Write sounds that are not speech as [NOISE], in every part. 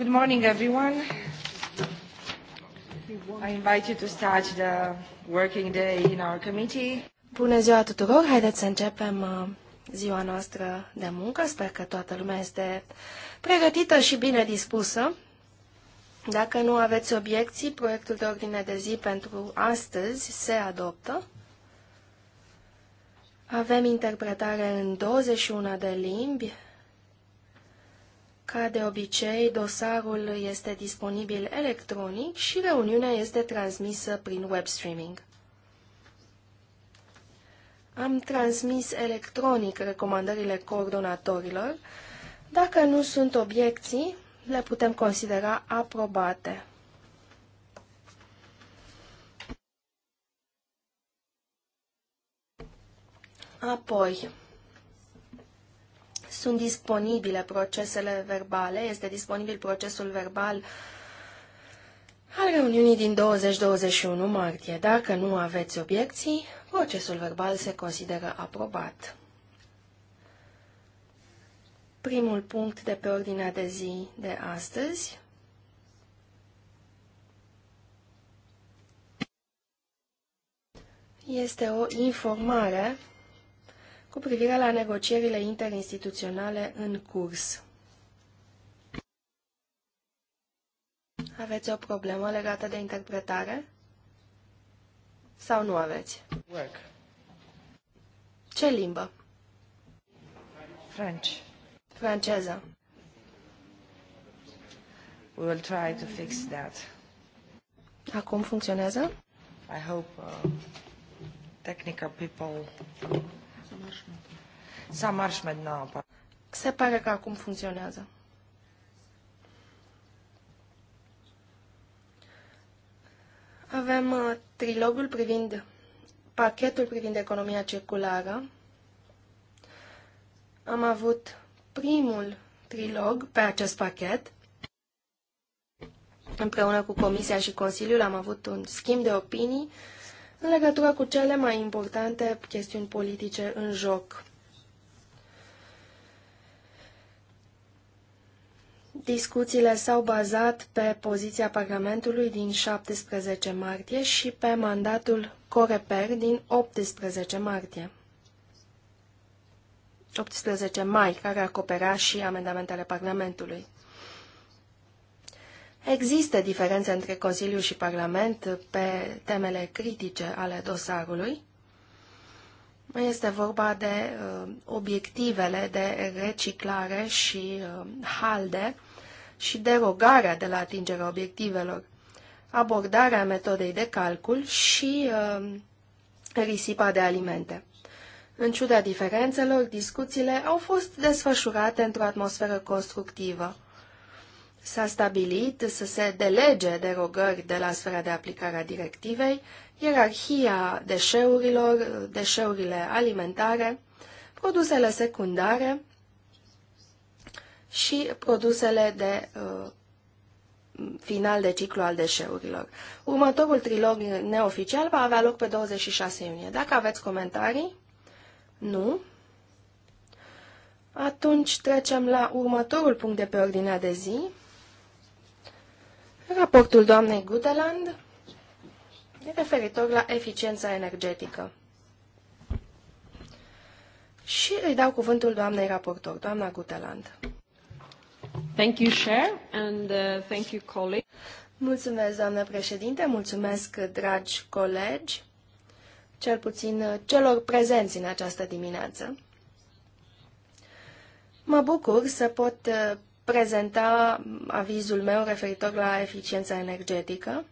Good morning, everyone. I invite you to start the working day in our committee. Bună ziua tuturor! Haideți să începem uh, ziua noastră de muncă. Sper că toată lumea este pregătită și bine dispusă. Dacă nu aveți obiecții, proiectul de ordine de zi pentru astăzi se adoptă. Avem interpretare în 21 de limbi, ca de obicei, dosarul este disponibil electronic și reuniunea este transmisă prin web streaming. Am transmis electronic recomandările coordonatorilor. Dacă nu sunt obiecții, le putem considera aprobate. Apoi, sunt disponibile procesele verbale, este disponibil procesul verbal al reuniunii din 20-21 martie. Dacă nu aveți obiecții, procesul verbal se consideră aprobat. Primul punct de pe ordinea de zi de astăzi este o informare cu privire la negocierile interinstituționale în curs. Aveți o problemă legată de interpretare? Sau nu aveți? Work. Ce limbă? French. Franceză. We will try to fix that. Acum funcționează? I hope uh, technical people Ça marche maintenant. Da, Se pare că acum funcționează. Avem uh, trilogul privind pachetul privind economia circulară. Am avut primul trilog pe acest pachet. Împreună cu Comisia și Consiliul am avut un schimb de opinii în legătură cu cele mai importante chestiuni politice în joc. Discuțiile s-au bazat pe poziția Parlamentului din 17 martie și pe mandatul Coreper din 18 martie. 18 mai, care acopera și amendamentele Parlamentului. Există diferențe între Consiliu și Parlament pe temele critice ale dosarului. Este vorba de uh, obiectivele de reciclare și uh, halde și derogarea de la atingerea obiectivelor, abordarea metodei de calcul și uh, risipa de alimente. În ciuda diferențelor, discuțiile au fost desfășurate într-o atmosferă constructivă S-a stabilit să se delege derogări de la sfera de aplicare a directivei, ierarhia deșeurilor, deșeurile alimentare, produsele secundare și produsele de uh, final de ciclu al deșeurilor. Următorul trilog neoficial va avea loc pe 26 iunie. Dacă aveți comentarii, nu. Atunci trecem la următorul punct de pe ordinea de zi, raportul doamnei Gudeland referitor la eficiența energetică. Și îi dau cuvântul doamnei raportor, doamna Guteland. Thank you, Chair, and uh, thank you, colleague. Mulțumesc, doamnă președinte, mulțumesc, dragi colegi, cel puțin uh, celor prezenți în această dimineață. Mă bucur să pot uh, prezenta avizul meu referitor la eficiența energetică.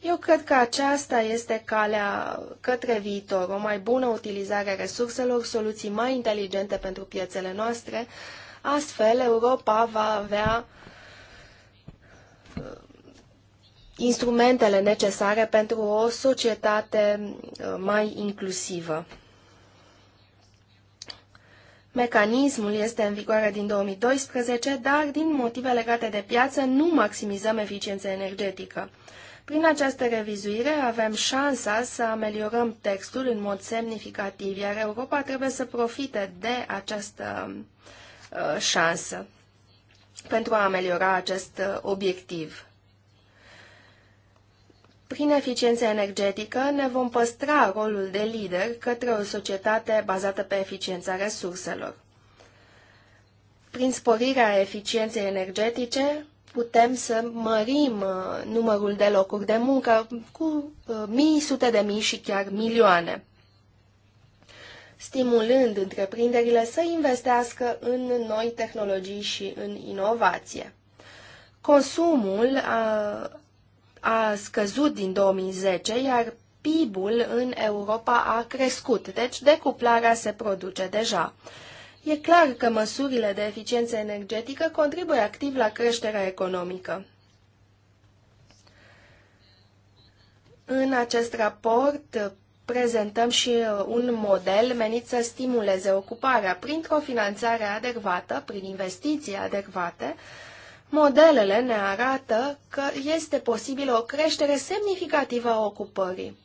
Eu cred că aceasta este calea către viitor, o mai bună utilizare a resurselor, soluții mai inteligente pentru piețele noastre. Astfel, Europa va avea uh, instrumentele necesare pentru o societate uh, mai inclusivă. Mecanismul este în vigoare din 2012, dar din motive legate de piață nu maximizăm eficiența energetică. Prin această revizuire avem șansa să ameliorăm textul în mod semnificativ, iar Europa trebuie să profite de această uh, șansă pentru a ameliora acest uh, obiectiv. Prin eficiența energetică ne vom păstra rolul de lider către o societate bazată pe eficiența resurselor. Prin sporirea eficienței energetice putem să mărim uh, numărul de locuri de muncă cu uh, mii, sute de mii și chiar milioane, stimulând întreprinderile să investească în noi tehnologii și în inovație. Consumul a uh, a scăzut din 2010, iar PIB-ul în Europa a crescut, deci decuplarea se produce deja. E clar că măsurile de eficiență energetică contribuie activ la creșterea economică. În acest raport prezentăm și uh, un model menit să stimuleze ocuparea printr-o finanțare adecvată, prin investiții adecvate, modelele ne arată că este posibilă o creștere semnificativă a ocupării.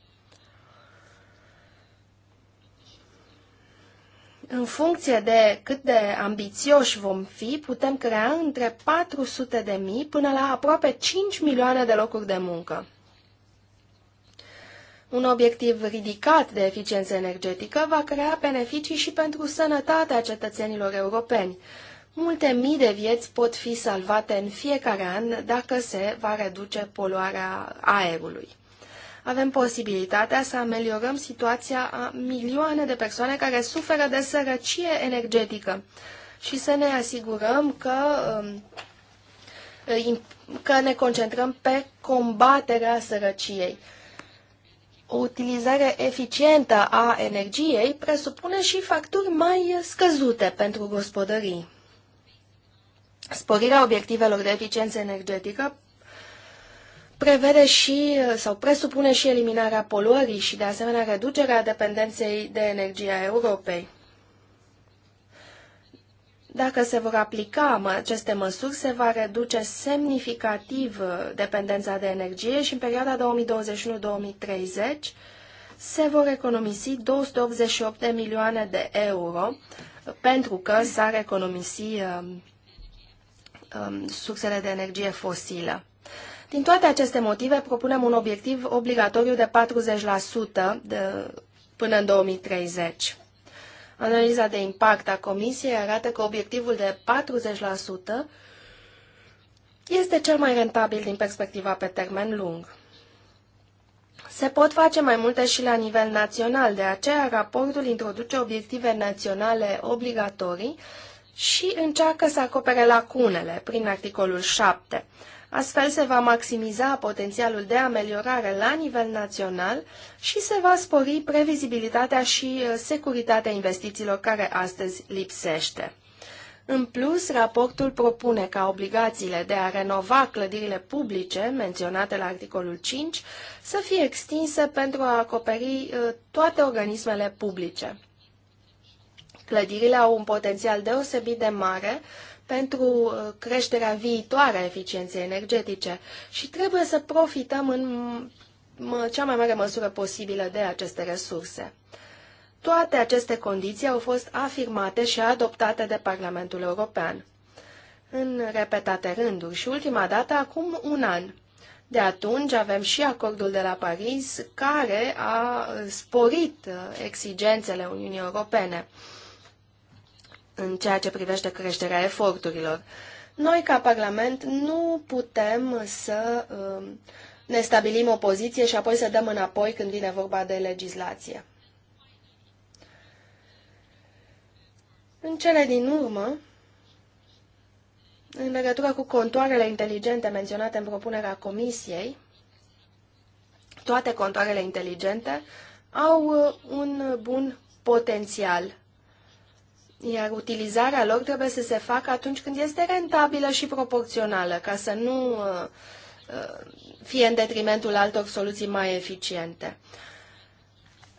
În funcție de cât de ambițioși vom fi, putem crea între 400 de mii până la aproape 5 milioane de locuri de muncă. Un obiectiv ridicat de eficiență energetică va crea beneficii și pentru sănătatea cetățenilor europeni, Multe mii de vieți pot fi salvate în fiecare an dacă se va reduce poluarea aerului. Avem posibilitatea să ameliorăm situația a milioane de persoane care suferă de sărăcie energetică și să ne asigurăm că, um, că ne concentrăm pe combaterea sărăciei. O utilizare eficientă a energiei presupune și facturi mai scăzute pentru gospodării. Sporirea obiectivelor de eficiență energetică prevede și sau presupune și eliminarea poluării și de asemenea reducerea dependenței de energie a Europei. Dacă se vor aplica aceste măsuri, se va reduce semnificativ dependența de energie și în perioada 2021-2030 se vor economisi 288 de milioane de euro pentru că s-ar economisi um, Um, sursele de energie fosilă. Din toate aceste motive, propunem un obiectiv obligatoriu de 40% de, până în 2030. Analiza de impact a Comisiei arată că obiectivul de 40% este cel mai rentabil din perspectiva pe termen lung. Se pot face mai multe și la nivel național, de aceea raportul introduce obiective naționale obligatorii și încearcă să acopere lacunele prin articolul 7. Astfel se va maximiza potențialul de ameliorare la nivel național și se va spori previzibilitatea și uh, securitatea investițiilor care astăzi lipsește. În plus, raportul propune ca obligațiile de a renova clădirile publice, menționate la articolul 5, să fie extinse pentru a acoperi uh, toate organismele publice. Clădirile au un potențial deosebit de mare pentru uh, creșterea viitoare a eficienței energetice și trebuie să profităm în cea mai mare măsură posibilă de aceste resurse. Toate aceste condiții au fost afirmate și adoptate de Parlamentul European în repetate rânduri și ultima dată acum un an. De atunci avem și acordul de la Paris care a sporit uh, exigențele Uniunii Europene în ceea ce privește creșterea eforturilor. Noi, ca Parlament, nu putem să um, ne stabilim o poziție și apoi să dăm înapoi când vine vorba de legislație. În cele din urmă, în legătură cu contoarele inteligente menționate în propunerea Comisiei, toate contoarele inteligente au uh, un bun potențial iar utilizarea lor trebuie să se facă atunci când este rentabilă și proporțională, ca să nu uh, uh, fie în detrimentul altor soluții mai eficiente.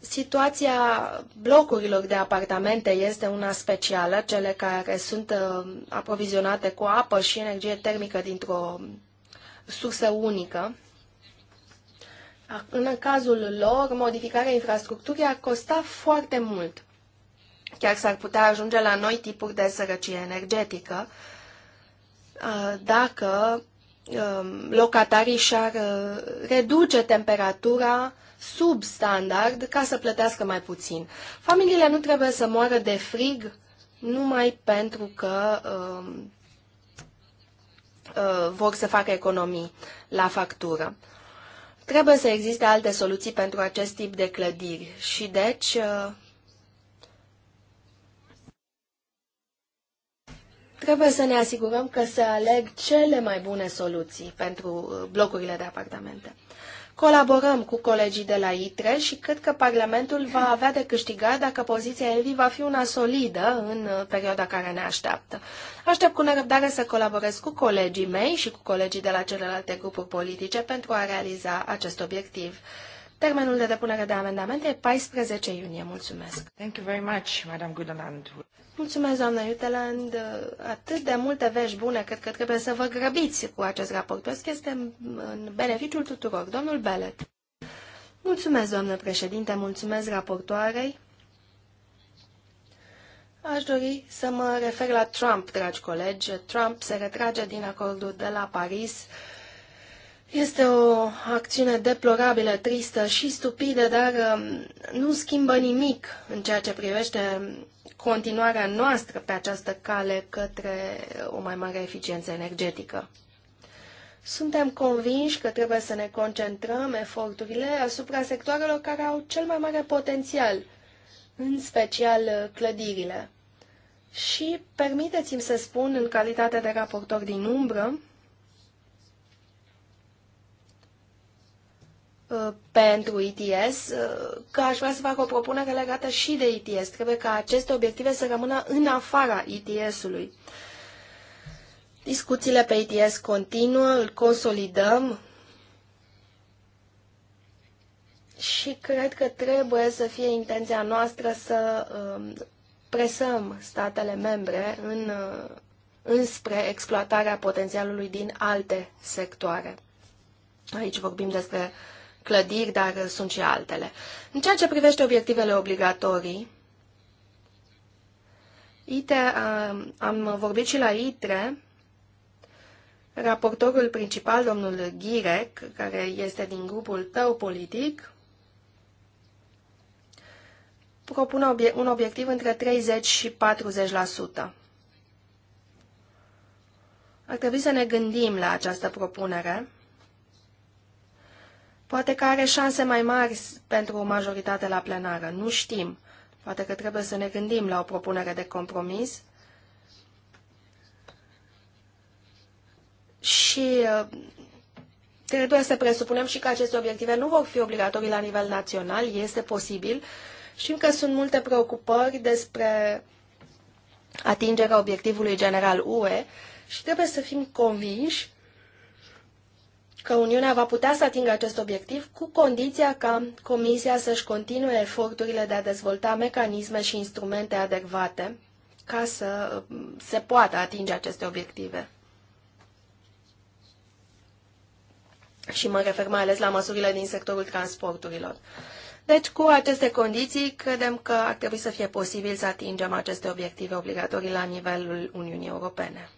Situația blocurilor de apartamente este una specială, cele care sunt uh, aprovizionate cu apă și energie termică dintr-o sursă unică. În cazul lor, modificarea infrastructurii ar costa foarte mult. Chiar s-ar putea ajunge la noi tipuri de sărăcie energetică uh, dacă um, locatarii și-ar uh, reduce temperatura sub standard ca să plătească mai puțin. Familiile nu trebuie să moară de frig numai pentru că um, uh, vor să facă economii la factură. Trebuie să existe alte soluții pentru acest tip de clădiri și deci Trebuie să ne asigurăm că se aleg cele mai bune soluții pentru uh, blocurile de apartamente. Colaborăm cu colegii de la ITRE și cred că Parlamentul va avea de câștigat dacă poziția Elvi va fi una solidă în uh, perioada care ne așteaptă. Aștept cu nerăbdare să colaborez cu colegii mei și cu colegii de la celelalte grupuri politice pentru a realiza acest obiectiv. Termenul de depunere de amendamente e 14 iunie. Mulțumesc. Thank you very much, Madam Goodenand. Mulțumesc, doamnă Uteland. Atât de multe vești bune, cred că trebuie să vă grăbiți cu acest raport, pentru că este în beneficiul tuturor. Domnul Bellet. Mulțumesc, doamnă președinte, mulțumesc raportoarei. Aș dori să mă refer la Trump, dragi colegi. Trump se retrage din acordul de la Paris este o acțiune deplorabilă, tristă și stupidă, dar um, nu schimbă nimic în ceea ce privește continuarea noastră pe această cale către o mai mare eficiență energetică. Suntem convinși că trebuie să ne concentrăm eforturile asupra sectoarelor care au cel mai mare potențial, în special clădirile. Și permiteți-mi să spun, în calitate de raportor din umbră, Uh, pentru ITS, uh, că aș vrea să fac o propunere legată și de ITS. Trebuie ca aceste obiective să rămână în afara ITS-ului. Discuțiile pe ITS continuă, îl consolidăm și cred că trebuie să fie intenția noastră să um, presăm statele membre în, uh, înspre exploatarea potențialului din alte sectoare. Aici vorbim despre uh, clădiri, dar sunt și altele. În ceea ce privește obiectivele obligatorii, ITRE, am vorbit și la ITRE, raportorul principal, domnul Ghirec, care este din grupul tău politic, propune un obiectiv între 30 și 40%. Ar trebui să ne gândim la această propunere Poate că are șanse mai mari pentru o majoritate la plenară, nu știm. Poate că trebuie să ne gândim la o propunere de compromis. Și uh, trebuie să presupunem și că aceste obiective nu vor fi obligatorii la nivel național, este posibil. Știm că sunt multe preocupări despre atingerea obiectivului general UE și trebuie să fim convinși că Uniunea va putea să atingă acest obiectiv cu condiția ca Comisia să-și continue eforturile de a dezvolta mecanisme și instrumente adecvate ca să mm, se poată atinge aceste obiective. Și mă refer mai ales la măsurile din sectorul transporturilor. Deci, cu aceste condiții, credem că ar trebui să fie posibil să atingem aceste obiective obligatorii la nivelul Uniunii Europene.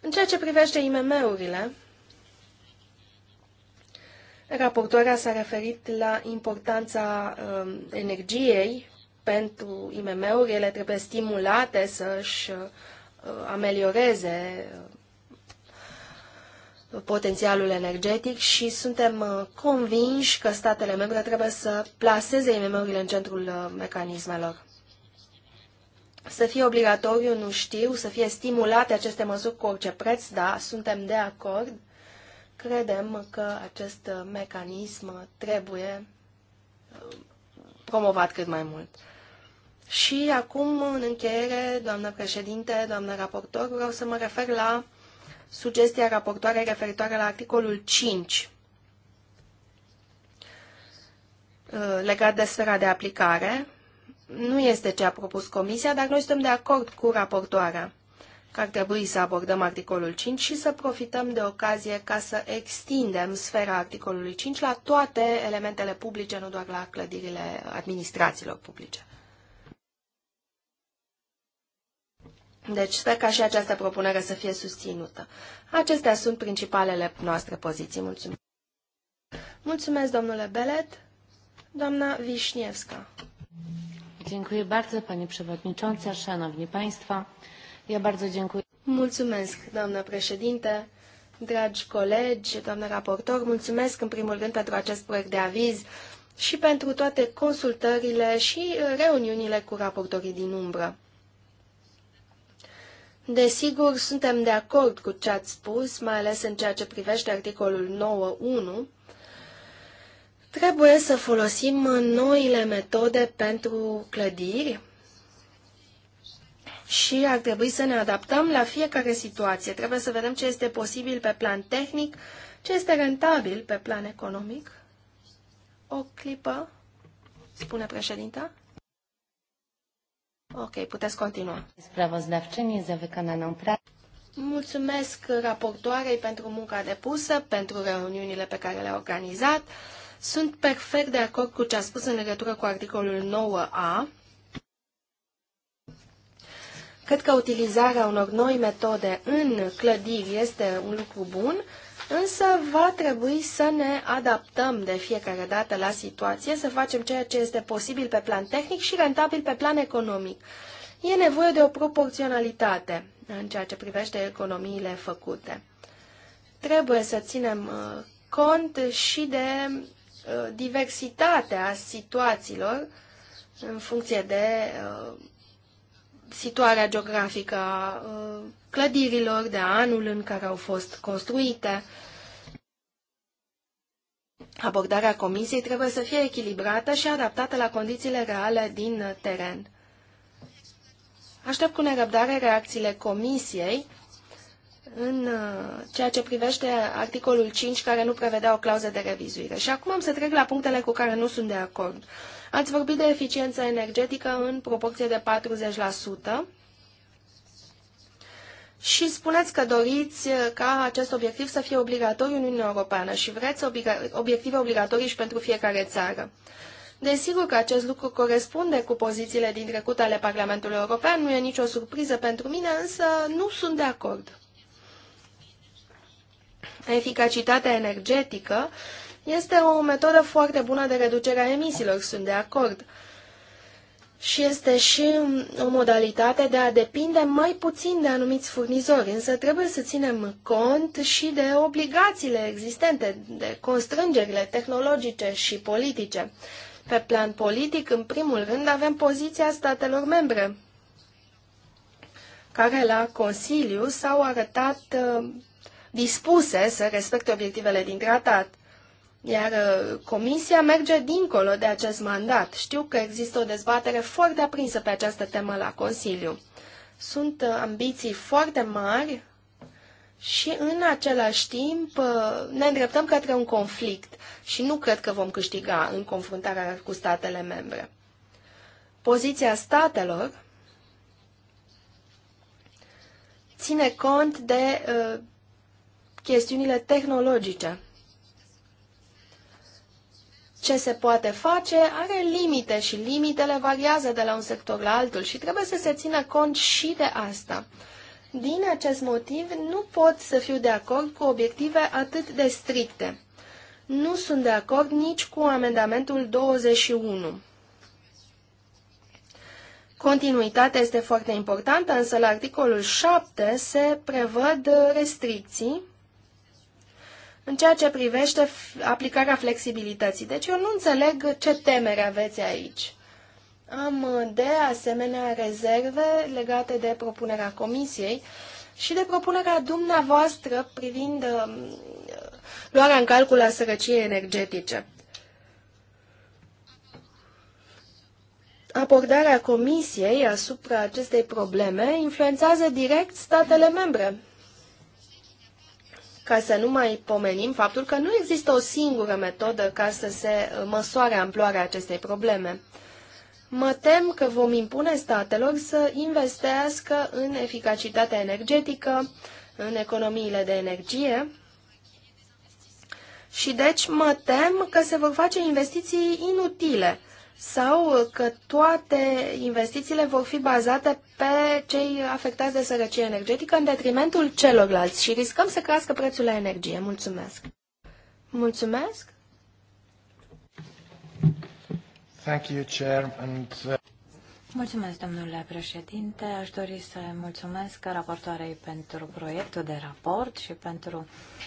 În ceea ce privește IMM-urile, Raportoarea s-a referit la importanța um, energiei pentru IMM-uri. Ele trebuie stimulate să-și uh, amelioreze uh, potențialul energetic și suntem uh, convinși că statele membre trebuie să plaseze IMM-urile în centrul uh, mecanismelor. Să fie obligatoriu, nu știu, să fie stimulate aceste măsuri cu orice preț, da, suntem de acord Credem că acest mecanism trebuie uh, promovat cât mai mult. Și acum, în încheiere, doamnă președinte, doamnă raportor, vreau să mă refer la sugestia raportoarei referitoare la articolul 5 uh, legat de sfera de aplicare. Nu este ce a propus Comisia, dar noi suntem de acord cu raportoarea că ar trebui să abordăm articolul 5 și să profităm de ocazie ca să extindem sfera articolului 5 la toate elementele publice, nu doar la clădirile administrațiilor publice. Deci sper ca și această propunere să fie susținută. Acestea sunt principalele noastre poziții. Mulțumesc. Mulțumesc, domnule Belet. Doamna Vișnievska. Dziękuję bardzo, panie przewodniczący, szanowni państwo. Mulțumesc, doamnă președinte, dragi colegi, doamnă raportor, mulțumesc în primul rând pentru acest proiect de aviz și pentru toate consultările și reuniunile cu raportorii din umbră. Desigur, suntem de acord cu ce ați spus, mai ales în ceea ce privește articolul 9.1. Trebuie să folosim noile metode pentru clădiri, și ar trebui să ne adaptăm la fiecare situație. Trebuie să vedem ce este posibil pe plan tehnic, ce este rentabil pe plan economic. O clipă, spune președinta. Ok, puteți continua. Mulțumesc raportoarei pentru munca depusă, pentru reuniunile pe care le-a organizat. Sunt perfect de acord cu ce a spus în legătură cu articolul 9a Cred că utilizarea unor noi metode în clădiri este un lucru bun, însă va trebui să ne adaptăm de fiecare dată la situație, să facem ceea ce este posibil pe plan tehnic și rentabil pe plan economic. E nevoie de o proporționalitate în ceea ce privește economiile făcute. Trebuie să ținem uh, cont și de uh, diversitatea situațiilor în funcție de uh, situarea geografică a uh, clădirilor, de anul în care au fost construite. Abordarea comisiei trebuie să fie echilibrată și adaptată la condițiile reale din teren. Aștept cu nerăbdare reacțiile comisiei în uh, ceea ce privește articolul 5, care nu prevedea o clauză de revizuire. Și acum am să trec la punctele cu care nu sunt de acord. Ați vorbit de eficiență energetică în proporție de 40% și spuneți că doriți ca acest obiectiv să fie obligatoriu în Uniunea Europeană și vreți obiective obligatorii și pentru fiecare țară. Desigur că acest lucru corespunde cu pozițiile din trecut ale Parlamentului European, nu e nicio surpriză pentru mine, însă nu sunt de acord. Eficacitatea energetică este o metodă foarte bună de reducere a emisiilor, sunt de acord. Și este și o modalitate de a depinde mai puțin de anumiți furnizori, însă trebuie să ținem cont și de obligațiile existente, de constrângerile tehnologice și politice. Pe plan politic, în primul rând, avem poziția statelor membre, care la Consiliu s-au arătat uh, dispuse să respecte obiectivele din tratat. Iar uh, comisia merge dincolo de acest mandat. Știu că există o dezbatere foarte aprinsă pe această temă la Consiliu. Sunt uh, ambiții foarte mari și în același timp uh, ne îndreptăm către un conflict și nu cred că vom câștiga în confruntarea cu statele membre. Poziția statelor ține cont de uh, chestiunile tehnologice ce se poate face are limite și limitele variază de la un sector la altul și trebuie să se țină cont și de asta. Din acest motiv, nu pot să fiu de acord cu obiective atât de stricte. Nu sunt de acord nici cu amendamentul 21. Continuitatea este foarte importantă, însă la articolul 7 se prevăd restricții în ceea ce privește aplicarea flexibilității. Deci eu nu înțeleg ce temere aveți aici. Am uh, de asemenea rezerve legate de propunerea comisiei și de propunerea dumneavoastră privind um, luarea în calcul a sărăciei energetice. Abordarea comisiei asupra acestei probleme influențează direct statele membre ca să nu mai pomenim faptul că nu există o singură metodă ca să se uh, măsoare amploarea acestei probleme. Mă tem că vom impune statelor să investească în eficacitatea energetică, în economiile de energie și deci mă tem că se vor face investiții inutile sau că toate investițiile vor fi bazate pe cei afectați de sărăcie energetică în detrimentul celorlalți și riscăm să crească prețul la energie. Mulțumesc! Mulțumesc! Thank you, Chair, and... Uh, mulțumesc, domnule președinte. Aș dori să mulțumesc raportoarei pentru proiectul de raport și pentru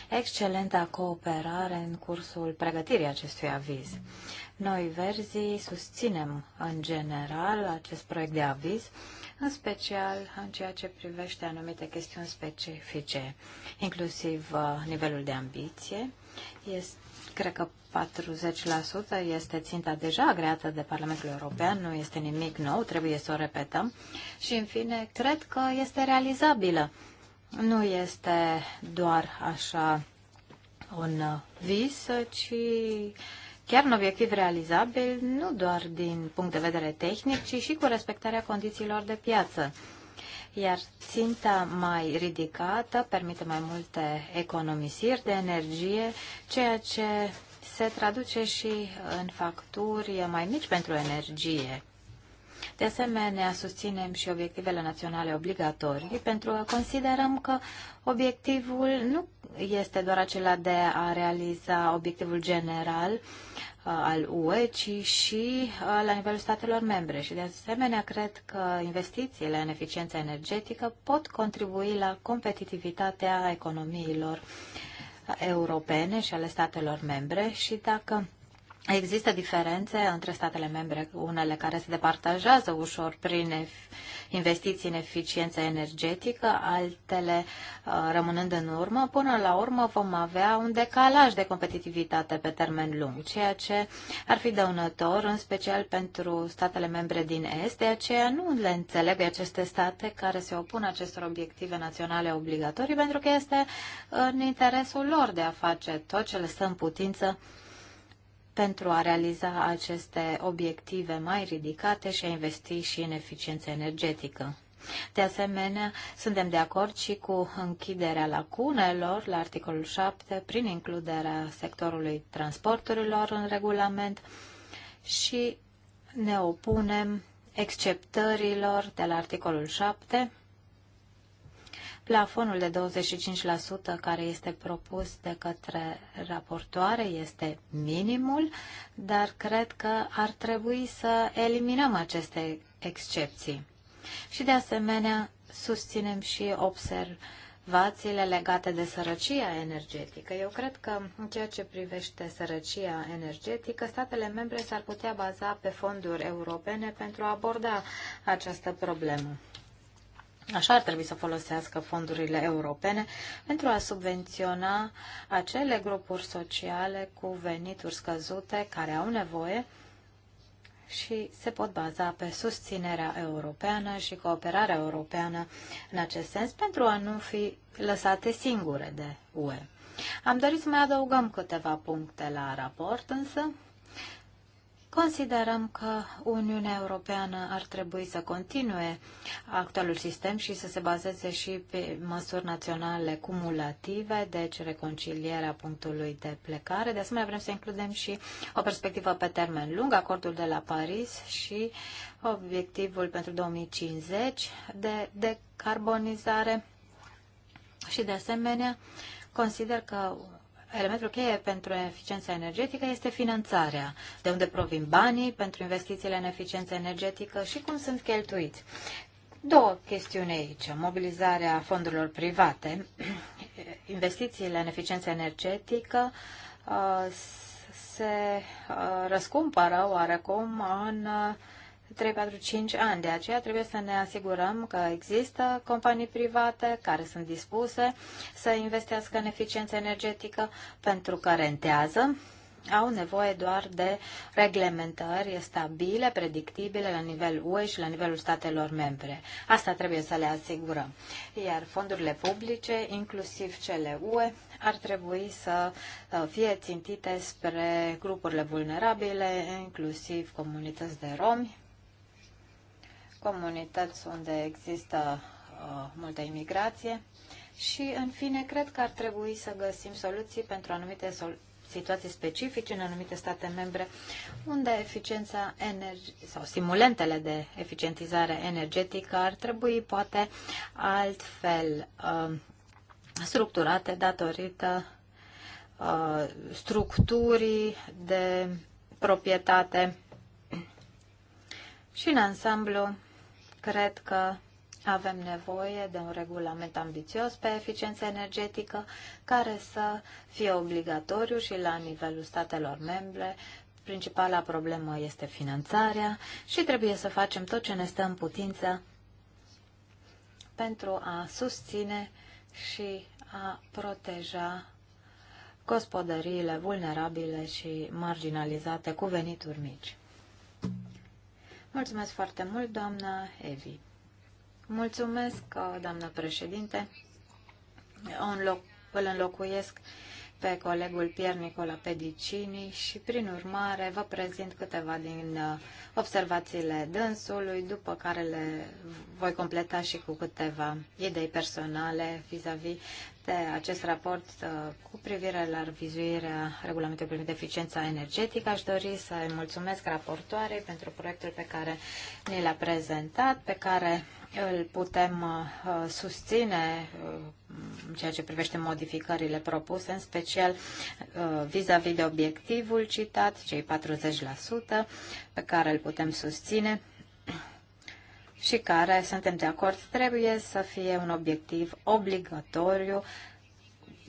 excelenta cooperare în cursul pregătirii acestui aviz. Noi, verzii, susținem în general acest proiect de aviz, în special în ceea ce privește anumite chestiuni specifice, inclusiv uh, nivelul de ambiție. Este, cred că 40% este ținta deja agreată de Parlamentul European, nu este nimic nou, trebuie să o repetăm. Și, în fine, cred că este realizabilă. Nu este doar așa un uh, vis, ci chiar un obiectiv realizabil nu doar din punct de vedere tehnic, ci și cu respectarea condițiilor de piață. Iar ținta mai ridicată permite mai multe economisiri de energie, ceea ce se traduce și în facturi mai mici pentru energie. De asemenea, susținem și obiectivele naționale obligatorii pentru că considerăm că obiectivul nu este doar acela de a realiza obiectivul general uh, al UE, ci și uh, la nivelul statelor membre. Și de asemenea, cred că investițiile în eficiența energetică pot contribui la competitivitatea economiilor uh, europene și ale statelor membre și dacă Există diferențe între statele membre, unele care se departajează ușor prin investiții în eficiență energetică, altele uh, rămânând în urmă. Până la urmă vom avea un decalaj de competitivitate pe termen lung, ceea ce ar fi dăunător, în special pentru statele membre din Est. De aceea nu le înțeleg aceste state care se opun acestor obiective naționale obligatorii, pentru că este în interesul lor de a face tot ce le stă în putință pentru a realiza aceste obiective mai ridicate și a investi și în eficiență energetică. De asemenea, suntem de acord și cu închiderea lacunelor la articolul 7 prin includerea sectorului transporturilor în regulament și ne opunem exceptărilor de la articolul 7 Plafonul de 25% care este propus de către raportoare este minimul, dar cred că ar trebui să eliminăm aceste excepții. Și de asemenea susținem și observațiile legate de sărăcia energetică. Eu cred că în ceea ce privește sărăcia energetică, statele membre s-ar putea baza pe fonduri europene pentru a aborda această problemă. Așa ar trebui să folosească fondurile europene pentru a subvenționa acele grupuri sociale cu venituri scăzute care au nevoie și se pot baza pe susținerea europeană și cooperarea europeană în acest sens pentru a nu fi lăsate singure de UE. Am dorit să mai adăugăm câteva puncte la raport, însă Considerăm că Uniunea Europeană ar trebui să continue actualul sistem și să se bazeze și pe măsuri naționale cumulative, deci reconcilierea punctului de plecare. De asemenea, vrem să includem și o perspectivă pe termen lung, acordul de la Paris și obiectivul pentru 2050 de decarbonizare și, de asemenea, Consider că elementul cheie pentru eficiența energetică este finanțarea, de unde provin banii pentru investițiile în eficiență energetică și cum sunt cheltuiți. Două chestiuni aici. Mobilizarea fondurilor private, [CLEARS THROAT] investițiile în eficiență energetică uh, se uh, răscumpără oarecum în uh, 3, 4, 5 ani. De aceea trebuie să ne asigurăm că există companii private care sunt dispuse să investească în eficiență energetică pentru că rentează au nevoie doar de reglementări stabile, predictibile la nivel UE și la nivelul statelor membre. Asta trebuie să le asigurăm. Iar fondurile publice, inclusiv cele UE, ar trebui să uh, fie țintite spre grupurile vulnerabile, inclusiv comunități de romi, comunități unde există uh, multă imigrație și, în fine, cred că ar trebui să găsim soluții pentru anumite sol- situații specifice în anumite state membre unde eficiența sau simulentele de eficientizare energetică ar trebui poate altfel uh, structurate datorită uh, structurii de proprietate și în ansamblu Cred că avem nevoie de un regulament ambițios pe eficiență energetică care să fie obligatoriu și la nivelul statelor membre. Principala problemă este finanțarea și trebuie să facem tot ce ne stă în putință pentru a susține și a proteja gospodăriile vulnerabile și marginalizate cu venituri mici. Mulțumesc foarte mult, doamna Evi. Mulțumesc, uh, doamnă președinte. O îl înlocuiesc pe colegul Pier Nicola Pedicini și, prin urmare, vă prezint câteva din uh, observațiile dânsului, după care le voi completa și cu câteva idei personale vis-a-vis de acest raport uh, cu privire la revizuirea regulamentului privind eficiența energetică. Aș dori să îi mulțumesc raportoarei pentru proiectul pe care ni l-a prezentat, pe care îl putem uh, susține uh, în ceea ce privește modificările propuse, în special vis-a-vis -vis de obiectivul citat, cei 40% pe care îl putem susține și care, suntem de acord, trebuie să fie un obiectiv obligatoriu,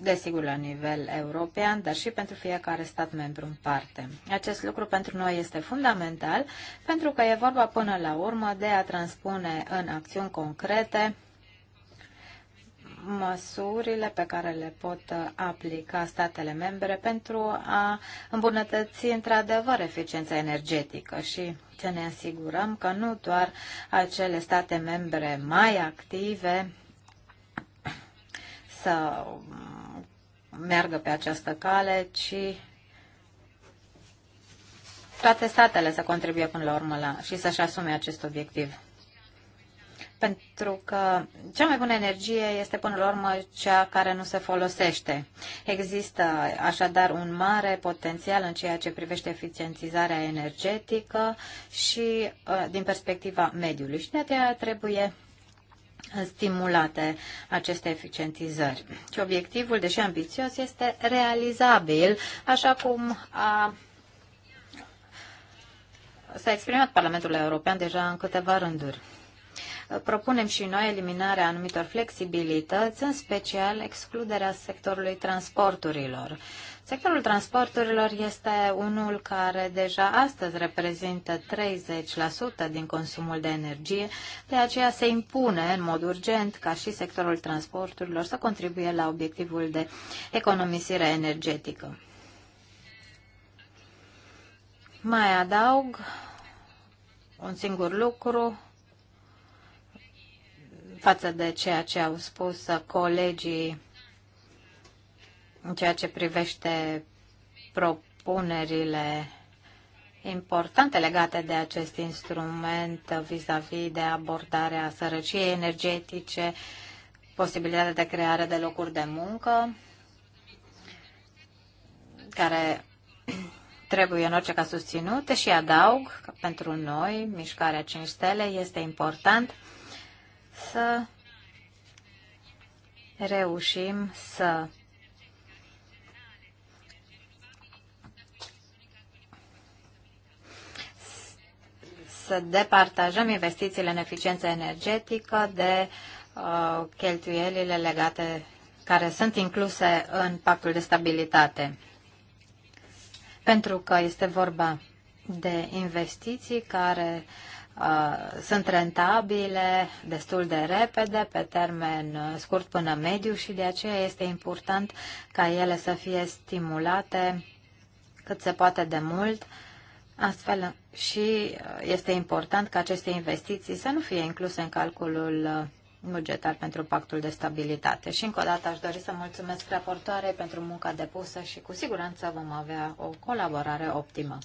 desigur la nivel european, dar și pentru fiecare stat membru în parte. Acest lucru pentru noi este fundamental, pentru că e vorba până la urmă de a transpune în acțiuni concrete măsurile pe care le pot aplica statele membre pentru a îmbunătăți într-adevăr eficiența energetică și să ne asigurăm că nu doar acele state membre mai active să meargă pe această cale, ci toate statele să contribuie până la urmă la, și să-și asume acest obiectiv pentru că cea mai bună energie este până la urmă cea care nu se folosește. Există așadar un mare potențial în ceea ce privește eficientizarea energetică și uh, din perspectiva mediului și de aceea trebuie stimulate aceste eficientizări. Și obiectivul, deși ambițios, este realizabil, așa cum a S-a exprimat Parlamentul European deja în câteva rânduri propunem și noi eliminarea anumitor flexibilități, în special excluderea sectorului transporturilor. Sectorul transporturilor este unul care deja astăzi reprezintă 30% din consumul de energie, de aceea se impune în mod urgent ca și sectorul transporturilor să contribuie la obiectivul de economisire energetică. Mai adaug un singur lucru față de ceea ce au spus colegii în ceea ce privește propunerile importante legate de acest instrument vis-a-vis -vis de abordarea sărăciei energetice, posibilitatea de creare de locuri de muncă, care [CLEARS THROAT] trebuie în orice ca susținute și adaug că pentru noi mișcarea 5 stele este important să reușim să să departajăm investițiile în eficiență energetică de uh, cheltuielile legate care sunt incluse în pactul de stabilitate. Pentru că este vorba de investiții care uh, Uh, sunt rentabile destul de repede, pe termen uh, scurt până mediu și de aceea este important ca ele să fie stimulate cât se poate de mult, astfel și uh, este important ca aceste investiții să nu fie incluse în calculul bugetar pentru pactul de stabilitate. Și încă o dată aș dori să mulțumesc raportoarei pentru munca depusă și cu siguranță vom avea o colaborare optimă.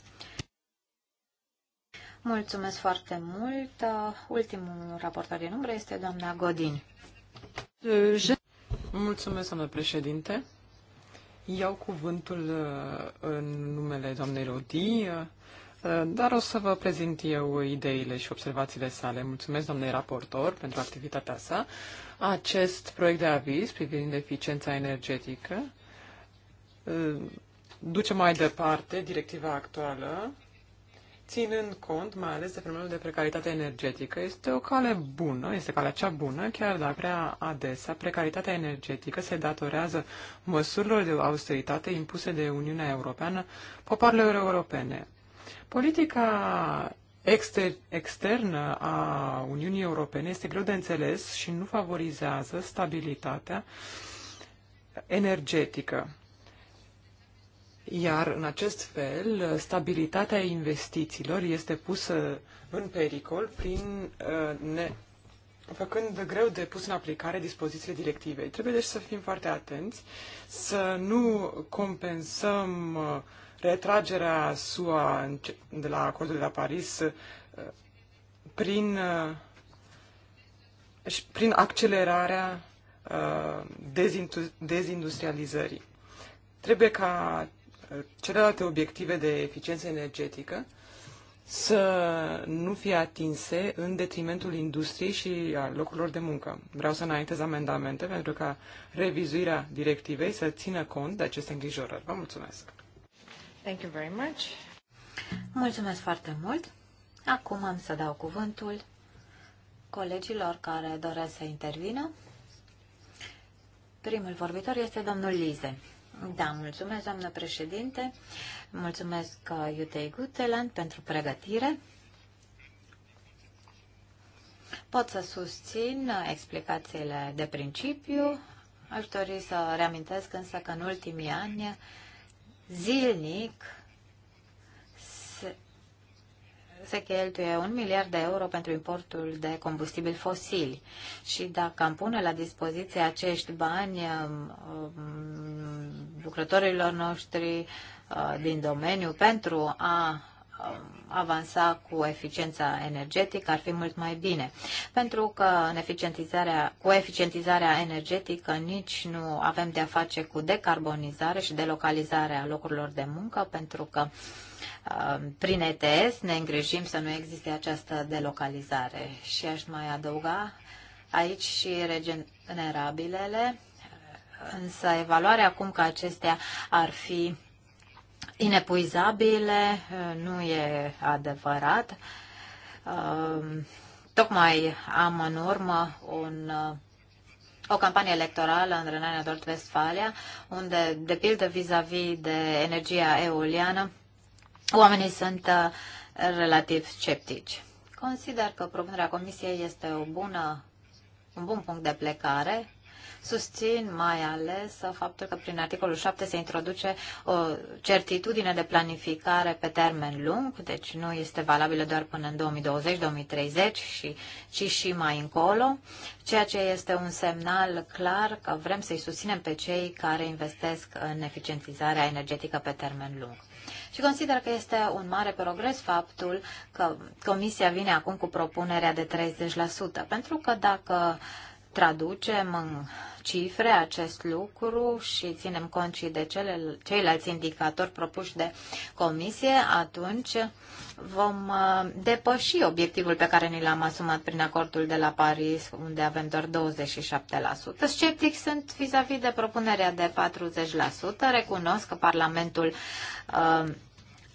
Mulțumesc foarte mult. Ultimul raportor din umbră este doamna Godin. Mulțumesc, doamnă președinte. Iau cuvântul uh, în numele doamnei Rodi, uh, dar o să vă prezint eu ideile și observațiile sale. Mulțumesc, doamnei raportor, pentru activitatea sa. Acest proiect de aviz privind eficiența energetică uh, duce mai departe directiva actuală ținând cont mai ales de fenomenul de precaritate energetică. Este o cale bună, este calea cea bună, chiar dacă prea adesea precaritatea energetică se datorează măsurilor de austeritate impuse de Uniunea Europeană popoarelor europene. Politica exter- externă a Uniunii Europene este greu de înțeles și nu favorizează stabilitatea energetică. Iar în acest fel, stabilitatea investițiilor este pusă în pericol prin uh, ne făcând greu de pus în aplicare dispozițiile directivei. Trebuie deci să fim foarte atenți, să nu compensăm uh, retragerea SUA de la acordul de la Paris uh, prin, prin accelerarea dezindustrializării. Trebuie ca celelalte obiective de eficiență energetică să nu fie atinse în detrimentul industriei și a locurilor de muncă. Vreau să înaintez amendamente pentru ca revizuirea directivei să țină cont de aceste îngrijorări. Vă mulțumesc! Thank you very much. Mulțumesc foarte mult! Acum am să dau cuvântul colegilor care doresc să intervină. Primul vorbitor este domnul Lize. Da, mulțumesc, doamnă președinte. Mulțumesc uh, Iutei Guteland pentru pregătire. Pot să susțin uh, explicațiile de principiu. Aș dori să reamintesc însă că în ultimii ani zilnic se cheltuie un miliard de euro pentru importul de combustibili fosili. Și dacă am pune la dispoziție acești bani um, um, lucrătorilor noștri uh, din domeniu pentru a avansa cu eficiența energetică ar fi mult mai bine. Pentru că în eficientizarea, cu eficientizarea energetică nici nu avem de a face cu decarbonizare și delocalizarea locurilor de muncă, pentru că uh, prin ETS ne îngrijim să nu existe această delocalizare. Și aș mai adăuga aici și regenerabilele, însă evaluarea acum că acestea ar fi inepuizabile, nu e adevărat. Um, tocmai am în urmă un, uh, o campanie electorală în renania Dort Westfalia, unde, de pildă, vis-a-vis -vis de energia eoliană, oamenii sunt uh, relativ sceptici. Consider că propunerea Comisiei este o bună, un bun punct de plecare Susțin mai ales faptul că prin articolul 7 se introduce o certitudine de planificare pe termen lung, deci nu este valabilă doar până în 2020-2030, și, ci și mai încolo, ceea ce este un semnal clar că vrem să-i susținem pe cei care investesc în eficientizarea energetică pe termen lung. Și consider că este un mare progres faptul că Comisia vine acum cu propunerea de 30%, pentru că dacă uh, traducem în cifre acest lucru și ținem cont și de cele, ceilalți indicatori propuși de comisie, atunci vom uh, depăși obiectivul pe care ni l-am asumat prin acordul de la Paris, unde avem doar 27%. Sceptic sunt vis-a-vis -vis de propunerea de 40%. Recunosc că Parlamentul uh,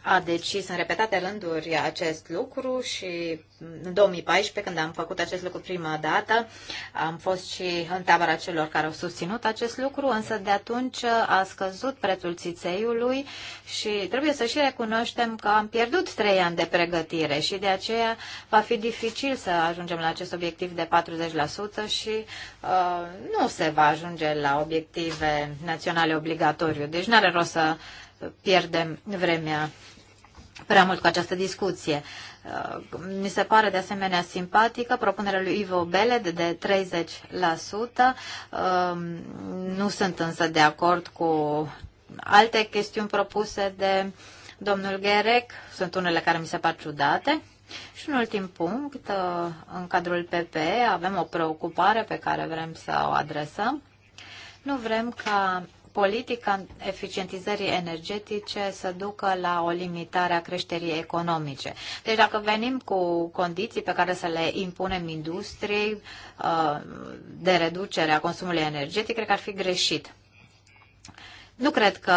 a decis în repetate rânduri acest lucru și în 2014, când am făcut acest lucru prima dată, am fost și în tabăra celor care au susținut acest lucru, însă de atunci a scăzut prețul țițeiului și trebuie să și recunoaștem că am pierdut trei ani de pregătire și de aceea va fi dificil să ajungem la acest obiectiv de 40% și uh, nu se va ajunge la obiective naționale obligatoriu. Deci nu are rost să pierdem vremea prea mult cu această discuție. Uh, mi se pare de asemenea simpatică propunerea lui Ivo Beled de 30%. Uh, nu sunt însă de acord cu alte chestiuni propuse de domnul Gerec. Sunt unele care mi se par ciudate. Și un ultim punct, uh, în cadrul PP avem o preocupare pe care vrem să o adresăm. Nu vrem ca politica eficientizării energetice să ducă la o limitare a creșterii economice. Deci dacă venim cu condiții pe care să le impunem industriei uh, de reducere a consumului energetic, cred că ar fi greșit. Nu cred că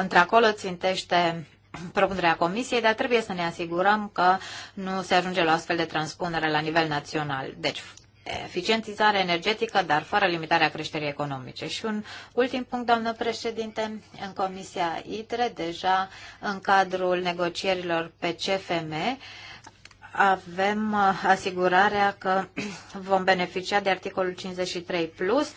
într-acolo țintește propunerea Comisiei, dar trebuie să ne asigurăm că nu se ajunge la astfel de transpunere la nivel național. Deci, eficientizare energetică, dar fără limitarea creșterii economice. Și un ultim punct, doamnă președinte, în Comisia ITRE, deja în cadrul negocierilor pe CFM, avem uh, asigurarea că [CLEARS THROAT] vom beneficia de articolul 53+, plus,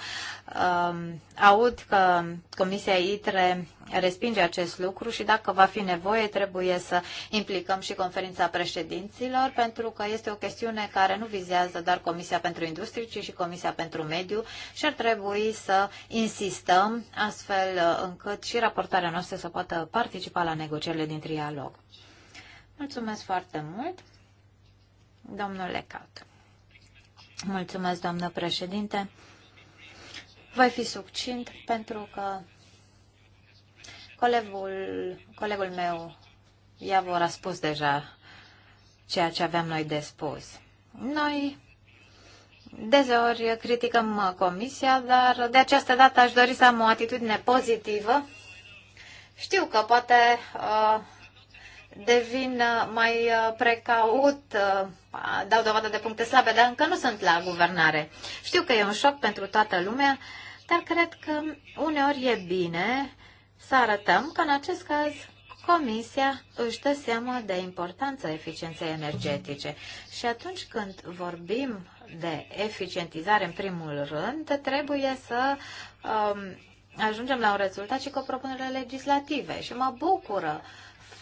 Um, aud că Comisia ITRE respinge acest lucru și dacă va fi nevoie trebuie să implicăm și conferința președinților pentru că este o chestiune care nu vizează doar Comisia pentru Industrie, ci și Comisia pentru Mediu și ar trebui să insistăm astfel uh, încât și raportarea noastră să poată participa la negocierile din trialog. Mulțumesc foarte mult, domnule Cat. Mulțumesc, doamnă președinte. Voi fi succint pentru că colegul, colegul meu, vor a spus deja ceea ce aveam noi de spus. Noi deseori criticăm comisia, dar de această dată aș dori să am o atitudine pozitivă. Știu că poate uh, devin mai uh, precaut, uh, dau dovadă de puncte slabe, dar încă nu sunt la guvernare. Știu că e un șoc pentru toată lumea, dar cred că uneori e bine să arătăm că în acest caz Comisia își dă seama de importanța eficienței energetice și atunci când vorbim de eficientizare în primul rând, trebuie să um, ajungem la un rezultat și cu propunerile legislative. Și mă bucură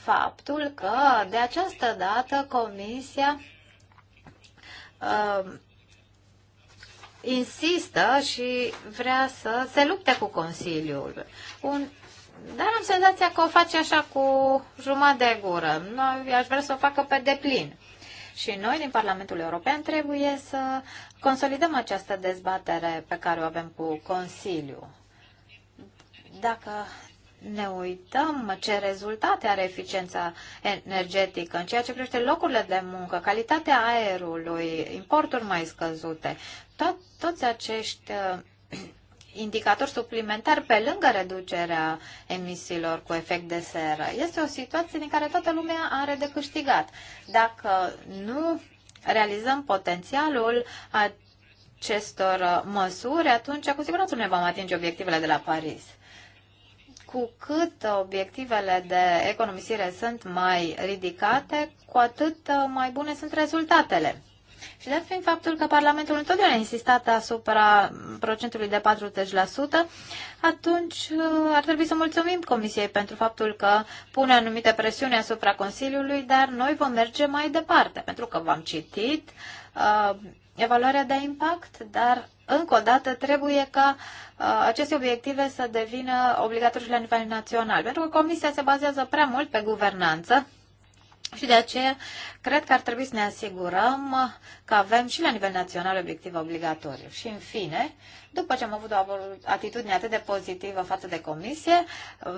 faptul că de această dată Comisia um, insistă și vrea să se lupte cu Consiliul. Un, dar am senzația că o face așa cu jumătate de gură. Noi aș vrea să o facă pe deplin. Și noi, din Parlamentul European, trebuie să consolidăm această dezbatere pe care o avem cu Consiliu. Dacă ne uităm ce rezultate are eficiența energetică în ceea ce privește locurile de muncă, calitatea aerului, importuri mai scăzute, tot, toți acești uh, [CLEARS THROAT] indicatori suplimentari pe lângă reducerea emisiilor cu efect de seră. Este o situație din care toată lumea are de câștigat. Dacă nu realizăm potențialul acestor uh, măsuri, atunci cu siguranță ne vom atinge obiectivele de la Paris cu cât obiectivele de economisire sunt mai ridicate, cu atât uh, mai bune sunt rezultatele. Și dat fiind faptul că Parlamentul întotdeauna a insistat asupra procentului de 40%, atunci uh, ar trebui să mulțumim Comisiei pentru faptul că pune anumite presiuni asupra Consiliului, dar noi vom merge mai departe, pentru că v-am citit uh, evaluarea de impact, dar încă o dată trebuie ca uh, aceste obiective să devină obligatorii la nivel național, pentru că Comisia se bazează prea mult pe guvernanță și de aceea cred că ar trebui să ne asigurăm că avem și la nivel național obiective obligatorii. Și în fine, după ce am avut o atitudine atât de pozitivă față de comisie,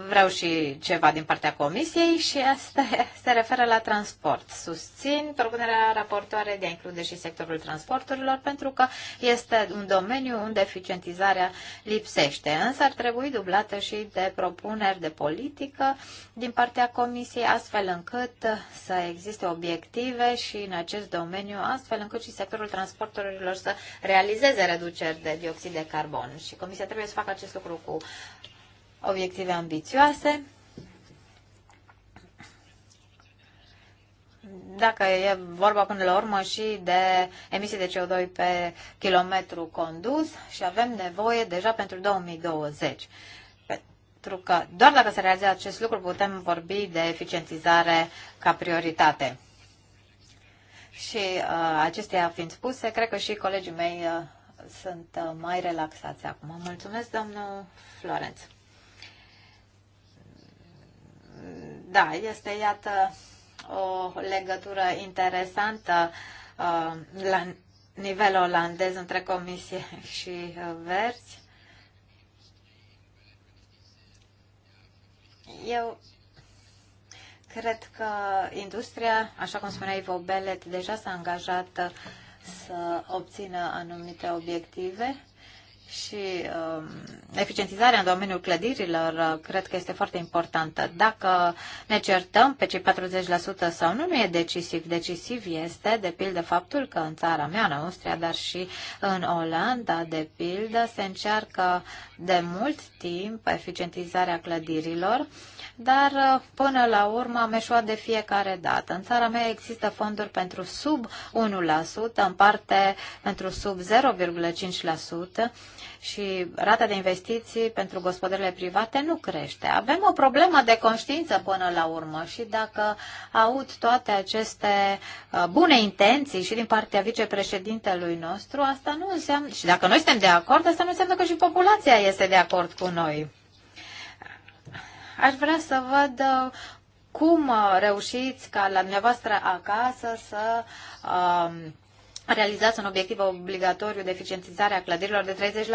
vreau și ceva din partea comisiei și asta [LAUGHS] se referă la transport. Susțin propunerea raportoare de a include și sectorul transporturilor pentru că este un domeniu unde eficientizarea lipsește, însă ar trebui dublată și de propuneri de politică din partea comisiei, astfel încât să existe obiective și în acest domeniu, astfel încât și sectorul transporturilor să realizeze reduceri de dioxid de carbon. Și Comisia trebuie să facă acest lucru cu obiective ambițioase. Dacă e vorba până la urmă și de emisii de CO2 pe kilometru condus și avem nevoie deja pentru 2020 pentru că doar dacă se realizează acest lucru putem vorbi de eficientizare ca prioritate. Și uh, acestea fiind spuse, cred că și colegii mei uh, sunt uh, mai relaxați acum. Mulțumesc, domnul Florenț. Da, este, iată, o legătură interesantă uh, la nivel olandez între Comisie [LAUGHS] și uh, Verzi. Eu cred că industria, așa cum spunea Ivo Belet, deja s-a angajat să obțină anumite obiective și um, eficientizarea în domeniul clădirilor uh, cred că este foarte importantă. Dacă ne certăm pe cei 40% sau nu, nu e decisiv. Decisiv este, de pildă, faptul că în țara mea, în Austria, dar și în Olanda, de pildă, se încearcă de mult timp eficientizarea clădirilor dar uh, până la urmă am eșuat de fiecare dată. În țara mea există fonduri pentru sub 1%, în parte pentru sub 0,5% și rata de investiții pentru gospodările private nu crește. Avem o problemă de conștiință până la urmă și dacă aud toate aceste uh, bune intenții și din partea vicepreședintelui nostru, asta nu înseamnă, și dacă noi suntem de acord, asta nu înseamnă că și populația este de acord cu noi. Aș vrea să văd uh, cum uh, reușiți ca la dumneavoastră acasă să um, realizați un obiectiv obligatoriu de eficientizare a clădirilor de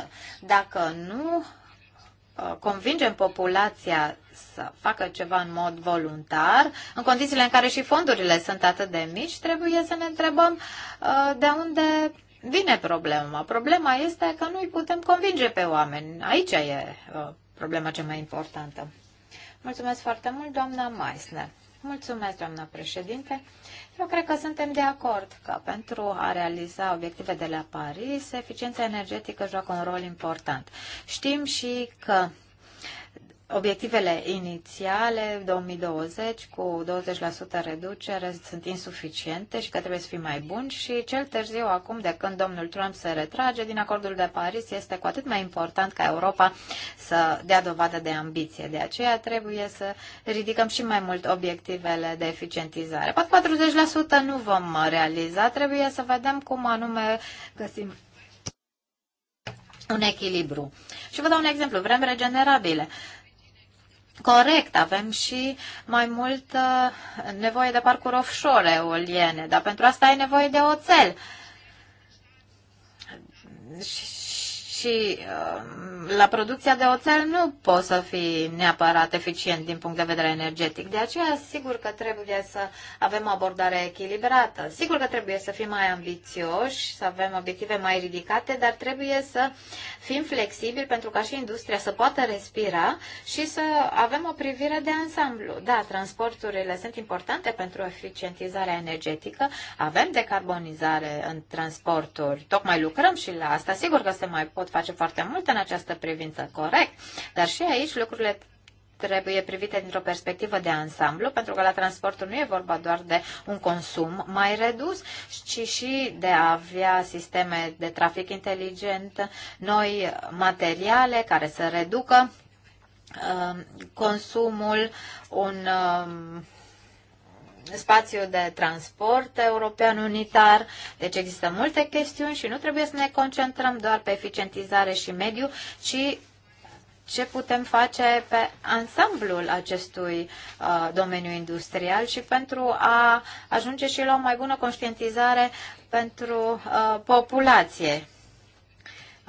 30%. Dacă nu uh, convingem populația să facă ceva în mod voluntar, în condițiile în care și fondurile sunt atât de mici, trebuie să ne întrebăm de unde vine problema. Problema este că nu îi putem convinge pe oameni. Aici e problema cea mai importantă. Mulțumesc foarte mult, doamna Meissner. Mulțumesc, doamna președinte. Eu cred că suntem de acord că pentru a realiza obiective de la Paris, eficiența energetică joacă un rol important. Știm și că obiectivele inițiale, 2020, cu 20% reducere, sunt insuficiente și că trebuie să fim mai buni și cel târziu, acum, de când domnul Trump se retrage din acordul de Paris, este cu atât mai important ca Europa să dea dovadă de ambiție. De aceea trebuie să ridicăm și mai mult obiectivele de eficientizare. Poate 40% nu vom realiza, trebuie să vedem cum anume găsim un echilibru. Și vă dau un exemplu, vrem regenerabile. Corect, avem și mai mult nevoie de parcuri offshore eoliene, dar pentru asta ai nevoie de oțel. Și și uh, la producția de oțel nu poți să fii neapărat eficient din punct de vedere energetic. De aceea, sigur că trebuie să avem o abordare echilibrată. Sigur că trebuie să fim mai ambițioși, să avem obiective mai ridicate, dar trebuie să fim flexibili pentru ca și industria să poată respira și să avem o privire de ansamblu. Da, transporturile sunt importante pentru eficientizarea energetică. Avem decarbonizare în transporturi. Tocmai lucrăm și la asta. Sigur că se mai pot putut face foarte mult în această privință, corect, dar și aici lucrurile trebuie privite dintr-o perspectivă de ansamblu, pentru că la transportul nu e vorba doar de un consum mai redus, ci și de a avea sisteme de trafic inteligent, noi materiale care să reducă uh, consumul, un uh, spațiu de transport european unitar. Deci există multe chestiuni și nu trebuie să ne concentrăm doar pe eficientizare și mediu, ci ce putem face pe ansamblul acestui uh, domeniu industrial și pentru a ajunge și la o mai bună conștientizare pentru uh, populație.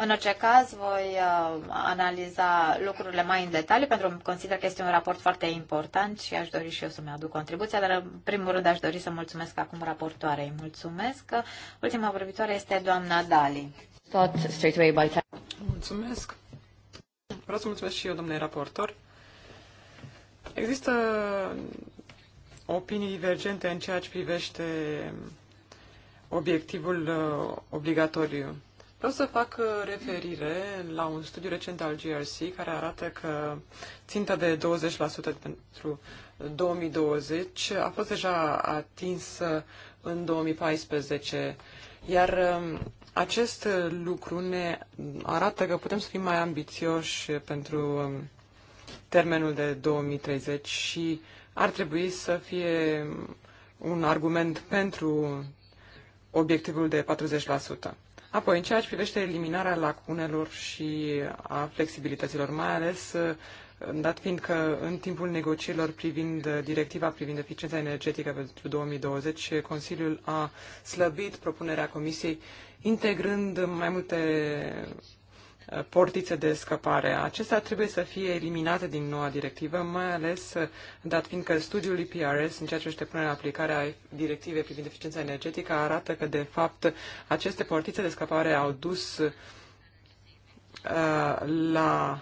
În orice caz, voi uh, analiza lucrurile mai în detaliu, pentru că consider că este un raport foarte important și aș dori și eu să-mi aduc contribuția, dar în primul rând aș dori să mulțumesc acum raportoarei. Mulțumesc. Ultima vorbitoare este doamna Dali. Tot straight away by time. Mulțumesc. Vreau să mulțumesc și eu, domnule raportor. Există opinii divergente în ceea ce privește obiectivul uh, obligatoriu Vreau să fac uh, referire la un studiu recent al GRC care arată că ținta de 20% pentru 2020 a fost deja atinsă în 2014, iar um, acest lucru ne arată că putem să fim mai ambițioși pentru um, termenul de 2030 și ar trebui să fie um, un argument pentru obiectivul de 40%. Apoi, în ceea ce privește eliminarea lacunelor și a flexibilităților, mai ales uh, dat fiind că în timpul negocierilor privind uh, directiva privind eficiența energetică pentru 2020, Consiliul a slăbit propunerea Comisiei, integrând mai multe portițe de scăpare. Acestea trebuie să fie eliminate din noua directivă, mai ales uh, dat fiindcă studiul IPRS în ceea ce este punerea în aplicare a directivei privind eficiența energetică arată că, de fapt, aceste portițe de scăpare au dus uh, la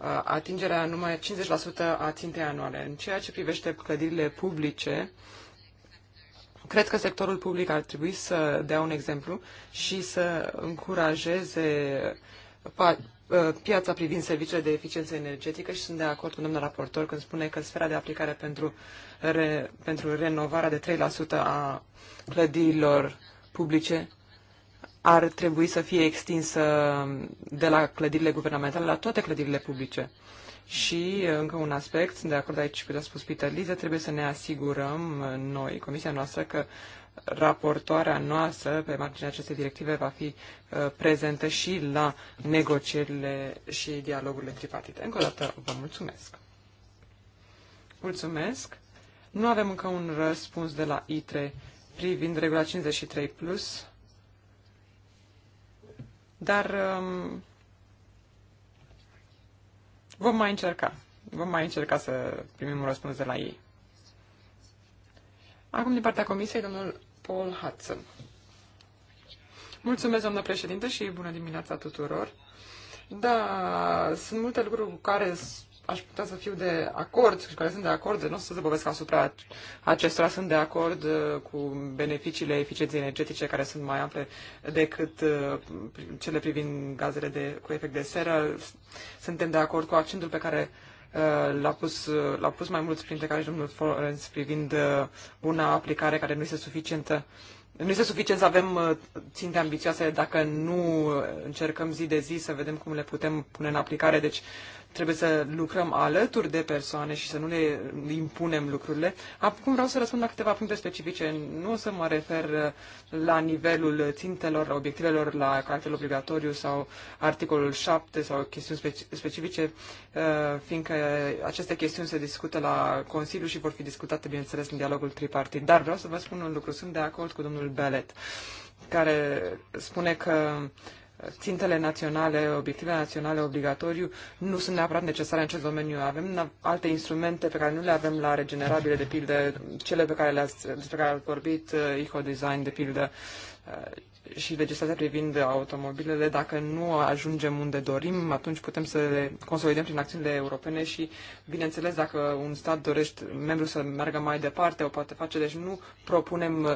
uh, atingerea numai 50% a țintei anuale. În ceea ce privește clădirile publice, cred că sectorul public ar trebui să dea un exemplu și să încurajeze Uh, piața privind serviciile de eficiență energetică și sunt de acord cu domnul raportor când spune că sfera de aplicare pentru, re, pentru renovarea de 3% a clădirilor publice ar trebui să fie extinsă de la clădirile guvernamentale la toate clădirile publice. Și uh, încă un aspect, sunt de acord aici cu ce a spus Peter Lize, trebuie să ne asigurăm uh, noi, comisia noastră, că raportoarea noastră pe marginea acestei directive va fi uh, prezentă și la negocierile și dialogurile tripartite. Încă o dată vă mulțumesc. Mulțumesc. Nu avem încă un răspuns de la ITRE privind regula 53+, plus, dar um, vom mai încerca. Vom mai încerca să primim un răspuns de la ei. Acum, din partea Comisiei, domnul Paul Hudson. Mulțumesc, doamnă președinte, și bună dimineața tuturor. Da, sunt multe lucruri cu care aș putea să fiu de acord și care sunt de acord, nu o să zăbovesc asupra acestora, sunt de acord uh, cu beneficiile eficienței energetice care sunt mai ample decât uh, cele privind gazele de, cu efect de seră. Suntem de acord cu accentul pe care Uh, l-a pus, uh, l-a pus mai mulți printre care și domnul Florence privind uh, una aplicare care nu este suficientă. Nu este suficient să avem ținte ambițioase dacă nu încercăm zi de zi să vedem cum le putem pune în aplicare. Deci trebuie să lucrăm alături de persoane și să nu le impunem lucrurile. Acum vreau să răspund la câteva puncte specifice. Nu o să mă refer uh, la nivelul țintelor, obiectivelor, la caracterul obligatoriu sau articolul 7 sau chestiuni specifice, uh, fiindcă aceste chestiuni se discută la Consiliu și vor fi discutate, bineînțeles, în dialogul tripartit. Dar vreau să vă spun un lucru. Sunt de acord cu domnul Belet, care spune că uh, țintele naționale, obiectivele naționale obligatoriu nu sunt neapărat necesare în acest domeniu. Avem alte instrumente pe care nu le avem la regenerabile, de pildă, cele pe care le-ați, despre care ați vorbit, uh, eco-design, de pildă, uh, și legislația privind automobilele, dacă nu ajungem unde dorim, atunci putem să le consolidăm prin acțiunile europene și, bineînțeles, dacă un stat dorește membru să meargă mai departe, o poate face, deci nu propunem uh,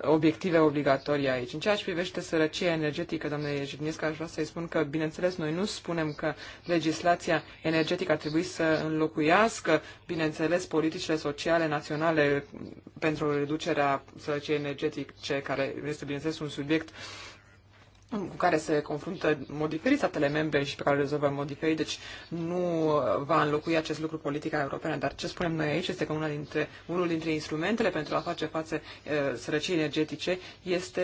obiective obligatorii aici. În ceea ce privește sărăcia energetică, doamne Jignescu, aș vrea să-i spun că, bineînțeles, noi nu spunem că legislația energetică ar trebui să înlocuiască, bineînțeles, politicile sociale naționale pentru reducerea sărăciei energetice, care este, bineînțeles, un subiect uh, cu care se confruntă în mod diferit statele membre și pe care le rezolvă în mod diferit, deci nu va înlocui acest lucru politica europeană. Dar ce spunem noi aici este că una dintre, unul dintre instrumentele pentru a face față uh, sărăciei energetice este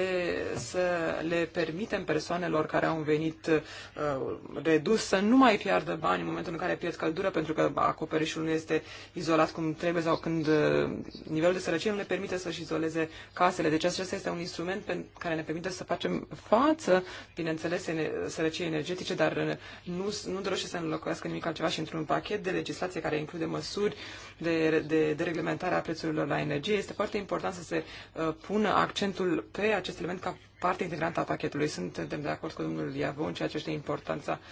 să le permitem persoanelor care au venit uh, redus să nu mai piardă bani în momentul în care pierd căldură pentru că acoperișul nu este izolat cum trebuie sau când uh, nivelul de sărăcie nu le permite să-și izoleze casele. Deci acesta este un instrument care ne permite să facem față bineînțeles, sărăcie energetice, dar nu, nu dorește să înlocuiască nimic altceva și într-un pachet de legislație care include măsuri de, de, de reglementare a prețurilor la energie. Este foarte important să se uh, pună accentul pe acest element ca parte integrantă a pachetului. Suntem de acord cu domnul Iavon, ceea ce este importanța uh,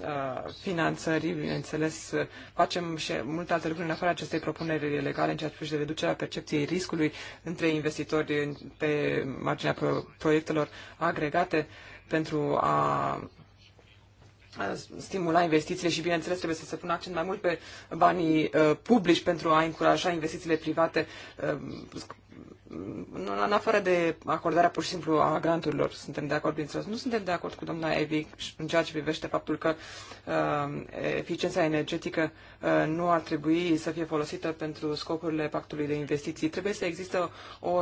Uh, finanțării, bineînțeles, facem și multe alte lucruri în afara acestei propuneri legale în ceea ce privește reducerea percepției riscului între investitori pe marginea proiectelor agregate pentru a stimula investițiile și, bineînțeles, trebuie să se pună accent mai mult pe banii uh, publici pentru a încuraja investițiile private uh, nu, în afară de acordarea pur și simplu a granturilor, suntem de acord, bineînțeles. Nu suntem de acord cu doamna Evi în ceea ce privește faptul că uh, eficiența energetică uh, nu ar trebui să fie folosită pentru scopurile pactului de investiții. Trebuie să existe o,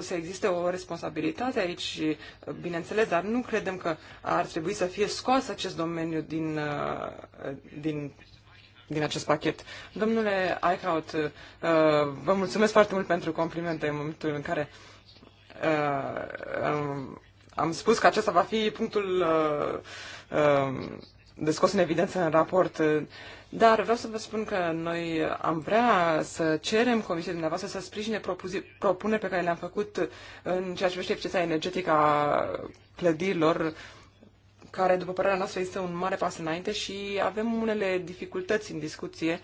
să existe o responsabilitate aici, uh, bineînțeles, dar nu credem că ar trebui să fie scos acest domeniu din, uh, din din acest pachet. Domnule Eichhout, uh, vă mulțumesc foarte mult pentru complimente în momentul în care uh, am spus că acesta va fi punctul uh, de scos în evidență în raport. Dar vreau să vă spun că noi am vrea să cerem Comisiei dumneavoastră să sprijine propuneri pe care le-am făcut în ceea ce privește eficiența energetică a clădirilor care, după părerea noastră, este un mare pas înainte și avem unele dificultăți în discuție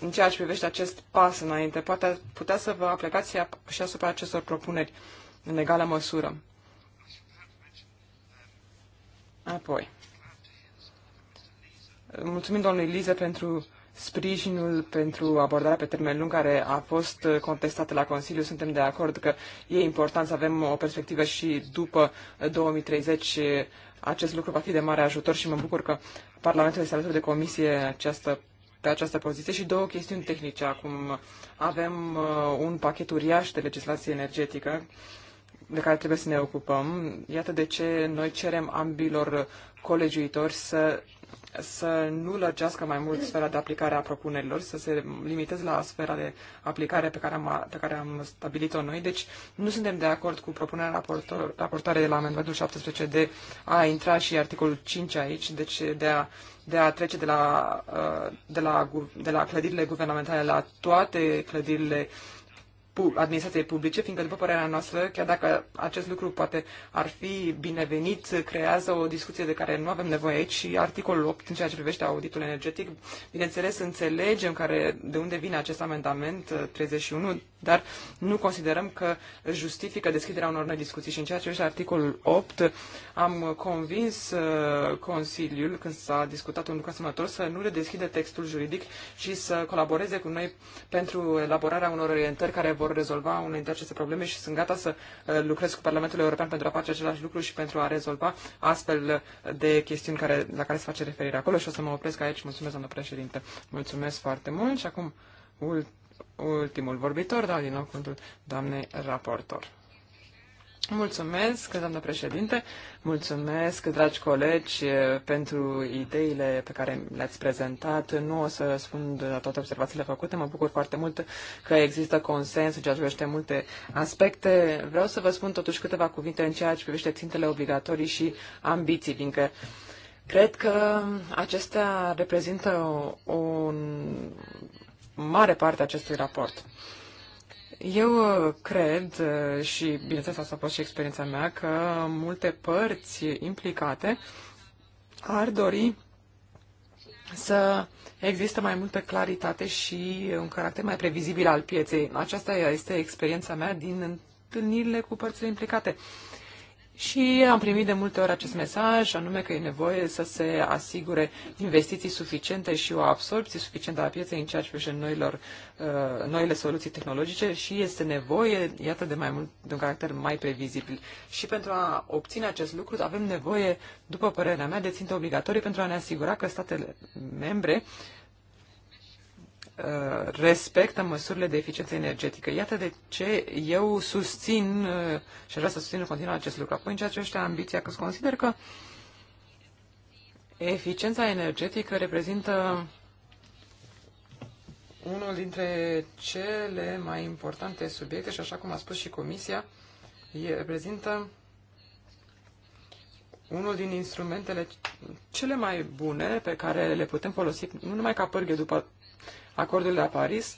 în ceea ce privește acest pas înainte. Poate putea să vă aplicați și asupra acestor propuneri în egală măsură. Apoi. Mulțumim domnului Liză pentru sprijinul pentru abordarea pe termen lung care a fost contestată la Consiliu. Suntem de acord că e important să avem o perspectivă și după 2030 acest lucru va fi de mare ajutor și mă bucur că Parlamentul este alături de comisie această, pe această poziție. Și două chestiuni tehnice. Acum avem uh, un pachet uriaș de legislație energetică de care trebuie să ne ocupăm. Iată de ce noi cerem ambilor colegiuitori să să nu lărgească mai mult sfera de aplicare a propunerilor, să se limiteze la sfera de aplicare pe care am, pe care am stabilit-o noi. Deci nu suntem de acord cu propunerea raportor, raportare de la amendamentul 17 de a intra și articolul 5 aici, deci de a, de a trece de la, uh, de, la, de la clădirile guvernamentale la toate clădirile administrației publice, fiindcă, după părerea noastră, chiar dacă acest lucru poate ar fi binevenit, creează o discuție de care nu avem nevoie aici și articolul 8 în ceea ce privește auditul energetic. Bineînțeles, înțelegem care, de unde vine acest amendament 31, uh, dar nu considerăm că justifică deschiderea unor noi discuții. Și în ceea ce privește articolul 8, am convins uh, Consiliul, când s-a discutat un lucru asemănător, să nu le deschidă textul juridic și să colaboreze cu noi pentru elaborarea unor orientări care vor vor rezolva unele dintre aceste probleme și sunt gata să uh, lucrez cu Parlamentul European pentru a face același lucru și pentru a rezolva astfel de chestiuni care, la care se face referire acolo și o să mă opresc aici. Mulțumesc, doamnă președinte. Mulțumesc foarte mult și acum ultimul vorbitor, dar din nou cuvântul doamnei raportor. Mulțumesc, doamnă președinte, mulțumesc, dragi colegi, pentru ideile pe care le-ați prezentat. Nu o să răspund la toate observațiile făcute, mă bucur foarte mult că există consens în ceea ce privește multe aspecte. Vreau să vă spun totuși câteva cuvinte în ceea ce privește țintele obligatorii și ambiții, fiindcă cred că acestea reprezintă o, o mare parte a acestui raport. Eu uh, cred, uh, și bineînțeles asta a fost și experiența mea, că multe părți implicate ar dori să există mai multă claritate și un caracter mai previzibil al pieței. Aceasta este experiența mea din întâlnirile cu părțile implicate. Și am primit de multe ori acest mesaj, anume că e nevoie să se asigure investiții suficiente și o absorpție suficientă a pieței în ceea ce privește noilor, uh, noile soluții tehnologice și este nevoie, iată, de mai mult, de un caracter mai previzibil. Și pentru a obține acest lucru avem nevoie, după părerea mea, de ținte obligatorii pentru a ne asigura că statele membre Uh, respectă măsurile de eficiență energetică. Iată de ce eu susțin uh, și vreau să susțin în continuare acest lucru. Apoi, în ceea ce este ambiția, că consider că eficiența energetică reprezintă unul dintre cele mai importante subiecte și, așa cum a spus și Comisia, reprezintă unul din instrumentele cele mai bune pe care le putem folosi nu numai ca pârghe după acordul de la Paris,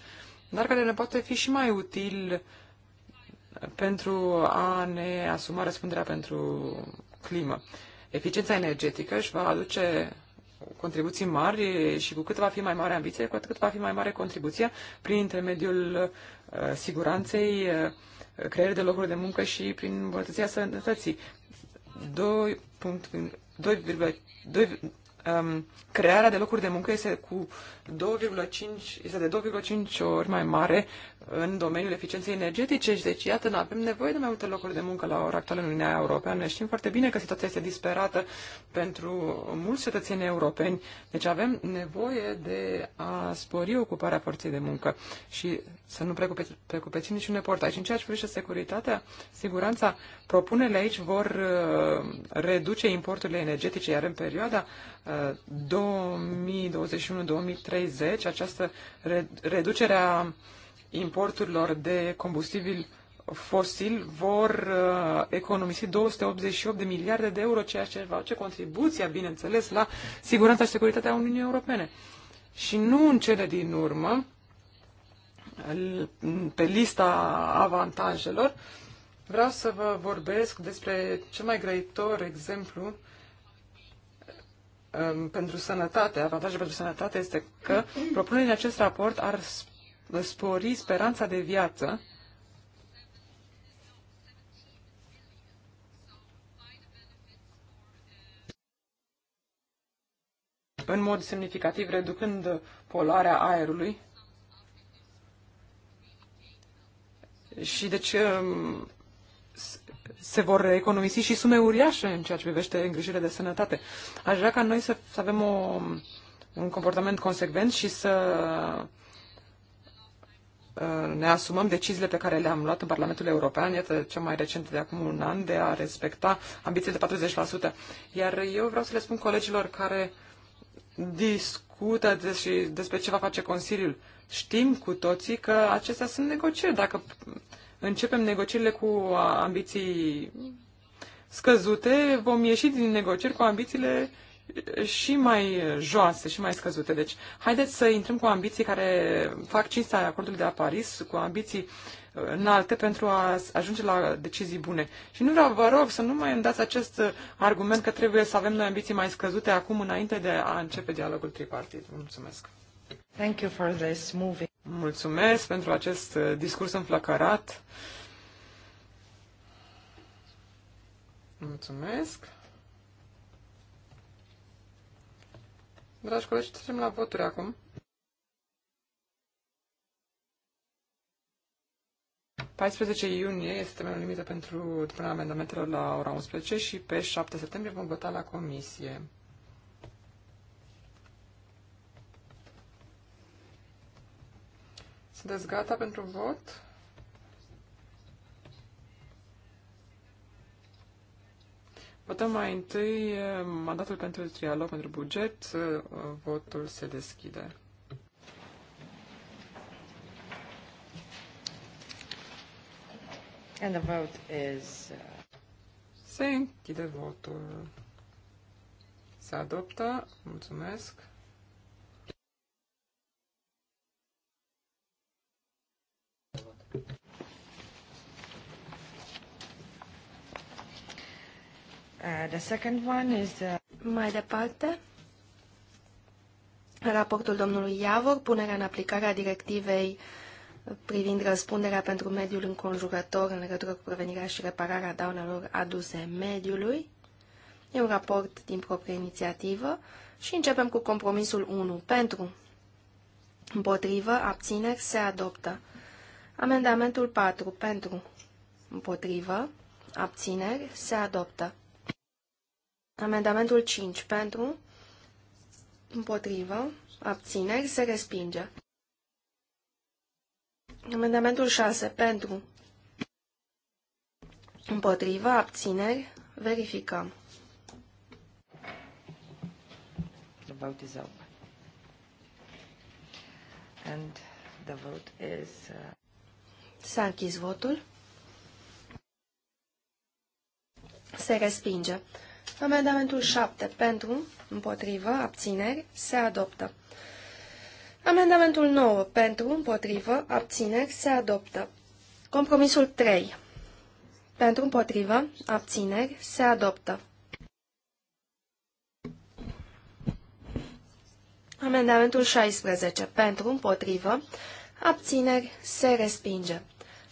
dar care ne poate fi și mai util pentru a ne asuma răspunderea pentru climă. Eficiența energetică își va aduce contribuții mari și cu cât va fi mai mare ambiție, cu atât va fi mai mare contribuția prin intermediul uh, siguranței, uh, creierii de locuri de muncă și prin îmbunătățirea sănătății. 2,5 um, crearea de locuri de muncă este, cu 2,5, este de 2,5 ori mai mare în domeniul eficienței energetice și deci, iată, nu avem nevoie de mai multe locuri de muncă la ora actuală în Uniunea Europeană. Știm foarte bine că situația este disperată pentru mulți cetățeni europeni, deci avem nevoie de a spori ocuparea forței de muncă și să nu precupe, precupeți niciun eport. Aici, în ceea ce privește securitatea, siguranța, propunerile aici vor uh, reduce importurile energetice, iar în perioada uh, 2021-2030, această reducere a importurilor de combustibil fosil vor uh, economisi 288 de miliarde de euro, ceea ce va face contribuția, bineînțeles, la siguranța și securitatea Uniunii Europene. Și nu în cele din urmă, pe lista avantajelor, vreau să vă vorbesc despre cel mai grăitor exemplu Um, pentru sănătate, avantajul pentru sănătate este că propunerea acest raport ar spori speranța de viață în mod semnificativ, reducând poluarea aerului. Și deci um, se vor economisi și sume uriașe în ceea ce privește îngrijirea de sănătate. Aș vrea ca noi să, să avem o, un comportament consecvent și să uh, ne asumăm deciziile pe care le-am luat în Parlamentul European, iată cea mai recentă de acum un an, de a respecta ambiția de 40%. Iar eu vreau să le spun colegilor care discută des- și despre ce va face Consiliul. Știm cu toții că acestea sunt negocieri. Dacă începem negocierile cu ambiții scăzute, vom ieși din negocieri cu ambițiile și mai joase și mai scăzute. Deci, haideți să intrăm cu ambiții care fac cinstea acordului de la Paris, cu ambiții uh, înalte pentru a ajunge la decizii bune. Și nu vreau, vă rog, să nu mai îmi dați acest uh, argument că trebuie să avem noi ambiții mai scăzute acum înainte de a începe dialogul tripartit. Mulțumesc. Thank you for this Mulțumesc pentru acest uh, discurs înflăcărat. Mulțumesc. Dragi colegi, trecem la voturi acum. Paisprezece iunie este termenul limită pentru depunerea amendamentelor la ora 11 și pe 7 septembrie vom vota la comisie. Sunteți gata pentru vot? Votăm mai întâi eh, mandatul pentru trialog, pentru buget. Eh, votul se deschide. And the vote is... Se închide votul. Se adoptă. Mulțumesc. Uh, the second one is, uh... Mai departe, raportul domnului Iavor, punerea în aplicare a directivei privind răspunderea pentru mediul înconjurător în legătură cu prevenirea și repararea daunelor aduse mediului. E un raport din proprie inițiativă și începem cu compromisul 1. Pentru, împotrivă, abțineri, se adoptă. Amendamentul 4 pentru împotrivă, abțineri, se adoptă. Amendamentul 5 pentru împotrivă, abțineri, se respinge. Amendamentul 6 pentru împotrivă, abțineri, verificăm. The vote is open. And the vote is... Uh... S-a închis votul. Se respinge. Amendamentul 7 pentru, împotrivă, abțineri, se adoptă. Amendamentul 9 pentru, împotrivă, abțineri, se adoptă. Compromisul 3 pentru, împotrivă, abțineri, se adoptă. Amendamentul 16 pentru, împotrivă, abțineri, se respinge.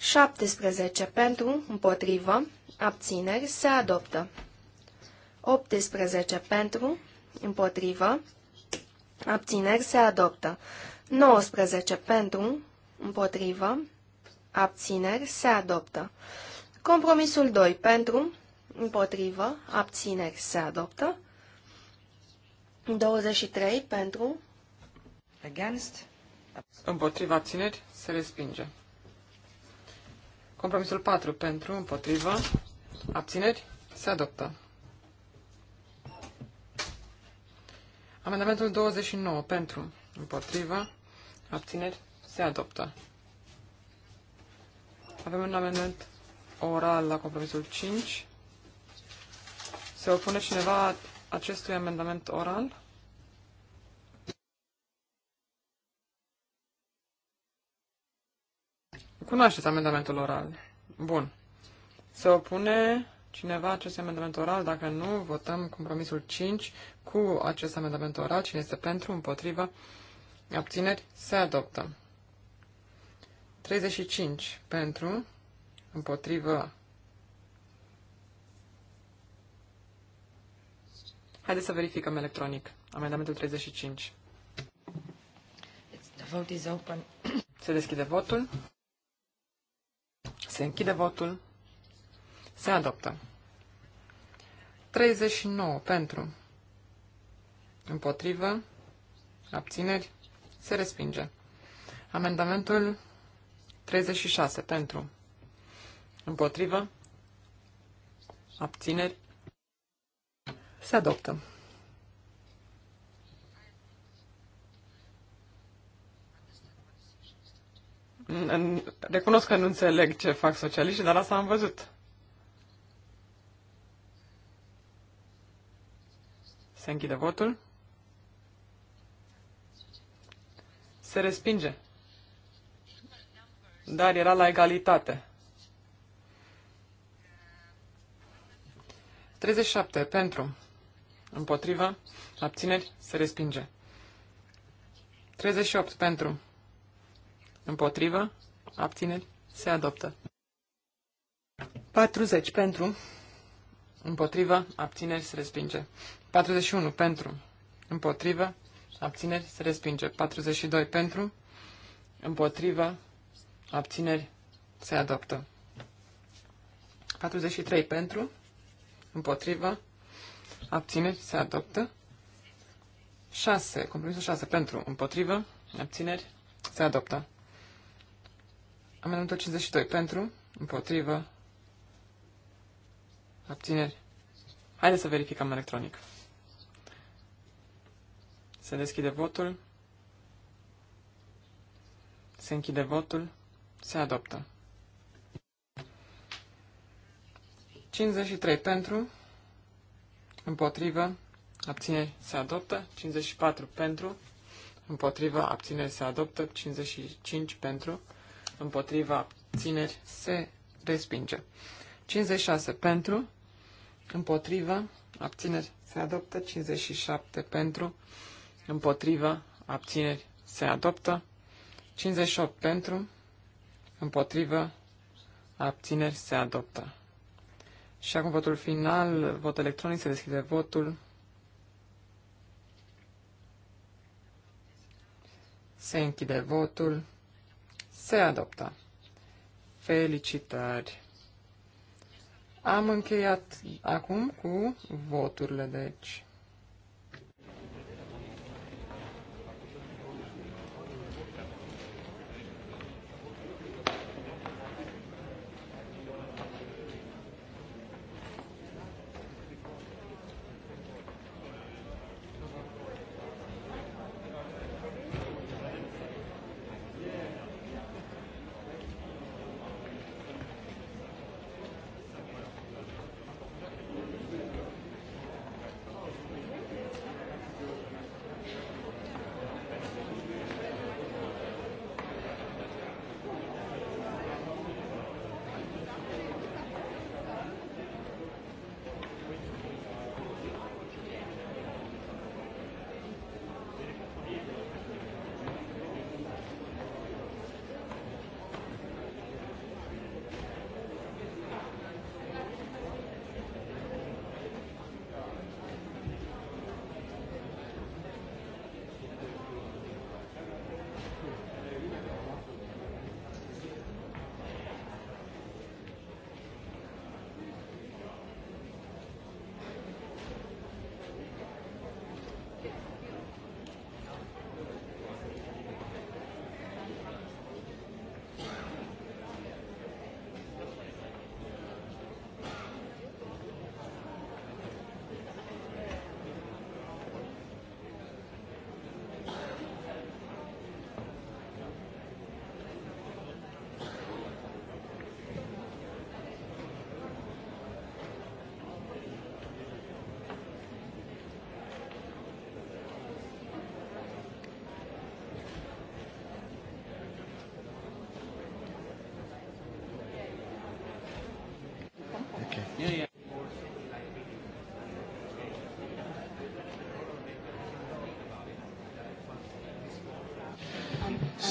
17 pentru, împotrivă, abțineri, se adoptă. 18 pentru, împotrivă, abțineri, se adoptă. 19 pentru, împotrivă, abțineri, se adoptă. Compromisul 2 pentru, împotrivă, abțineri, se adoptă. 23 pentru, against, împotriva abțineri, se respinge. Compromisul 4 pentru, împotrivă, abțineri, se adoptă. Amendamentul 29 pentru, împotrivă, abțineri, se adoptă. Avem un amendament oral la compromisul 5. Se opune cineva acestui amendament oral? Cunoașteți amendamentul oral. Bun. Se opune cineva acest amendament oral? Dacă nu, votăm compromisul 5 cu acest amendament oral. Cine este pentru, împotriva, abțineri, se adoptă. 35 pentru, împotrivă. Haideți să verificăm electronic. Amendamentul 35. The vote is open. Se deschide votul. Se închide votul. Se adoptă. 39 pentru. Împotrivă. Abțineri. Se respinge. Amendamentul 36 pentru. Împotrivă. Abțineri. Se adoptă. recunosc că nu înțeleg ce fac socialiștii, dar asta am văzut. Se închide votul. Se respinge. Dar era la egalitate. 37. Pentru. Împotriva. Abțineri. Se respinge. 38. Pentru. Împotrivă. Abțineri. Se adoptă. 40 pentru. Împotrivă. Abțineri. Se respinge. 41 pentru. Împotrivă. Abțineri. Se respinge. 42 pentru. Împotrivă. Abțineri. Se adoptă. 43 pentru. Împotrivă. Abțineri. Se adoptă. 6. Compromisul 6 pentru. Împotrivă. Abțineri. Se adoptă. Amendamentul 52. Pentru? Împotrivă? Abțineri? Haideți să verificăm electronic. Se deschide votul. Se închide votul. Se adoptă. 53 pentru, împotrivă, abțineri se adoptă, 54 pentru, împotrivă, abțineri se adoptă, 55 pentru, împotriva, abțineri, se respinge. 56 pentru, împotriva, abțineri, se adoptă. 57 pentru, împotriva, abțineri, se adoptă. 58 pentru, împotriva abțineri, se adoptă. Și acum votul final, vot electronic, se deschide votul. Se închide votul. Se adoptă. Felicitări! Am încheiat acum cu voturile, deci.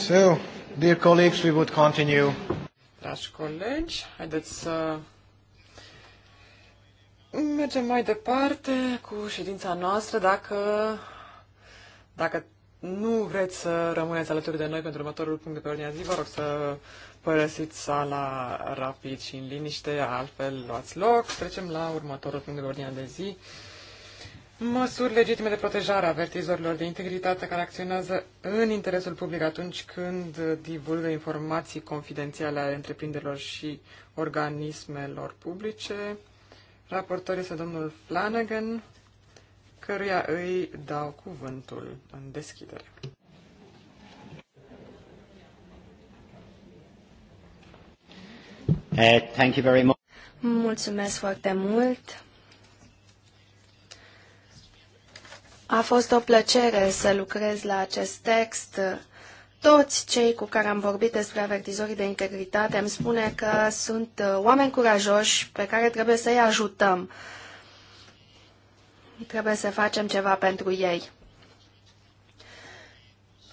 So, dear colleagues, we would continue. Dragi colegi, haideți să mergem mai departe cu ședința noastră. Dacă, dacă nu vreți să rămâneți alături de noi pentru următorul punct de pe ordinea zi, vă rog să părăsiți sala rapid și în liniște, altfel luați loc. Trecem la următorul punct de pe ordinea de zi măsuri legitime de protejare a avertizorilor de integritate care acționează în interesul public atunci când divulgă informații confidențiale ale întreprinderilor și organismelor publice. Raportor este domnul Flanagan, căruia îi dau cuvântul în deschidere. Uh, thank you very much. Mulțumesc foarte mult. A fost o plăcere să lucrez la acest text. Toți cei cu care am vorbit despre avertizorii de integritate îmi spune că sunt oameni curajoși pe care trebuie să-i ajutăm. Trebuie să facem ceva pentru ei.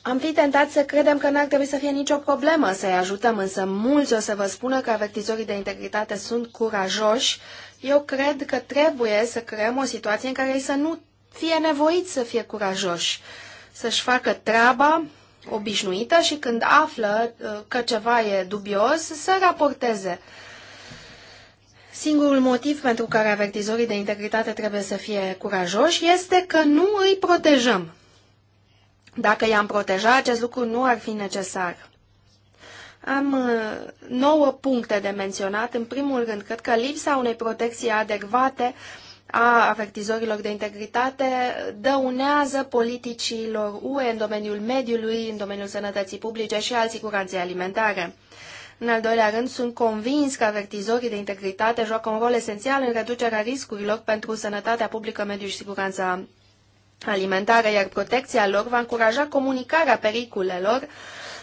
Am fi tentat să credem că n-ar trebui să fie nicio problemă să-i ajutăm, însă mulți o să vă spună că avertizorii de integritate sunt curajoși. Eu cred că trebuie să creăm o situație în care ei să nu fie nevoit să fie curajoși, să-și facă treaba obișnuită și când află uh, că ceva e dubios, să raporteze. Singurul motiv pentru care avertizorii de integritate trebuie să fie curajoși este că nu îi protejăm. Dacă i-am proteja, acest lucru nu ar fi necesar. Am uh, nouă puncte de menționat. În primul rând, cred că lipsa unei protecții adecvate uh, a avertizorilor de integritate dăunează politicilor UE în domeniul mediului, în domeniul sănătății publice și al siguranței alimentare. În al doilea rând, sunt convins că avertizorii de integritate joacă un rol esențial în reducerea riscurilor pentru sănătatea publică, mediu și siguranța alimentară, iar protecția lor va încuraja comunicarea periculelor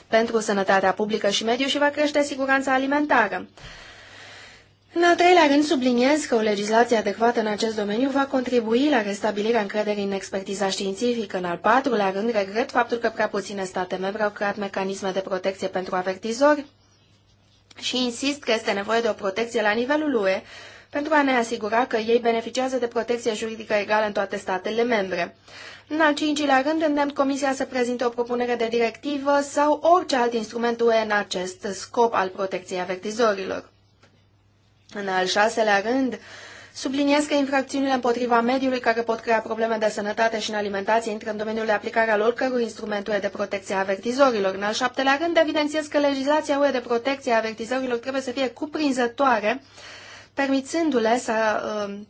pentru sănătatea publică și mediu și va crește siguranța alimentară. În al treilea rând, subliniez că o legislație adecvată în acest domeniu va contribui la restabilirea încrederii în expertiza științifică. În al patrulea rând, regret faptul că prea puține state membre au creat mecanisme de protecție pentru avertizori și insist că este nevoie de o protecție la nivelul UE pentru a ne asigura că ei beneficiază de protecție juridică egală în toate statele membre. În al cincilea rând, îndemn Comisia să prezinte o propunere de directivă sau orice alt instrument UE în acest scop al protecției avertizorilor. În al șaselea rând, subliniez că infracțiunile împotriva mediului care pot crea probleme de sănătate și în alimentație intră în domeniul de aplicare al oricărui instrument de protecție a avertizorilor. În al șaptelea rând, evidențiez că legislația UE de protecție a avertizorilor trebuie să fie cuprinzătoare, permițându-le să um,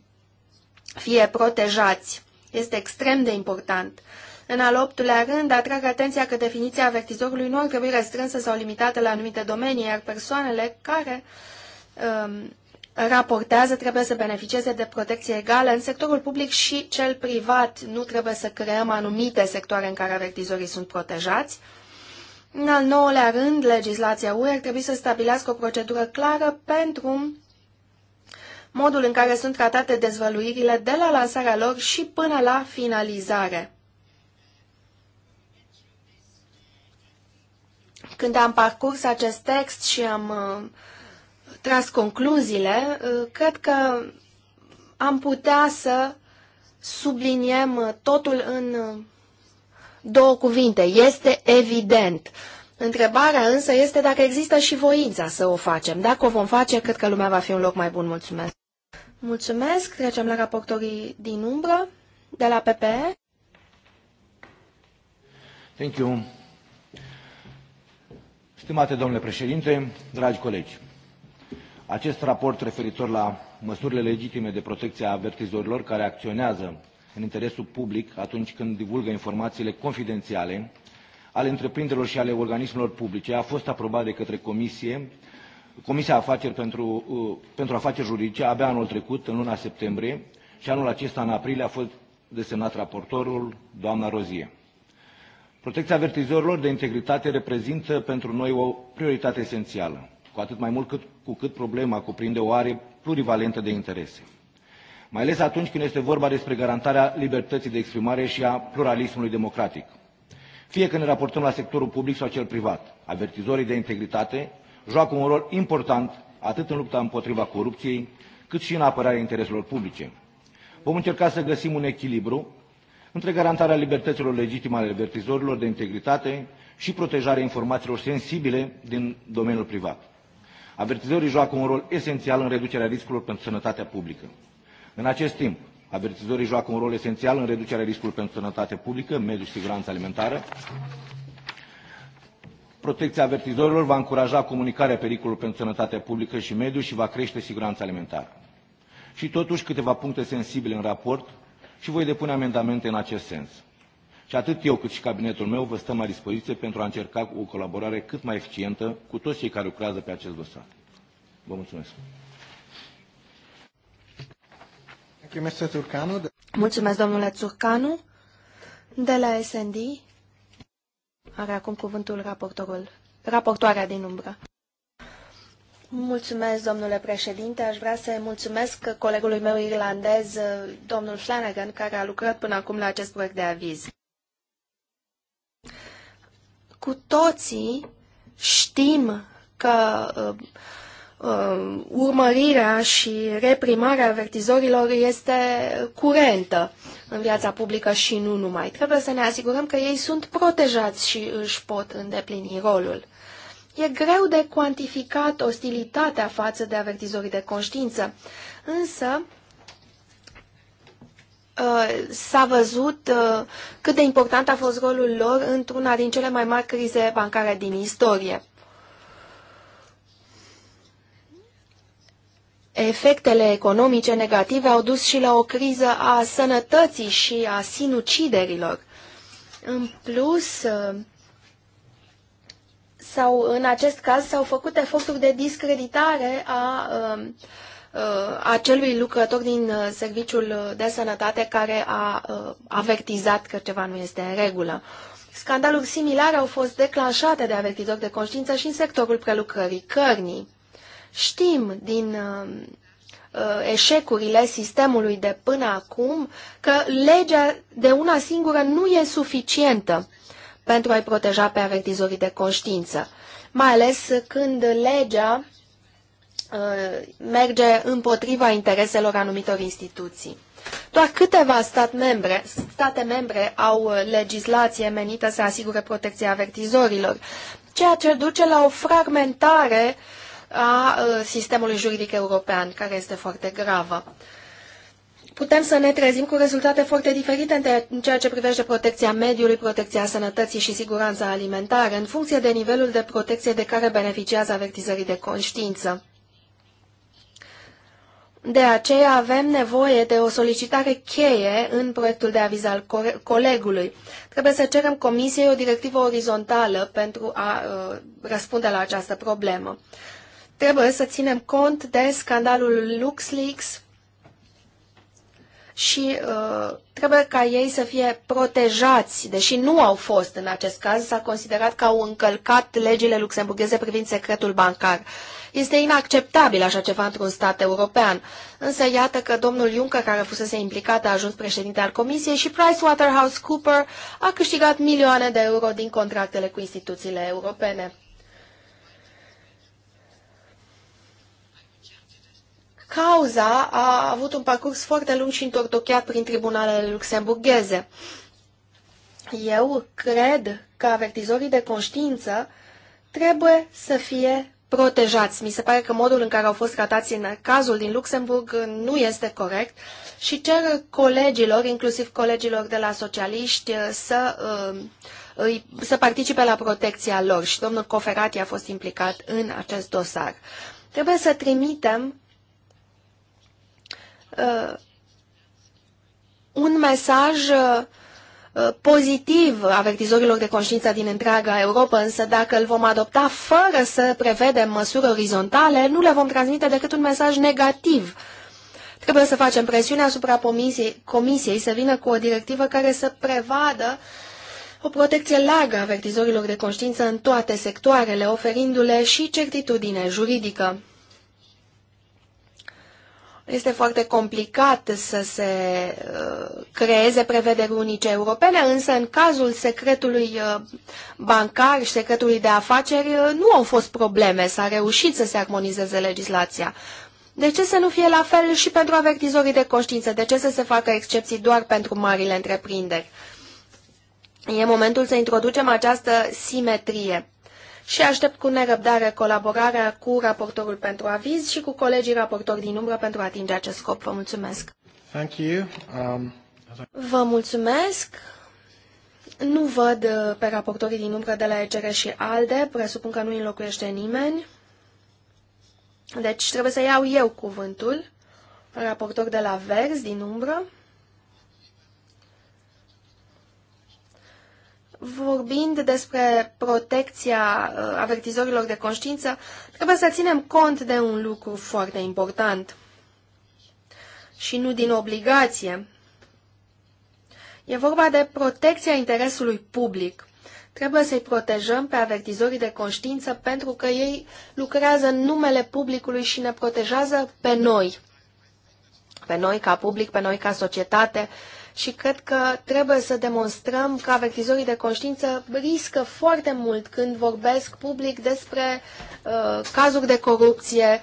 fie protejați. Este extrem de important. În al optulea rând, atrag atenția că definiția avertizorului nu ar trebui restrânsă sau limitată la anumite domenii, iar persoanele care um, raportează trebuie să beneficieze de protecție egală în sectorul public și cel privat. Nu trebuie să creăm anumite sectoare în care avertizorii sunt protejați. În al nouălea rând, legislația UE ar trebui să stabilească o procedură clară pentru modul în care sunt tratate dezvăluirile de la lansarea lor și până la finalizare. Când am parcurs acest text și am uh, tras concluziile, uh, cred că am putea să subliniem totul în uh, două cuvinte. Este evident. Întrebarea însă este dacă există și voința să o facem. Dacă o vom face, cred că lumea va fi un loc mai bun. Mulțumesc! Mulțumesc! Trecem la raportorii din umbră, de la PPE. Thank you. Stimate domnule președinte, dragi colegi, acest raport referitor la măsurile legitime de protecție a avertizorilor care acționează în interesul public atunci când divulgă informațiile confidențiale ale întreprinderilor și ale organismelor publice a fost aprobat de către Comisie, Comisia Afaceri pentru, uh, pentru Afaceri Juridice abia anul trecut, în luna septembrie, și anul acesta, în aprilie, a fost desemnat raportorul, doamna Rozie. Protecția avertizorilor de integritate reprezintă pentru noi o prioritate esențială cu atât mai mult cât, cu cât problema cuprinde o are plurivalentă de interese. Mai ales atunci când este vorba despre garantarea libertății de exprimare și a pluralismului democratic. Fie că ne raportăm la sectorul public sau cel privat, avertizorii de integritate joacă un rol important atât în lupta împotriva corupției, cât și în apărarea intereselor publice. Vom încerca să găsim un echilibru între garantarea libertăților legitime ale avertizorilor de integritate și protejarea informațiilor sensibile din domeniul privat. Avertizorii joacă un rol esențial în reducerea riscurilor pentru sănătatea publică. În acest timp, avertizorii joacă un rol esențial în reducerea riscurilor pentru sănătatea publică, mediu și siguranță alimentară. Protecția avertizorilor va încuraja comunicarea pericolului pentru sănătatea publică și mediu și va crește siguranța alimentară. Și totuși câteva puncte sensibile în raport și voi depune amendamente în acest sens. Și atât eu cât și cabinetul meu vă stăm la dispoziție pentru a încerca o colaborare cât mai eficientă cu toți cei care lucrează pe acest dosar. Vă mulțumesc. Mulțumesc, domnule Țurcanu. De la SND are acum cuvântul raportorul, raportoarea din umbră. Mulțumesc, domnule președinte. Aș vrea să mulțumesc colegului meu irlandez, domnul Flanagan, care a lucrat până acum la acest proiect de aviz cu toții știm că uh, uh, urmărirea și reprimarea avertizorilor este curentă în viața publică și nu numai. Trebuie să ne asigurăm că ei sunt protejați și își pot îndeplini rolul. E greu de cuantificat ostilitatea față de avertizorii de conștiință, însă Uh, s-a văzut uh, cât de important a fost rolul lor într-una din cele mai mari crize bancare din istorie. Efectele economice negative au dus și la o criză a sănătății și a sinuciderilor. În plus, uh, sau în acest caz s-au făcut eforturi de discreditare a Uh, acelui lucrător din uh, Serviciul de Sănătate care a uh, avertizat că ceva nu este în regulă. Scandaluri similare au fost declanșate de avertizori de conștiință și în sectorul prelucrării cărnii. Știm din eșecurile sistemului de până acum că legea de una singură nu e suficientă pentru a-i proteja pe avertizorii de conștiință, mai ales când legea Uh, merge împotriva intereselor anumitor instituții. Doar câteva stat membre, state membre au uh, legislație menită să asigure protecția avertizorilor, ceea ce duce la o fragmentare a uh, sistemului juridic european, care este foarte gravă. Putem să ne trezim cu rezultate foarte diferite în ceea ce privește protecția mediului, protecția sănătății și siguranța alimentară, în funcție de nivelul de protecție de care beneficiază avertizării de conștiință. De aceea avem nevoie de o solicitare cheie în proiectul de aviz al co colegului. Trebuie să cerem Comisiei o directivă orizontală pentru a uh, răspunde la această problemă. Trebuie să ținem cont de scandalul LuxLeaks și uh, trebuie ca ei să fie protejați, deși nu au fost în acest caz, s-a considerat că au încălcat legile luxemburgheze privind secretul bancar. Uh, este inacceptabil așa ceva într-un stat european. Însă iată că domnul Juncker, care fusese implicat, a ajuns președinte al Comisiei și PricewaterhouseCooper a câștigat milioane de euro din contractele cu instituțiile europene. Cauza a avut un parcurs foarte lung și întortocheat prin tribunalele luxemburgheze. Eu cred că avertizorii de conștiință trebuie să fie protejați. Mi se pare că modul în care au fost tratați în cazul din Luxemburg nu este corect și cer colegilor, inclusiv colegilor de la socialiști, să, uh, să participe la protecția lor și domnul Coferati a fost implicat în acest dosar. Trebuie să trimitem uh, un mesaj uh, Uh, pozitiv avertizorilor de conștiință din întreaga Europa, însă dacă îl vom adopta fără să prevedem măsuri orizontale, nu le vom transmite decât un mesaj negativ. Trebuie să facem presiune asupra comisiei, comisiei să vină cu o directivă care să prevadă o protecție largă a avertizorilor de conștiință în toate sectoarele, oferindu-le și certitudine juridică. Este foarte complicat să se uh, creeze prevederi unice europene, însă în cazul secretului uh, bancar și secretului de afaceri uh, nu au fost probleme, s-a reușit să se armonizeze legislația. De ce să nu fie la fel și pentru avertizorii de conștiință? De ce să se facă excepții doar pentru marile întreprinderi? E momentul să introducem această simetrie și aștept cu nerăbdare colaborarea cu raportorul pentru aviz și cu colegii raportori din umbră pentru a atinge acest scop. Vă mulțumesc! Thank you. Um... Vă mulțumesc! Nu văd uh, pe raportorii din umbră de la ECR și ALDE, presupun că nu îi înlocuiește nimeni. Deci trebuie să iau eu cuvântul, raportor de la Vers din umbră. vorbind despre protecția uh, avertizorilor de conștiință, trebuie să ținem cont de un lucru foarte important și nu din obligație. E vorba de protecția interesului public. Trebuie să-i protejăm pe avertizorii de conștiință pentru că ei lucrează în numele publicului și ne protejează pe noi, pe noi ca public, pe noi ca societate, și cred că trebuie să demonstrăm că avertizorii de conștiință riscă foarte mult când vorbesc public despre uh, cazuri de corupție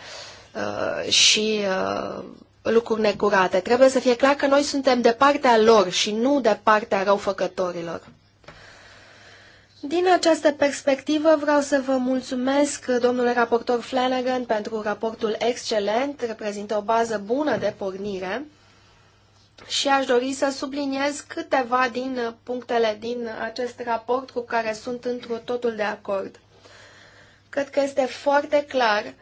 uh, și uh, lucruri necurate. Trebuie să fie clar că noi suntem de partea lor și nu de partea răufăcătorilor. Din această perspectivă vreau să vă mulțumesc, domnule raportor Flanagan, pentru raportul excelent, reprezintă o bază bună de pornire și aș dori să subliniez câteva din punctele din acest raport cu care sunt într totul de acord. Cred că este foarte clar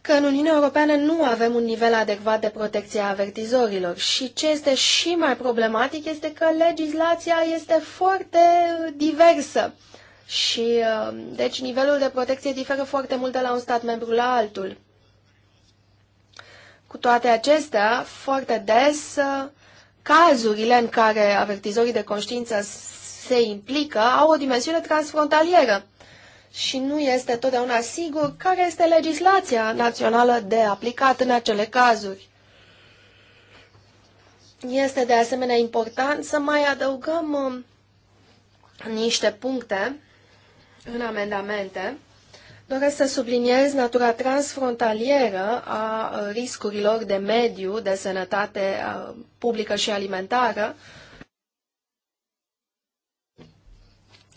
că în Uniunea Europeană nu avem un nivel adecvat de protecție a avertizorilor și ce este și mai problematic este că legislația este foarte diversă și uh, deci nivelul de protecție diferă foarte mult de la un stat membru la altul. Cu toate acestea, foarte des, cazurile în care avertizorii de conștiință se implică au o dimensiune transfrontalieră și nu este totdeauna sigur care este legislația națională de aplicat în acele cazuri. Este de asemenea important să mai adăugăm um, niște puncte în amendamente Doresc să subliniez natura transfrontalieră a uh, riscurilor de mediu, de sănătate uh, publică și alimentară.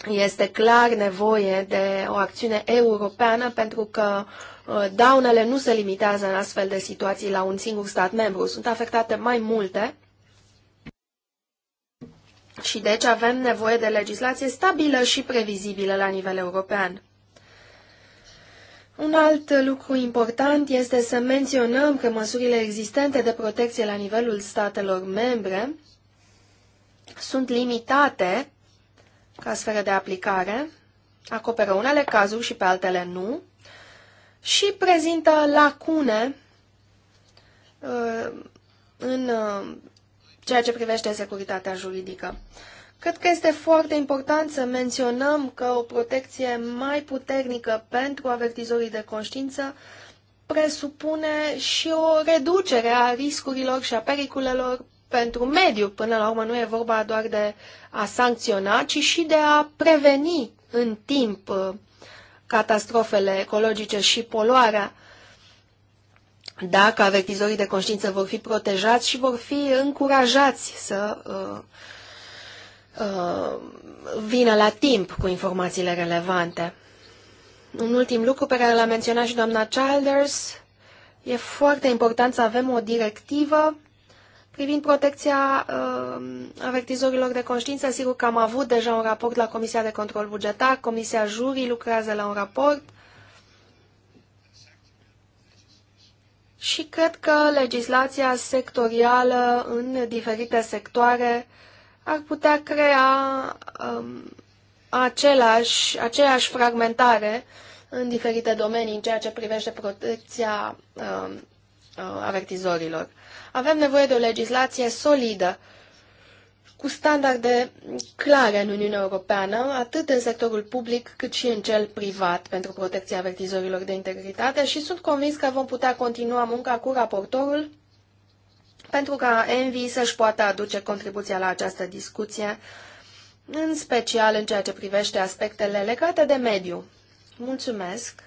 Este clar nevoie de o acțiune europeană pentru că uh, daunele nu se limitează în astfel de situații la un singur stat membru. Sunt afectate mai multe și deci avem nevoie de legislație stabilă și previzibilă la nivel european. Un alt lucru important este să menționăm că măsurile existente de protecție la nivelul statelor membre sunt limitate ca sferă de aplicare, acoperă unele cazuri și pe altele nu, și prezintă lacune uh, în uh, ceea ce privește securitatea juridică. Cred că este foarte important să menționăm că o protecție mai puternică pentru avertizorii de conștiință presupune și o reducere a riscurilor și a pericolelor pentru mediu. Până la urmă nu e vorba doar de a sancționa, ci și de a preveni în timp uh, catastrofele ecologice și poluarea. Dacă avertizorii de conștiință vor fi protejați și vor fi încurajați să uh, Uh, vină la timp cu informațiile relevante. Un ultim lucru pe care l-a menționat și doamna Childers, e foarte important să avem o directivă privind protecția uh, avertizorilor de conștiință. Sigur că am avut deja un raport la Comisia de Control Bugetar, Comisia Jurii lucrează la un raport și cred că legislația sectorială în diferite sectoare uh, ar putea crea um, același, aceeași fragmentare în diferite domenii în ceea ce privește protecția um, uh, avertizorilor. Avem nevoie de o legislație solidă, cu standarde clare în Uniunea Europeană, atât în sectorul public cât și în cel privat pentru protecția avertizorilor de integritate și sunt convins că vom putea continua munca cu raportorul pentru ca Envi să-și poată aduce contribuția la această discuție, în special în ceea ce privește aspectele legate de mediu. Mulțumesc!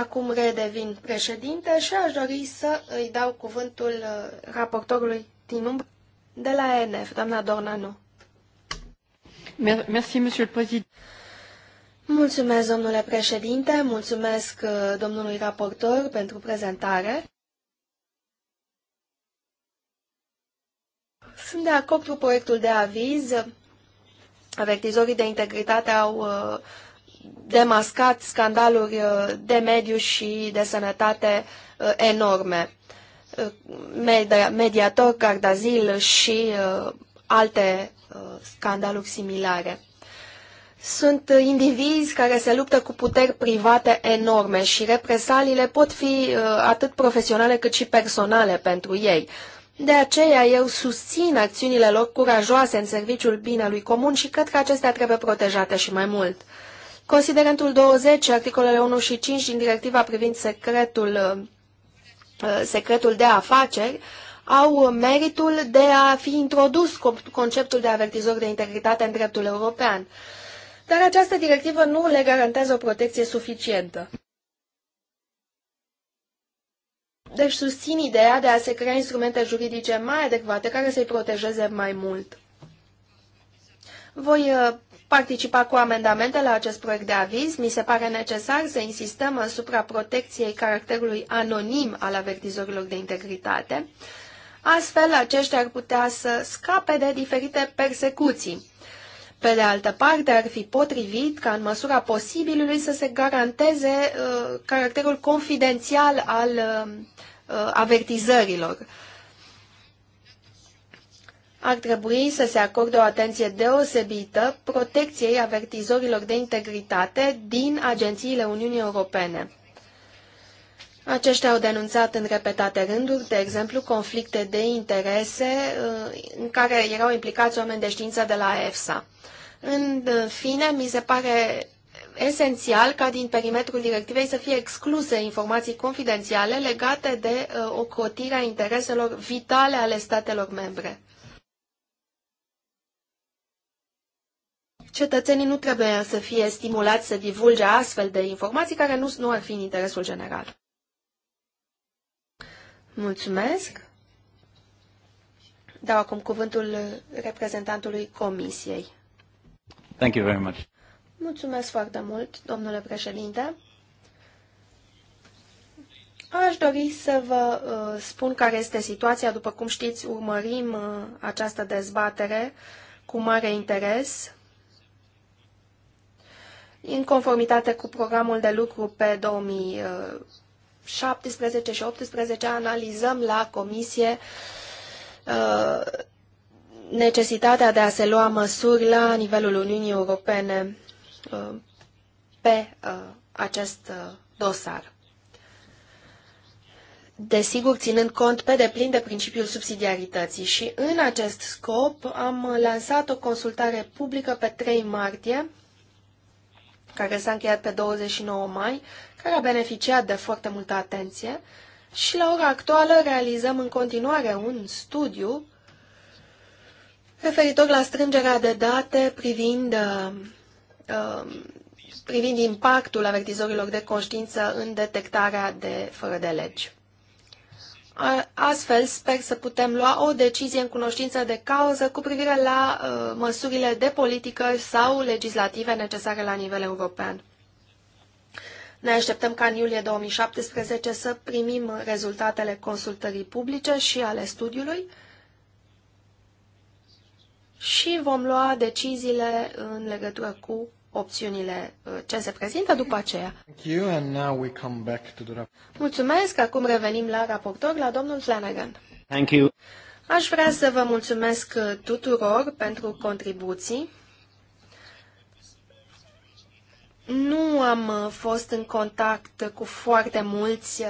Acum redevin președinte și aș dori să îi dau cuvântul uh, raportorului din umbră de la ENF, doamna Dornanu. Merci, monsieur le président. Mulțumesc, domnule președinte, mulțumesc uh, domnului raportor pentru prezentare. Sunt de acord cu proiectul de aviz. Avertizorii de integritate au uh, demascat scandaluri uh, de mediu și de sănătate enorme. Mediator, Cardazil și alte scandaluri similare. Sunt uh, indivizi care se luptă cu puteri private enorme și represaliile pot fi uh, atât profesionale cât și personale pentru ei. De aceea eu susțin acțiunile lor curajoase în serviciul binelui comun și cred că acestea trebuie protejate și mai mult. Considerentul 20, articolele 1 și 5 din directiva privind secretul, uh, secretul de afaceri, au meritul de a fi introdus conceptul de avertizor de integritate în dreptul european dar această directivă nu le garantează o protecție suficientă. Deci susțin ideea de a se crea instrumente juridice mai adecvate care să-i protejeze mai mult. Voi uh, participa cu amendamente la acest proiect de aviz. Mi se pare necesar să insistăm asupra protecției caracterului anonim al avertizorilor de integritate. Astfel, aceștia ar putea să scape de diferite persecuții. Pe de altă parte, ar fi potrivit ca în măsura posibilului să se garanteze uh, caracterul confidențial al uh, uh avertizărilor. Ar trebui să se acorde o atenție deosebită protecției avertizorilor de integritate din agențiile Uniunii Europene. Aceștia au denunțat în repetate rânduri, de exemplu, conflicte de interese uh, în care erau implicați oameni de știință de la EFSA. În uh, fine, mi se pare esențial ca din perimetrul directivei să fie excluse informații confidențiale legate de uh, ocrotirea intereselor vitale ale statelor membre. Cetățenii nu trebuie să fie stimulați să divulge astfel de informații care nu, nu ar fi în interesul general. Mulțumesc. Dau acum cuvântul reprezentantului Comisiei. Thank you very much. Mulțumesc foarte mult, domnule președinte. Aș dori să vă uh, spun care este situația. După cum știți, urmărim uh, această dezbatere cu mare interes. În conformitate cu programul de lucru pe 2000. Uh, 17 și 18 analizăm la comisie uh, necesitatea de a se lua măsuri la nivelul Uniunii Europene uh, pe uh, acest dosar. Desigur, ținând cont pe deplin de principiul subsidiarității și în acest scop am lansat o consultare publică pe 3 martie care s-a încheiat pe 29 mai, care a beneficiat de foarte multă atenție și la ora actuală realizăm în continuare un studiu referitor la strângerea de date privind, uh, privind impactul avertizorilor de conștiință în detectarea de fără de legi. Astfel, sper să putem lua o decizie în cunoștință de cauză cu privire la uh, măsurile de politică sau legislative necesare la nivel european. Ne așteptăm ca în iulie 2017 să primim rezultatele consultării publice și ale studiului și vom lua deciziile în legătură cu opțiunile uh, ce se prezintă după aceea. Mulțumesc, acum revenim la raportor, la domnul Flanagan. Thank you. Aș vrea să vă mulțumesc uh, tuturor pentru contribuții. Nu am uh, fost în contact cu foarte mulți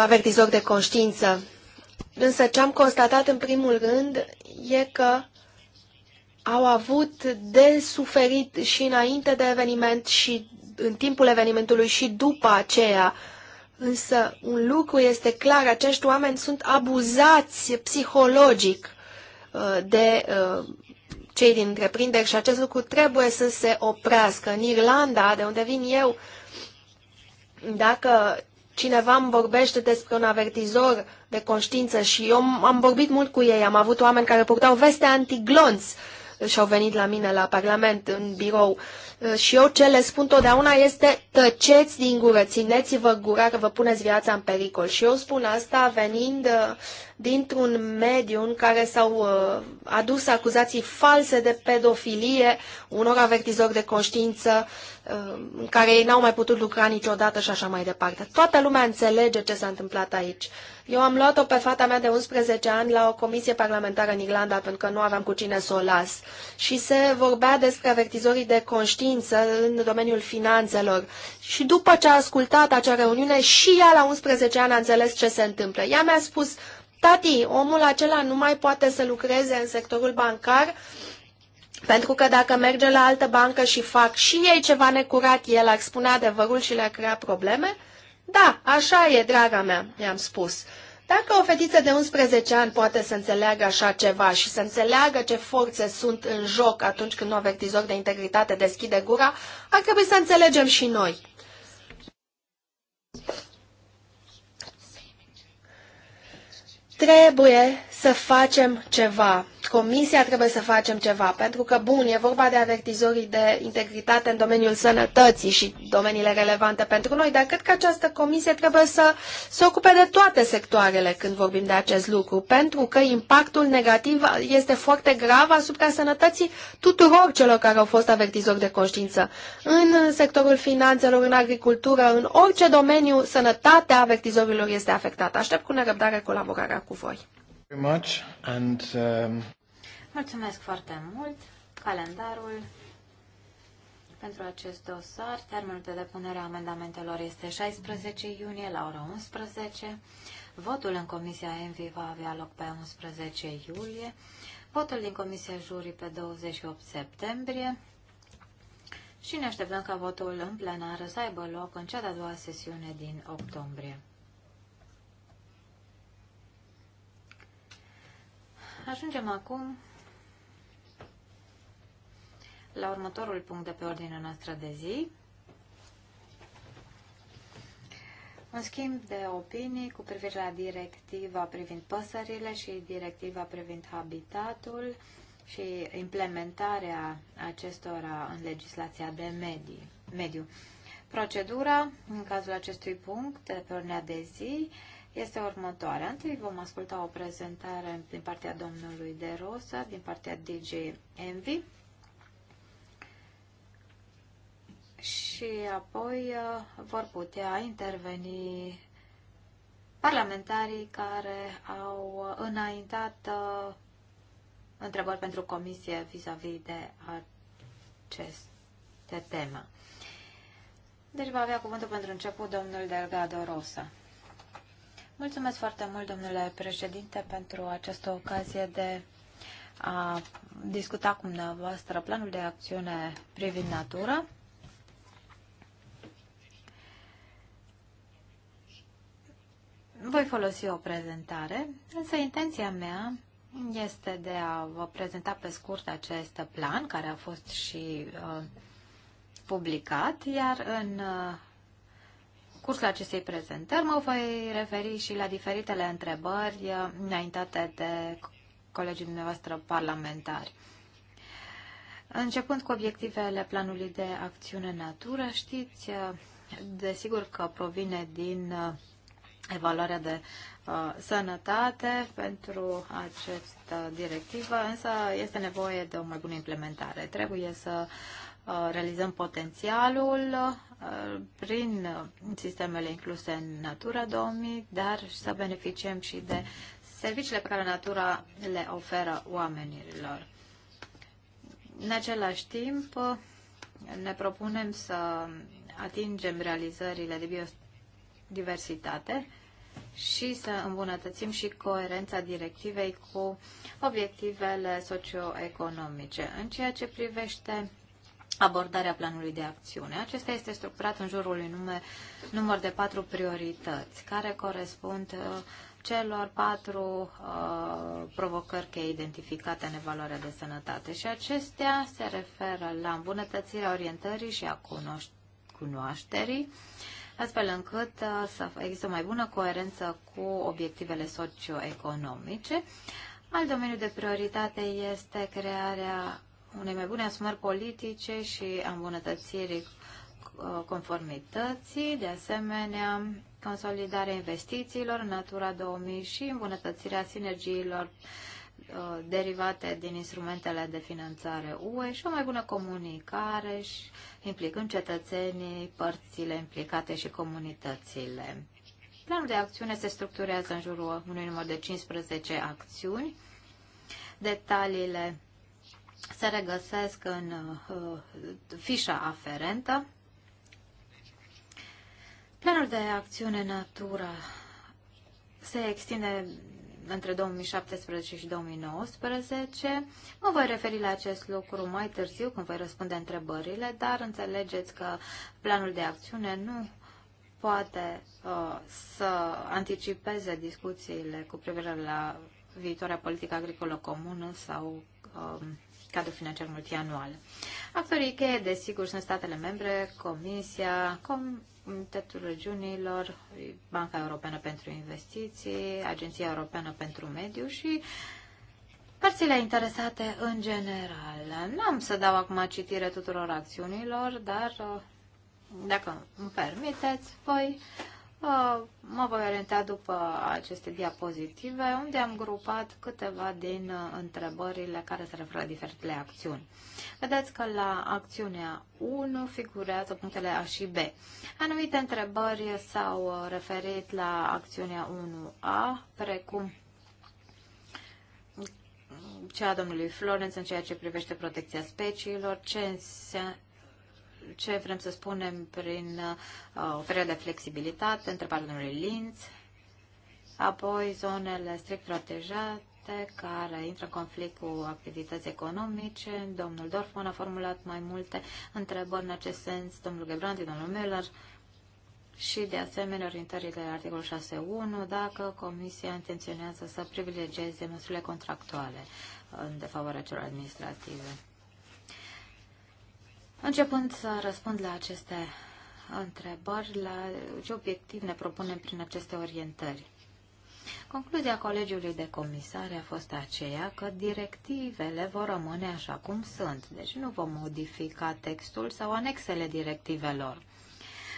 avertizori de conștiință, însă ce am constatat în primul rând e că au avut de suferit și înainte de eveniment și în timpul evenimentului și după aceea. Însă un lucru este clar, acești oameni sunt abuzați psihologic uh, de uh, cei din întreprinderi și acest lucru trebuie să se oprească. În Irlanda, de unde vin eu, dacă cineva îmi vorbește despre un avertizor de conștiință și eu am vorbit mult cu ei, am avut oameni care purtau veste antiglonți și-au venit la mine la Parlament, în birou. Uh, și eu ce le spun totdeauna este tăceți din gură, țineți-vă gura că vă puneți viața în pericol. Și eu spun asta venind uh, dintr-un mediu în care s-au uh, adus acuzații false de pedofilie, unor avertizori de conștiință în care ei n-au mai putut lucra niciodată și așa mai departe. Toată lumea înțelege ce s-a întâmplat aici. Eu am luat-o pe fata mea de 11 ani la o comisie parlamentară în Irlanda pentru că nu aveam cu cine să o las. Și se vorbea despre avertizorii de conștiință în domeniul finanțelor. Și după ce a ascultat acea reuniune, și ea la 11 ani a înțeles ce se întâmplă. Ea mi-a spus, tati, omul acela nu mai poate să lucreze în sectorul bancar, pentru că dacă merge la altă bancă și fac și ei ceva necurat, el ar spune adevărul și le-ar crea probleme. Da, așa e, draga mea, i-am spus. Dacă o fetiță de 11 ani poate să înțeleagă așa ceva și să înțeleagă ce forțe sunt în joc atunci când un avertizor de integritate deschide gura, ar trebui să înțelegem și noi. Trebuie să facem ceva. Comisia trebuie să facem ceva, pentru că, bun, e vorba de avertizorii de integritate în domeniul sănătății și domeniile relevante pentru noi, dar cred că această comisie trebuie să se ocupe de toate sectoarele când vorbim de acest lucru, pentru că impactul negativ este foarte grav asupra sănătății tuturor celor care au fost avertizori de conștiință. În sectorul finanțelor, în agricultură, în orice domeniu, sănătatea avertizorilor este afectată. Aștept cu nerăbdare colaborarea cu voi. Very much and, um... Mulțumesc foarte mult. Calendarul pentru acest dosar, termenul de depunere a amendamentelor este 16 iunie la ora 11. Votul în Comisia ENVI va avea loc pe 11 iulie. Votul din Comisia Jurii pe 28 septembrie. Și ne așteptăm ca votul în plenară să aibă loc în cea de-a doua sesiune din octombrie. Ajungem acum la următorul punct de pe ordinea noastră de zi. Un schimb de opinii cu privire la directiva privind păsările și directiva privind habitatul și implementarea acestora în legislația de medii, mediu. Procedura, în cazul acestui punct, pe ordinea de zi, este următoarea. Întâi vom asculta o prezentare din partea domnului De Rosa, din partea DJ Envy și apoi uh, vor putea interveni parlamentarii care au uh, înaintat uh, întrebări pentru comisie vis-a-vis -vis de aceste teme. Deci va avea cuvântul pentru început domnul Delgado Rosa. Mulțumesc foarte mult, domnule președinte, pentru această ocazie de a discuta cu dumneavoastră planul de acțiune privind natura. Voi folosi o prezentare, însă intenția mea este de a vă prezenta pe scurt acest plan, care a fost și uh, publicat, iar în uh, parcursul acestei prezentări mă voi referi și la diferitele întrebări înaintate de colegii dumneavoastră parlamentari. Începând cu obiectivele planului de acțiune natură, știți desigur că provine din uh, evaluarea de uh, sănătate pentru această directivă, însă este nevoie de o mai bună implementare. Trebuie să Uh, realizăm potențialul uh, prin sistemele incluse în Natura 2000, dar să beneficiem și de serviciile pe care natura le oferă oamenilor. În același timp, ne propunem să atingem realizările de biodiversitate și să îmbunătățim și coerența directivei cu obiectivele socioeconomice. În ceea ce privește abordarea planului de acțiune. Acesta este structurat în jurul unui număr de patru priorități, care corespund uh, celor patru uh, provocări cheie identificate în evaluarea de sănătate și acestea se referă la îmbunătățirea orientării și a cunoașterii, astfel încât uh, să există o mai bună coerență cu obiectivele socioeconomice. Alt domeniu de prioritate este crearea unei mai bune asumări politice și a îmbunătățirii uh, conformității, de asemenea consolidarea investițiilor în Natura 2000 și îmbunătățirea sinergiilor uh, derivate din instrumentele de finanțare UE și o mai bună comunicare și implicând cetățenii, părțile implicate și comunitățile. Planul de acțiune se structurează în jurul unui număr de 15 acțiuni. Detaliile se regăsesc în uh, fișa aferentă. Planul de acțiune natură se extinde între 2017 și 2019. Mă voi referi la acest lucru mai târziu când voi răspunde întrebările, dar înțelegeți că planul de acțiune nu poate uh, să anticipeze discuțiile cu privire la viitoarea politică agricolă comună sau uh, cadru financiar multianual. Actorii cheie, desigur, sunt statele membre, Comisia, Comitetul Regiunilor, Banca Europeană pentru Investiții, Agenția Europeană pentru Mediu și părțile interesate în general. N-am să dau acum citire tuturor acțiunilor, dar uh, dacă îmi permiteți, voi Ă, mă voi orienta după aceste diapozitive, unde am grupat câteva din ă, întrebările care se referă la diferitele acțiuni. Vedeți că la acțiunea 1 figurează punctele A și B. Anumite întrebări s-au ă, referit la acțiunea 1A, precum cea a domnului Florence în ceea ce privește protecția speciilor, ce ce vrem să spunem prin uh, oferirea de flexibilitate între partenerii Linz, apoi zonele strict protejate, care intră în conflict cu activități economice. Domnul Dorfman a formulat mai multe întrebări în acest sens, domnul Gebrandi, domnul Miller și, de asemenea, orientările articolul 6.1, dacă Comisia intenționează să privilegieze măsurile contractuale în defavoarea celor administrative. Începând să răspund la aceste întrebări, la ce obiectiv ne propunem prin aceste orientări. Concluzia Colegiului de Comisare a fost aceea că directivele vor rămâne așa cum sunt, deci nu vom modifica textul sau anexele directivelor.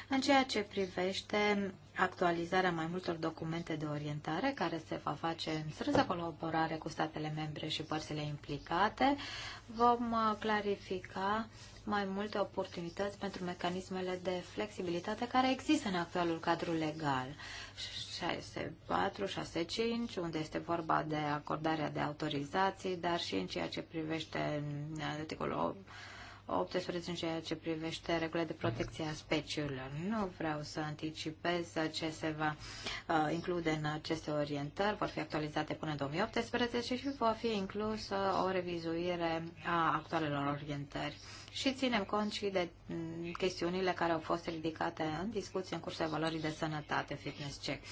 În ceea ce privește actualizarea mai multor documente de orientare, care se va face în strânsă colaborare cu statele membre și părțile implicate, vom uh, clarifica mai multe oportunități pentru mecanismele de flexibilitate care există în actualul cadru legal. 6.4, 6.5, unde este vorba de acordarea de autorizații, dar și în ceea ce privește în articolul 18 în ceea ce privește regulile de protecție a speciilor. Nu vreau să anticipez ce se va uh, include în aceste orientări. Vor fi actualizate până în 2018 și va fi inclusă uh, o revizuire a actualelor orientări. Și ținem cont și de mm, chestiunile care au fost ridicate în discuție în cursul evaluării de sănătate, fitness check.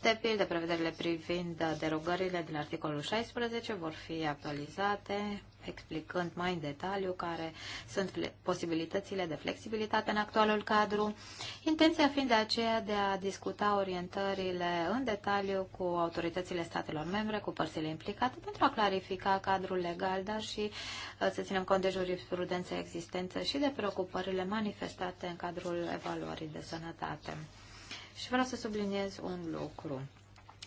De pildă, prevederile privind uh, derogările din articolul 16 vor fi actualizate explicând mai în detaliu care sunt posibilitățile de flexibilitate în actualul cadru, intenția fiind de aceea de a discuta orientările în detaliu cu autoritățile statelor membre, cu părțile implicate, pentru a clarifica cadrul legal, dar și uh, să ținem cont de jurisprudența existență și de preocupările manifestate în cadrul evaluării de sănătate. Și vreau să subliniez un lucru.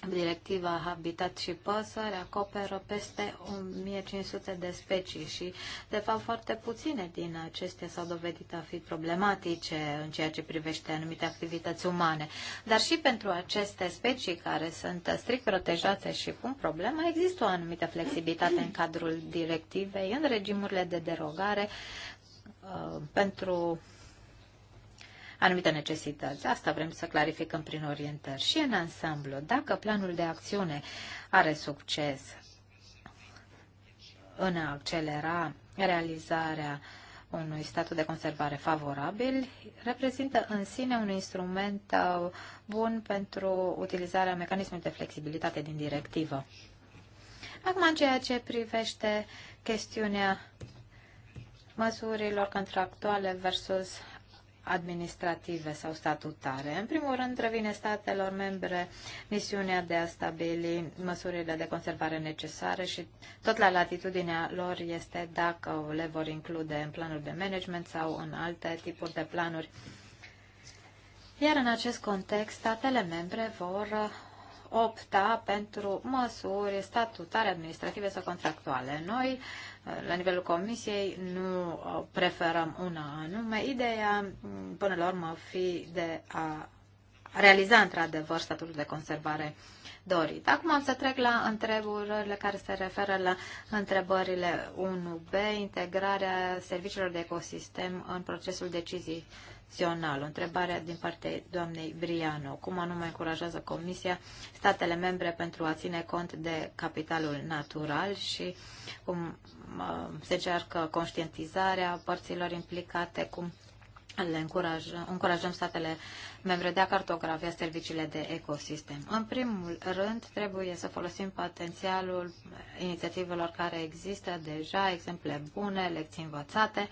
Directiva Habitat și Păsări acoperă peste 1500 de specii și, de fapt, foarte puține din acestea s-au dovedit a fi problematice în ceea ce privește anumite activități umane. Dar și pentru aceste specii care sunt strict protejate și pun problema, există o anumită flexibilitate în cadrul directivei, în regimurile de derogare uh, pentru anumite necesități. Asta vrem să clarificăm prin orientări. Și în ansamblu, dacă planul de acțiune are succes în a accelera realizarea unui statut de conservare favorabil, reprezintă în sine un instrument uh, bun pentru utilizarea mecanismului de flexibilitate din directivă. Acum, în ceea ce privește chestiunea măsurilor contractuale versus administrative sau statutare. În primul rând, revine statelor membre misiunea de a stabili măsurile de conservare necesare și tot la latitudinea lor este dacă le vor include în planul de management sau în alte tipuri de planuri. Iar în acest context, statele membre vor opta pentru măsuri statutare, administrative sau contractuale. Noi uh, la nivelul comisiei nu preferăm una anume. Ideea, mm, până la urmă, fi de a realiza într-adevăr statutul de conservare dorit. Acum am să trec la întrebările care se referă la întrebările 1B, integrarea serviciilor de ecosistem în procesul decizii național. O întrebare din partea doamnei Briano. Cum anume încurajează Comisia statele membre pentru a ține cont de capitalul natural și cum se cearcă conștientizarea părților implicate, cum le încurajăm, încurajăm statele membre de a cartografia serviciile de ecosistem. În primul rând, trebuie să folosim potențialul inițiativelor care există deja, exemple bune, lecții învățate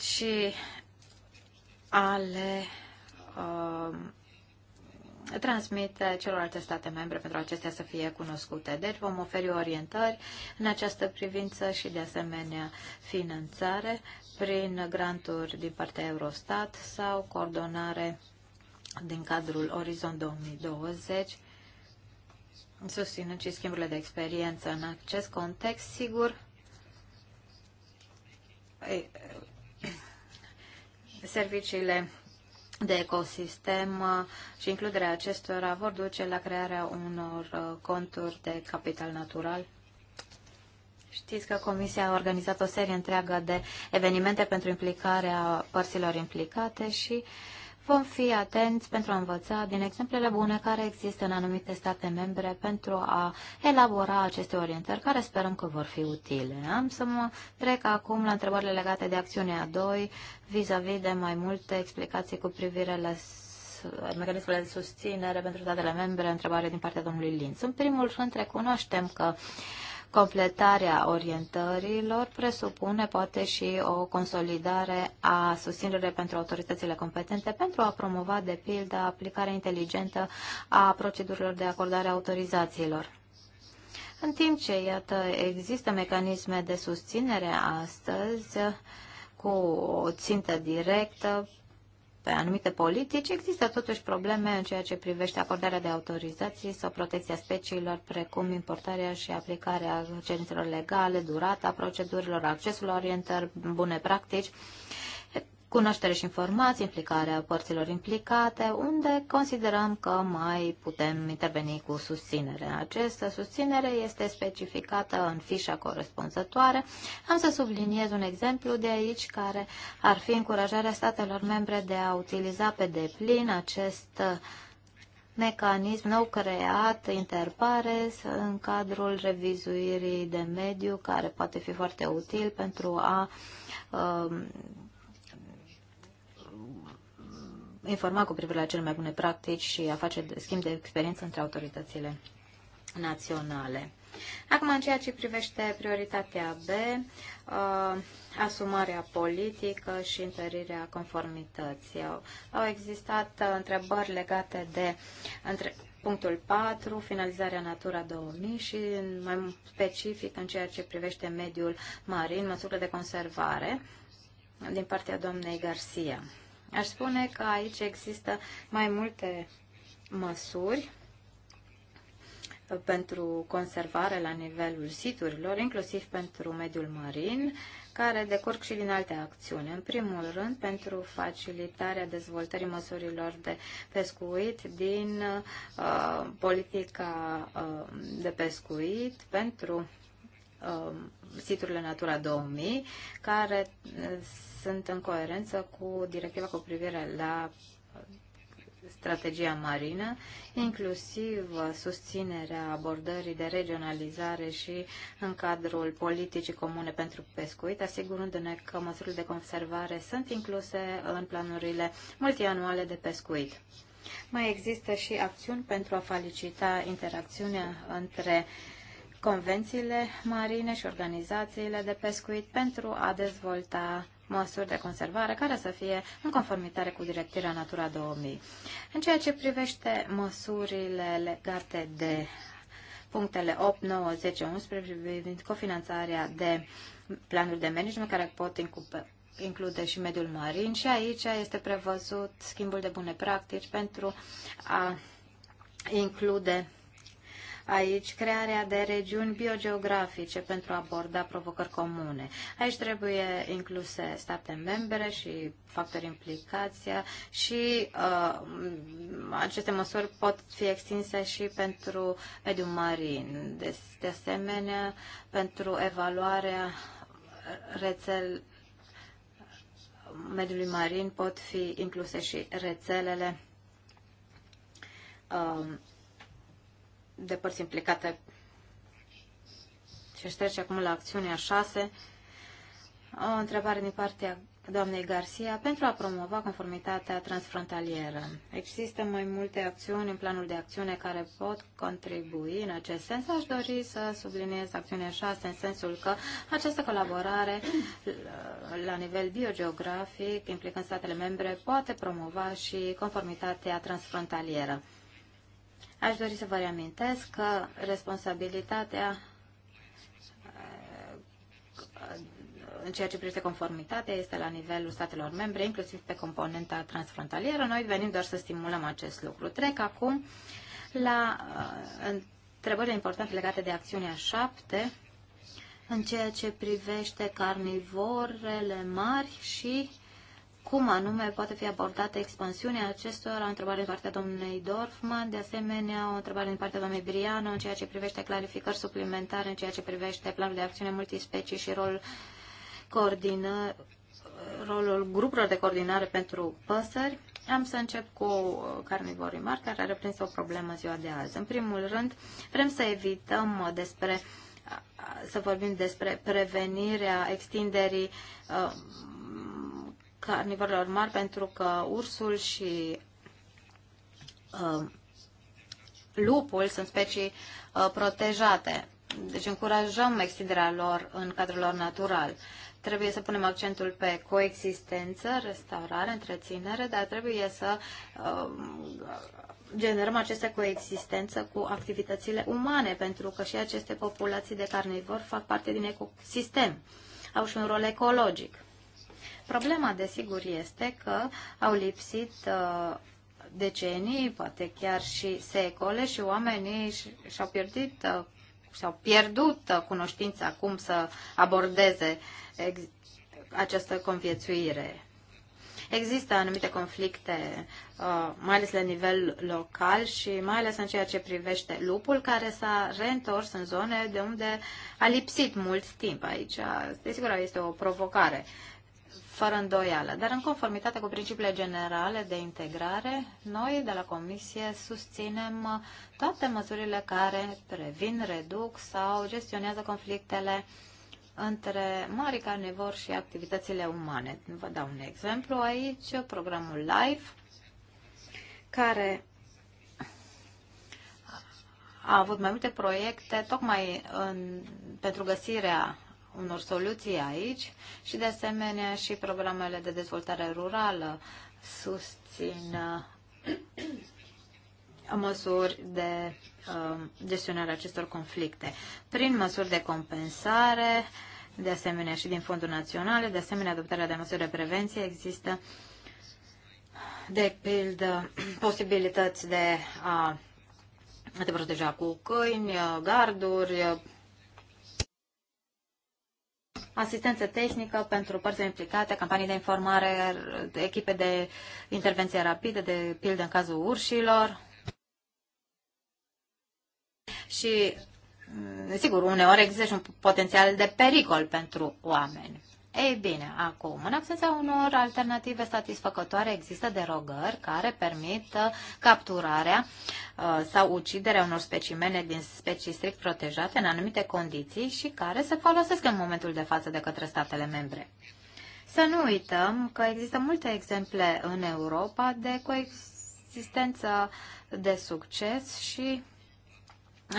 și a le um, transmite celorlalte state membre pentru acestea să fie cunoscute. Deci vom oferi orientări în această privință și de asemenea finanțare prin granturi din partea Eurostat sau coordonare din cadrul Orizont 2020 susținând și schimburile de experiență în acest context, sigur, serviciile de ecosistem uh, și includerea acestora vor duce la crearea unor uh, conturi de capital natural. Știți că Comisia a organizat o serie întreagă de evenimente pentru implicarea părților implicate și uh, Vom fi atenți pentru a învăța din exemplele bune care există în anumite state membre pentru a elabora aceste orientări care sperăm că vor fi utile. Am să mă trec acum la întrebările legate de acțiunea 2 vis-a-vis -vis de mai multe explicații cu privire la mecanismele de susținere pentru statele membre, întrebare din partea domnului Linț. În primul rând, recunoaștem că uh, Completarea orientărilor presupune poate și o consolidare a susținerii pentru autoritățile competente pentru a promova, de pildă, aplicarea inteligentă a procedurilor de acordare a autorizațiilor. În timp ce, iată, există mecanisme de susținere astăzi cu o țintă directă pe anumite politici, există totuși probleme în ceea ce privește acordarea de autorizații sau protecția speciilor, precum importarea și aplicarea cerințelor legale, durata procedurilor, accesul la orientări, bune practici cunoaștere și informații, implicarea părților implicate, unde considerăm că mai putem interveni cu susținere. Această susținere este specificată în fișa corespunzătoare. Am să subliniez un exemplu de aici care ar fi încurajarea statelor membre de a utiliza pe deplin acest uh, mecanism nou creat, interpares, în cadrul revizuirii de mediu, care poate fi foarte util pentru a uh, informa cu privire la cele mai bune practici și a face schimb de experiență între autoritățile naționale. Acum, în ceea ce privește prioritatea B, uh, asumarea politică și întărirea conformității. Au, existat uh, întrebări legate de între, punctul 4, finalizarea Natura 2000 și, mai specific, în ceea ce privește mediul marin, măsurile de conservare din partea doamnei Garcia. Aș spune că aici există mai multe măsuri pentru conservare la nivelul siturilor, inclusiv pentru mediul marin, care decurg și din alte acțiuni. În primul rând, pentru facilitarea dezvoltării măsurilor de pescuit din uh, politica uh, de pescuit pentru Um, siturile Natura 2000, care uh, sunt în coerență cu directiva cu privire la uh, strategia marină, inclusiv uh, susținerea abordării de regionalizare și în cadrul politicii comune pentru pescuit, asigurându-ne că măsurile de conservare sunt incluse în planurile multianuale de pescuit. Mai există și acțiuni pentru a facilita interacțiunea între uh, convențiile marine și organizațiile de pescuit pentru a dezvolta măsuri de conservare care să fie în conformitate cu directiva Natura 2000. În ceea ce privește măsurile legate de punctele 8, 9, 10, 11 privind cofinanțarea de planuri de management care pot include și mediul marin și aici este prevăzut schimbul de bune practici pentru a include Aici crearea de regiuni biogeografice pentru a aborda provocări comune. Aici trebuie incluse state membre și factori implicația și uh, aceste măsuri pot fi extinse și pentru mediul marin. De, de asemenea, pentru evaluarea rețel mediului marin pot fi incluse și rețelele uh, de părți implicate. Și șterge acum la acțiunea 6 o întrebare din partea doamnei Garcia pentru a promova conformitatea transfrontalieră. Există mai multe acțiuni în planul de acțiune care pot contribui în acest sens. Aș dori să subliniez acțiunea 6 în sensul că această colaborare la nivel biogeografic implicând statele membre poate promova și conformitatea transfrontalieră. Aș dori să vă reamintesc că responsabilitatea uh, în ceea ce privește conformitatea este la nivelul statelor membre, inclusiv pe componenta transfrontalieră. Noi venim doar să stimulăm acest lucru. Trec acum la uh, întrebările importante legate de acțiunea 7 în ceea ce privește carnivorele mari și cum anume poate fi abordată expansiunea acestora, o întrebare din partea domnului Dorfman, de asemenea o întrebare din partea domnului Briano în ceea ce privește clarificări suplimentare, în ceea ce privește planul de acțiune multispecie și rol coordină, rolul grupurilor de coordinare pentru păsări. Am să încep cu carnivorii mari, care a reprins o problemă ziua de azi. În primul rând, vrem să evităm despre să vorbim despre prevenirea extinderii uh, carnivorilor mari pentru că ursul și uh, lupul sunt specii uh, protejate. Deci încurajăm extinderea lor în cadrul lor natural. Trebuie să punem accentul pe coexistență, restaurare, întreținere, dar trebuie să uh, generăm aceste coexistență cu activitățile umane, pentru că și aceste populații de carnivori fac parte din ecosistem. Au și un rol ecologic. Problema, desigur, este că au lipsit uh, decenii, poate chiar și secole și oamenii uh, și-au pierdut și-au uh, pierdut cunoștința cum să abordeze această conviețuire. Există anumite conflicte, mai ales la nivel local și mai ales în ceea ce privește lupul, care s-a reîntors în zone de unde a lipsit mult timp. Aici, desigur, este o provocare fără îndoială. Dar în conformitate cu principiile generale de integrare, noi de la Comisie susținem toate măsurile care previn, reduc sau gestionează conflictele între mari carnivori și activitățile umane. Vă dau un exemplu aici, programul LIFE, care a avut mai multe proiecte tocmai în, pentru găsirea unor soluții aici și de asemenea și programele de dezvoltare rurală susțin uh, [CLEARS THROAT] măsuri de uh, gestionare acestor conflicte prin măsuri de compensare, de asemenea și din fondul național, de asemenea adoptarea de măsuri de prevenție există de pildă [CLEARS THROAT] posibilități de a te proteja cu câini, garduri, asistență tehnică pentru părțile implicate, campanii de informare, echipe de intervenție rapidă, de pildă în cazul urșilor. Și, mm, sigur, uneori există și un potențial de pericol pentru oameni. Ei bine, acum, în absența unor alternative satisfăcătoare, există derogări care permit uh, capturarea uh, sau uciderea unor specimene din specii strict protejate în anumite condiții și care se folosesc în momentul de față de către statele membre. Să nu uităm că există multe exemple în Europa de coexistență de succes și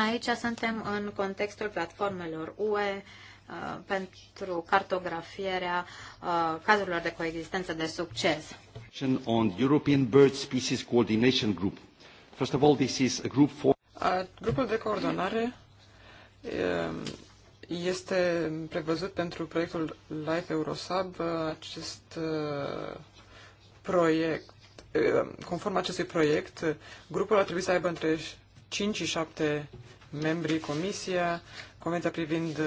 aici suntem în contextul platformelor UE, Uh, pentru cartografierea uh, cazurilor de coexistență de succes. On European Bird Species Coordination Group. First of all, this is a group for... Grupul de coordonare este prevăzut pentru proiectul Life Eurosab. Uh, acest proiect, conform acestui proiect, grupul ar trebui să aibă între 5 și 7 membri comisia, Convenția privind uh,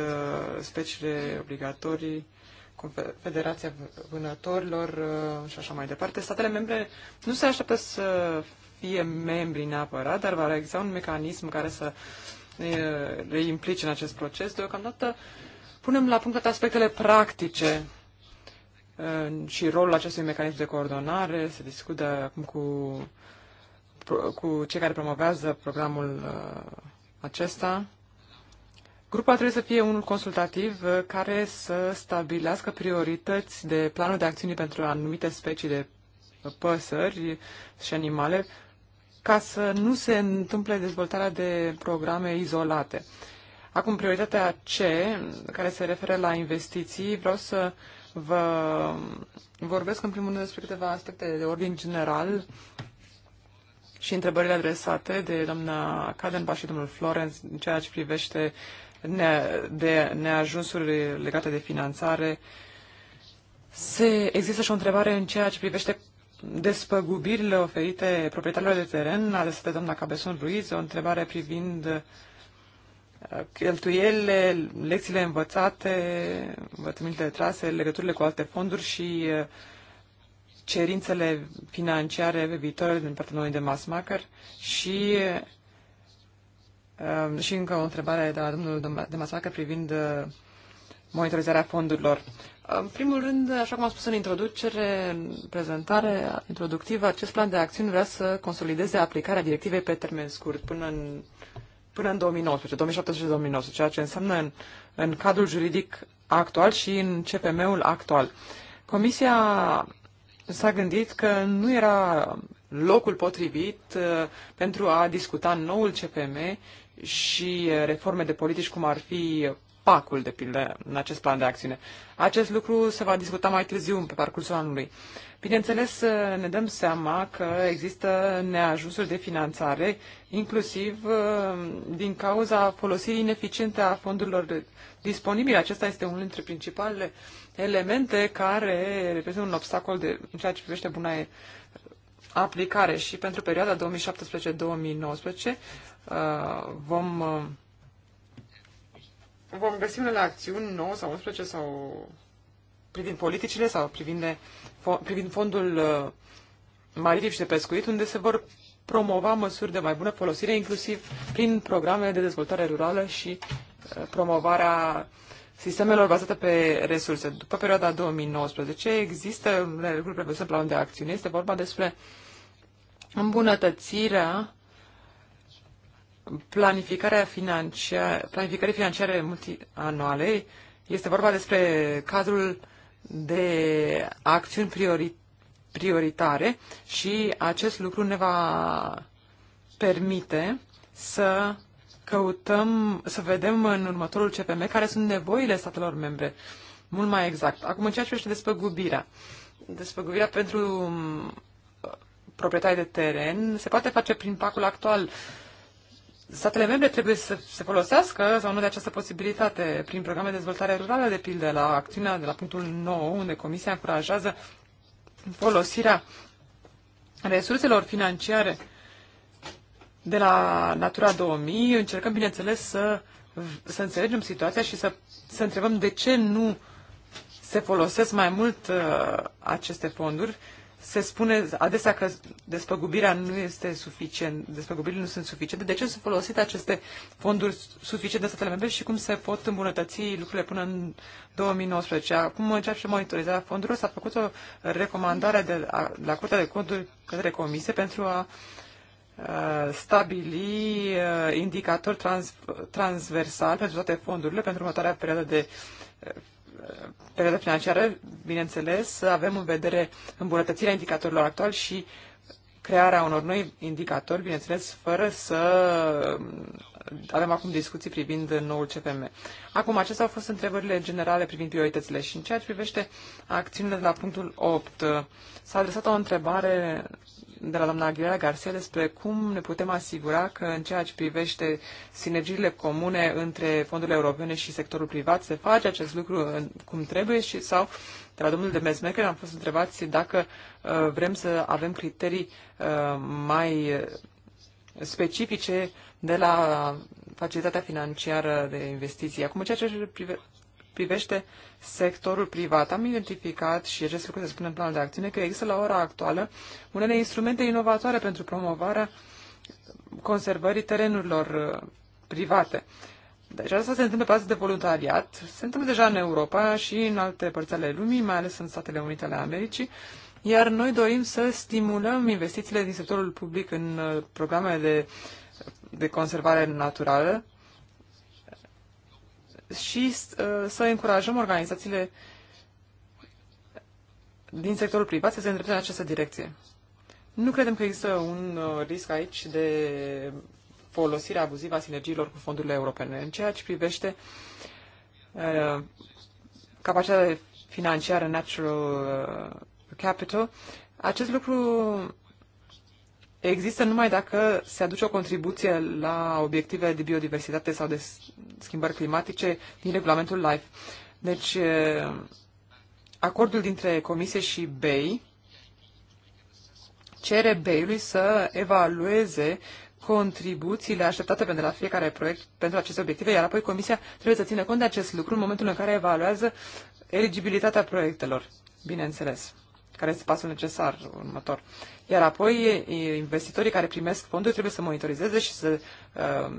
speciile obligatorii, Federația Vânătorilor uh, și așa mai departe. Statele membre nu se așteaptă să fie membri neapărat, dar va exista un mecanism care să uh, le implice în acest proces. Deocamdată punem la punct toate aspectele practice și rolul acestui mecanism de coordonare. Se discută acum cu, cu cei care promovează programul acesta Grupa trebuie să fie unul consultativ uh, care să stabilească priorități de planul de acțiuni pentru anumite specii de păsări și animale ca să nu se întâmple dezvoltarea de programe izolate. Acum, prioritatea C, care se referă la investiții, vreau să vă vorbesc în primul rând despre câteva aspecte de ordin general și întrebările adresate de doamna Cadenba și domnul Florenz în ceea ce privește uh, de neajunsuri legate de finanțare, se există și o întrebare în ceea ce privește despăgubirile oferite proprietarilor de teren, adresată de doamna Cabeson Ruiz, o întrebare privind uh, cheltuielile, lecțiile învățate, învățămintele trase, legăturile cu alte fonduri și uh, cerințele financiare viitoare din partea noi de mass și uh, Ehm, și încă o întrebare de la domnul Demasmacă privind uh, monitorizarea fondurilor. În primul rând, așa cum am spus în introducere, în prezentare introductivă, acest plan de acțiune vrea să consolideze aplicarea directivei pe termen scurt până în, până în 2019, 2017-2019, ceea ce înseamnă în, în cadrul juridic actual și în CPM-ul actual. Comisia s-a gândit că nu era locul potrivit uh, pentru a discuta noul CPM și reforme de politici, cum ar fi pacul, de pildă, în acest plan de acțiune. Acest lucru se va discuta mai târziu pe parcursul anului. Bineînțeles, ne dăm seama că există neajunsuri de finanțare, inclusiv din cauza folosirii ineficiente a fondurilor disponibile. Acesta este unul dintre principalele elemente care reprezintă un obstacol de, în ceea ce privește buna aplicare și pentru perioada 2017-2019 uh, vom, uh, vom găsi unele acțiuni 9 sau 11 sau privind politicile sau privind, de, privind fondul uh, maritim și de pescuit, unde se vor promova măsuri de mai bună folosire, inclusiv prin programe de dezvoltare rurală și promovarea uh, sistemelor bazate pe resurse. După perioada 2019 există lucruri prevăzute în planul de acțiune. Este vorba despre îmbunătățirea planificarea financiară, planificării financiare multianuale. Este vorba despre cadrul de acțiuni priori, prioritare și acest lucru ne va permite să căutăm, să vedem în următorul CPM care sunt nevoile statelor membre. Mult mai exact. Acum, în ceea ce privește despăgubirea. Despăgubirea pentru uh, proprietari de teren se poate face prin pacul actual. Statele membre trebuie să se folosească sau nu de această posibilitate prin programe de dezvoltare rurală, de pildă, la acțiunea de la punctul 9, unde Comisia încurajează folosirea resurselor financiare de la Natura 2000 încercăm, bineînțeles, să, să înțelegem situația și să, să întrebăm de ce nu se folosesc mai mult uh, aceste fonduri. Se spune adesea că despăgubirea nu este suficient, despăgubirile nu sunt suficiente. De ce sunt folosite aceste fonduri suficiente de statele membre și cum se pot îmbunătăți lucrurile până în 2019? Acum începe monitorizarea fondurilor. S-a făcut o recomandare de la, la Curtea de Conturi către Comisie pentru a uh, Uh, stabili uh, indicatori trans, transversali pentru toate fondurile pentru următoarea perioadă de uh, perioadă financiară, bineînțeles, avem în vedere îmbunătățirea indicatorilor actuali și crearea unor noi indicatori, bineînțeles, fără să um, avem acum discuții privind noul CPM. Acum, acestea au fost întrebările generale privind prioritățile și în ceea ce privește acțiunile de la punctul 8, s-a adresat o întrebare de la doamna Aguilera Garcia despre cum ne putem asigura că în ceea ce privește sinergiile comune între fondurile europene și sectorul privat se face acest lucru cum trebuie și sau de la domnul de Mesmecher am fost întrebați dacă uh, vrem să avem criterii uh, mai uh, specifice de la facilitatea financiară de investiții. Acum, ceea ce privește privește sectorul privat. Am identificat, și acest lucru se spune în planul de acțiune, că există la ora actuală unele instrumente inovatoare pentru promovarea conservării terenurilor uh, private. Deci asta se întâmplă pe bază de voluntariat. Se întâmplă deja în Europa și în alte părți ale lumii, mai ales în Statele Unite ale Americii. Iar noi dorim să stimulăm investițiile din sectorul public în uh, programe de, de conservare naturală, și uh, să încurajăm organizațiile din sectorul privat să se îndrepte în această direcție. Nu credem că există un uh, risc aici de folosirea abuzivă a sinergiilor cu fondurile europene. În ceea ce privește uh, capacitatea financiară Natural Capital, acest lucru există numai dacă se aduce o contribuție la obiectivele de biodiversitate sau de schimbări climatice din regulamentul LIFE. Deci, acordul dintre Comisie și BEI cere BEI-ului să evalueze contribuțiile așteptate pentru la fiecare proiect pentru aceste obiective, iar apoi Comisia trebuie să țină cont de acest lucru în momentul în care evaluează eligibilitatea proiectelor, bineînțeles care este pasul necesar următor. Iar apoi, investitorii care primesc fonduri trebuie să monitorizeze și să uh,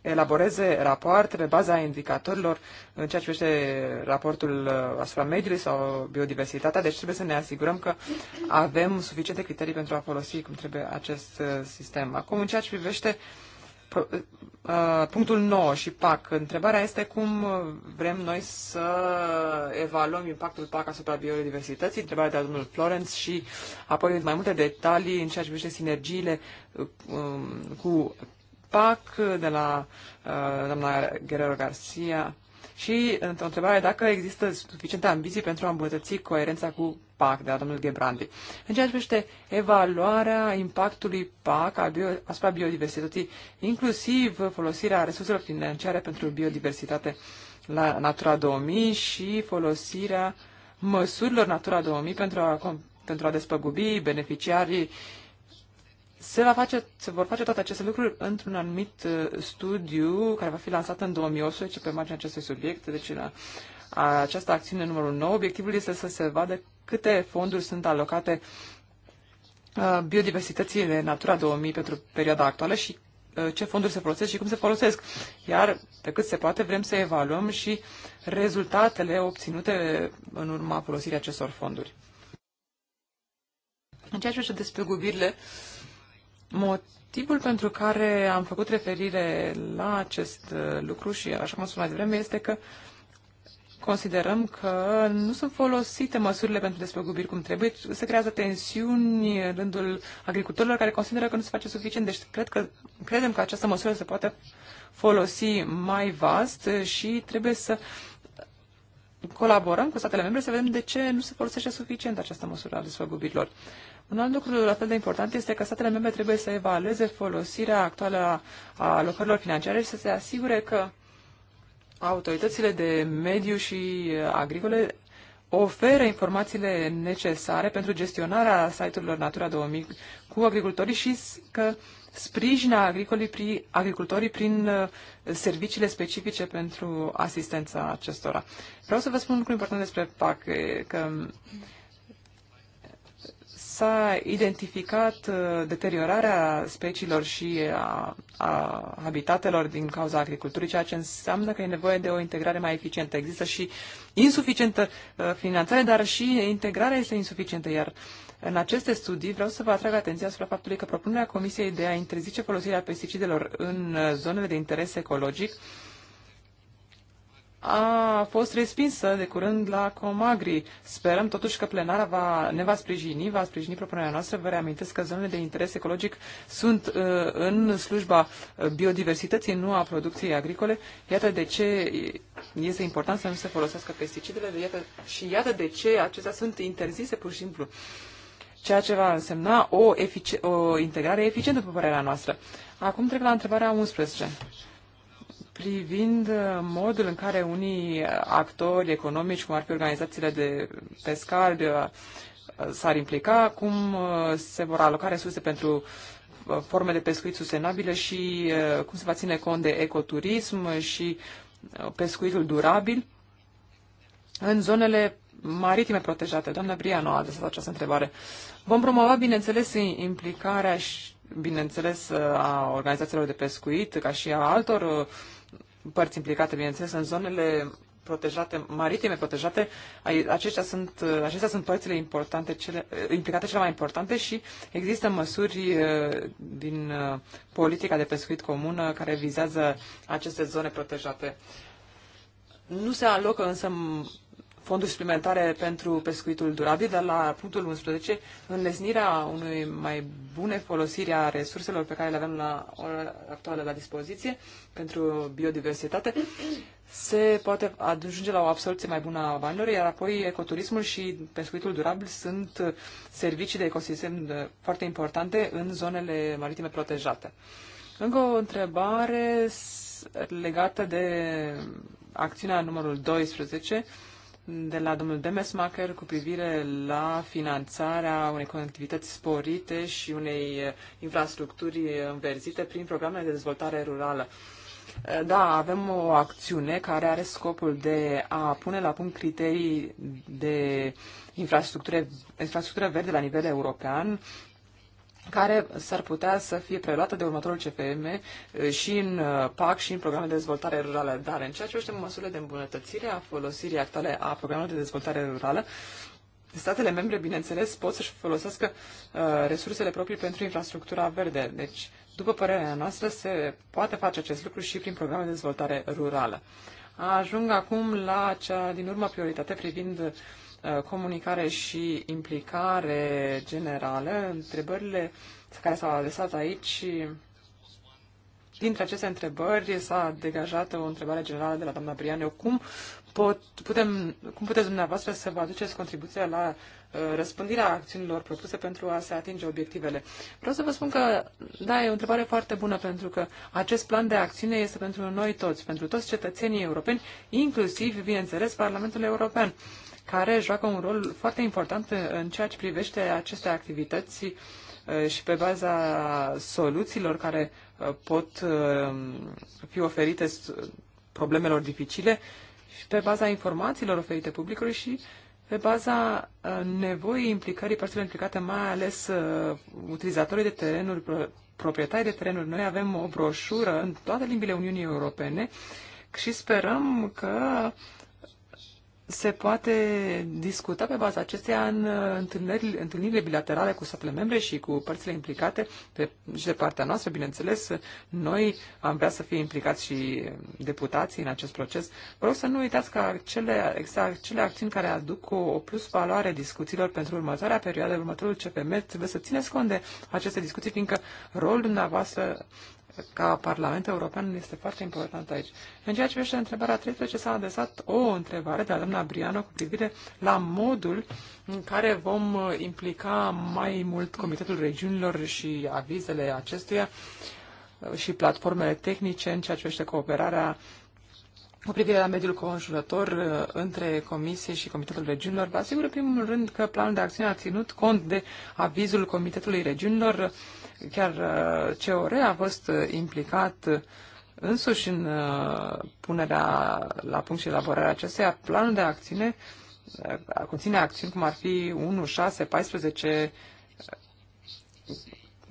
elaboreze rapoarte pe baza indicatorilor în ceea ce privește raportul uh, asupra mediului sau biodiversitatea. Deci trebuie să ne asigurăm că avem suficiente criterii pentru a folosi cum trebuie acest uh, sistem. Acum, în ceea ce privește uh, Uh, punctul 9 și PAC. Întrebarea este cum vrem noi să evaluăm impactul PAC asupra biodiversității, întrebarea de la domnul Florence și apoi mai multe detalii în ceea ce privește sinergiile uh, um, cu PAC de la uh, doamna Guerrero Garcia și o întrebare dacă există suficiente ambiții pentru a îmbunătăți coerența cu PAC, de la domnul Gebrandi. În ceea ce privește evaluarea impactului PAC asupra biodiversității, inclusiv folosirea resurselor financiare pentru biodiversitate la Natura 2000 și folosirea măsurilor Natura 2000 pentru a, pentru a despăgubi beneficiarii se, va face, se vor face toate aceste lucruri într-un anumit uh, studiu care va fi lansat în 2018 pe marginea acestui subiect, deci la această acțiune numărul 9, obiectivul este să se vadă câte fonduri sunt alocate uh, biodiversității de Natura 2000 pentru perioada actuală și uh, ce fonduri se folosesc și cum se folosesc. Iar, pe cât se poate, vrem să evaluăm și rezultatele obținute în urma folosirii acestor fonduri. În ceea ce despre gubirile, motivul pentru care am făcut referire la acest uh, lucru și, așa cum am spus mai devreme, este că uh, considerăm că nu sunt folosite măsurile pentru despăgubiri cum trebuie, se creează tensiuni în rândul agricultorilor care consideră că nu se face suficient. Deci cred că, credem că această măsură se poate folosi mai vast și trebuie să colaborăm cu statele membre să vedem de ce nu se folosește suficient această măsură a desfăgubirilor. Un alt lucru la fel de important este că statele membre trebuie să evalueze folosirea actuală a alocărilor financiare și să se asigure că autoritățile de mediu și agricole oferă informațiile necesare pentru gestionarea site-urilor Natura 2000 cu agricultorii și că sprijină agricultorii prin uh, serviciile specifice pentru asistența acestora. Vreau să vă spun un lucru important despre PAC, că s-a identificat uh, deteriorarea speciilor și a, a habitatelor din cauza agriculturii, ceea ce înseamnă că e nevoie de o integrare mai eficientă. Există și insuficientă uh, finanțare, dar și integrarea este insuficientă, iar în aceste studii vreau să vă atrag atenția asupra faptului că propunerea Comisiei de a interzice folosirea pesticidelor în uh, zonele de interes ecologic uh, a fost respinsă de curând la Comagri. Sperăm totuși că plenara va, ne va sprijini, va sprijini propunerea noastră. Vă reamintesc că zonele de interes ecologic sunt uh, în slujba uh, biodiversității, nu a producției agricole. Iată de ce este important să nu se folosească pesticidele iată, și iată de ce acestea sunt interzise pur și simplu. Ceea ce va însemna o, o integrare eficientă, după părerea noastră. Acum trec la întrebarea 11 privind uh, modul în care unii actori economici, cum ar fi organizațiile de pescari, uh, s-ar implica, cum uh, se vor aloca resurse pentru forme de pescuit sustenabile și cum se va ține cont de ecoturism și pescuitul durabil în zonele maritime protejate. Doamna nu a adresat această întrebare. Vom promova, bineînțeles, implicarea și bineînțeles, a organizațiilor de pescuit, ca și a altor părți implicate, bineînțeles, în zonele protejate, maritime protejate, Acestea sunt, acestea sunt părțile importante, cele, eh, implicate cele mai importante și există măsuri eh, din eh, politica de pescuit comună care vizează aceste zone protejate. Nu se alocă însă fonduri suplimentare pentru pescuitul durabil, dar la punctul 11, înlesnirea unui mai bune folosire a resurselor pe care le avem la ora actuală la dispoziție pentru biodiversitate, se poate ajunge la o absorție mai bună a banilor, iar apoi ecoturismul și pescuitul durabil sunt servicii de ecosistem foarte importante în zonele maritime protejate. Încă o întrebare legată de acțiunea numărul 12, de la domnul Demesmacher cu privire la finanțarea unei conectivități sporite și unei uh, infrastructuri uh, înverzite prin programele de dezvoltare rurală. Uh, da, avem o acțiune care are scopul de a pune la punct criterii de infrastructură, infrastructură verde la nivel european, care s-ar putea să fie preluată de următorul CFM și în PAC și în programele de dezvoltare rurală. Dar în ceea ce este măsurile de îmbunătățire a folosirii actuale a programelor de dezvoltare rurală, statele membre, bineînțeles, pot să-și folosească uh, resursele proprii pentru infrastructura verde. Deci, după părerea noastră, se poate face acest lucru și prin programele de dezvoltare rurală. Ajung acum la cea din urmă prioritate privind Uh, comunicare și implicare generală, întrebările care s-au adresat aici, dintre aceste întrebări s-a degajat o întrebare generală de la doamna Brianeu. Cum, pot, putem, cum puteți dumneavoastră să vă aduceți contribuția la uh, răspândirea acțiunilor propuse pentru a se atinge obiectivele? Vreau să vă spun că, da, e o întrebare foarte bună, pentru că acest plan de acțiune este pentru noi toți, pentru toți cetățenii europeni, inclusiv, bineînțeles, Parlamentul European. Uh, care joacă un rol foarte important în ceea ce privește aceste activități uh, și pe baza soluțiilor care uh, pot uh, fi oferite problemelor dificile și pe baza informațiilor oferite publicului și pe baza nevoii implicării părților implicate, mai ales utilizatorii de terenuri, proprietari de terenuri. Noi avem o broșură în toate limbile Uniunii Europene și sperăm că uh, se poate discuta pe baza acesteia în uh, întâlniri, întâlnirile bilaterale cu statele membre și cu părțile implicate de, și de partea noastră, bineînțeles. Noi am vrea să fie implicați și deputații în acest proces. Vă rog să nu uitați că acele, exact acele acțiuni care aduc o, o plus valoare discuțiilor pentru următoarea perioadă, următorul CPM, trebuie să țineți cont de aceste discuții, fiindcă rolul dumneavoastră ca Parlament European este foarte important aici. În ceea ce privește întrebarea 13, s-a adresat o întrebare de la doamna Briano cu privire la modul în care vom uh, implica mai mult Comitetul Regiunilor și avizele acestuia uh, și platformele tehnice în ceea ce privește cooperarea cu privire la mediul conjurător uh, între Comisie și Comitetul Regiunilor, vă asigur în primul rând că planul de acțiune a ținut cont de avizul Comitetului Regiunilor, chiar uh, COR a fost uh, implicat însuși în punerea la punct și elaborarea acesteia. Planul de acțiune conține acțiuni cum ar fi 1, 6, 14,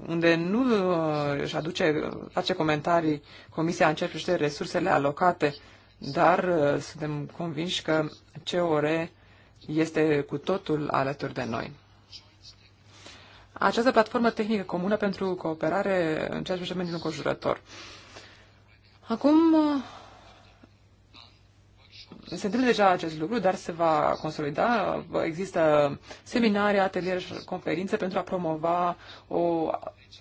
unde nu își aduce, face comentarii Comisia în ce resursele alocate dar uh, suntem convinși că COR este cu totul alături de noi. Această platformă tehnică comună pentru cooperare în ceea ce privește mediul înconjurător. Acum uh, se întâmplă deja acest lucru, dar se va consolida. Există seminarii, ateliere și conferințe pentru a promova o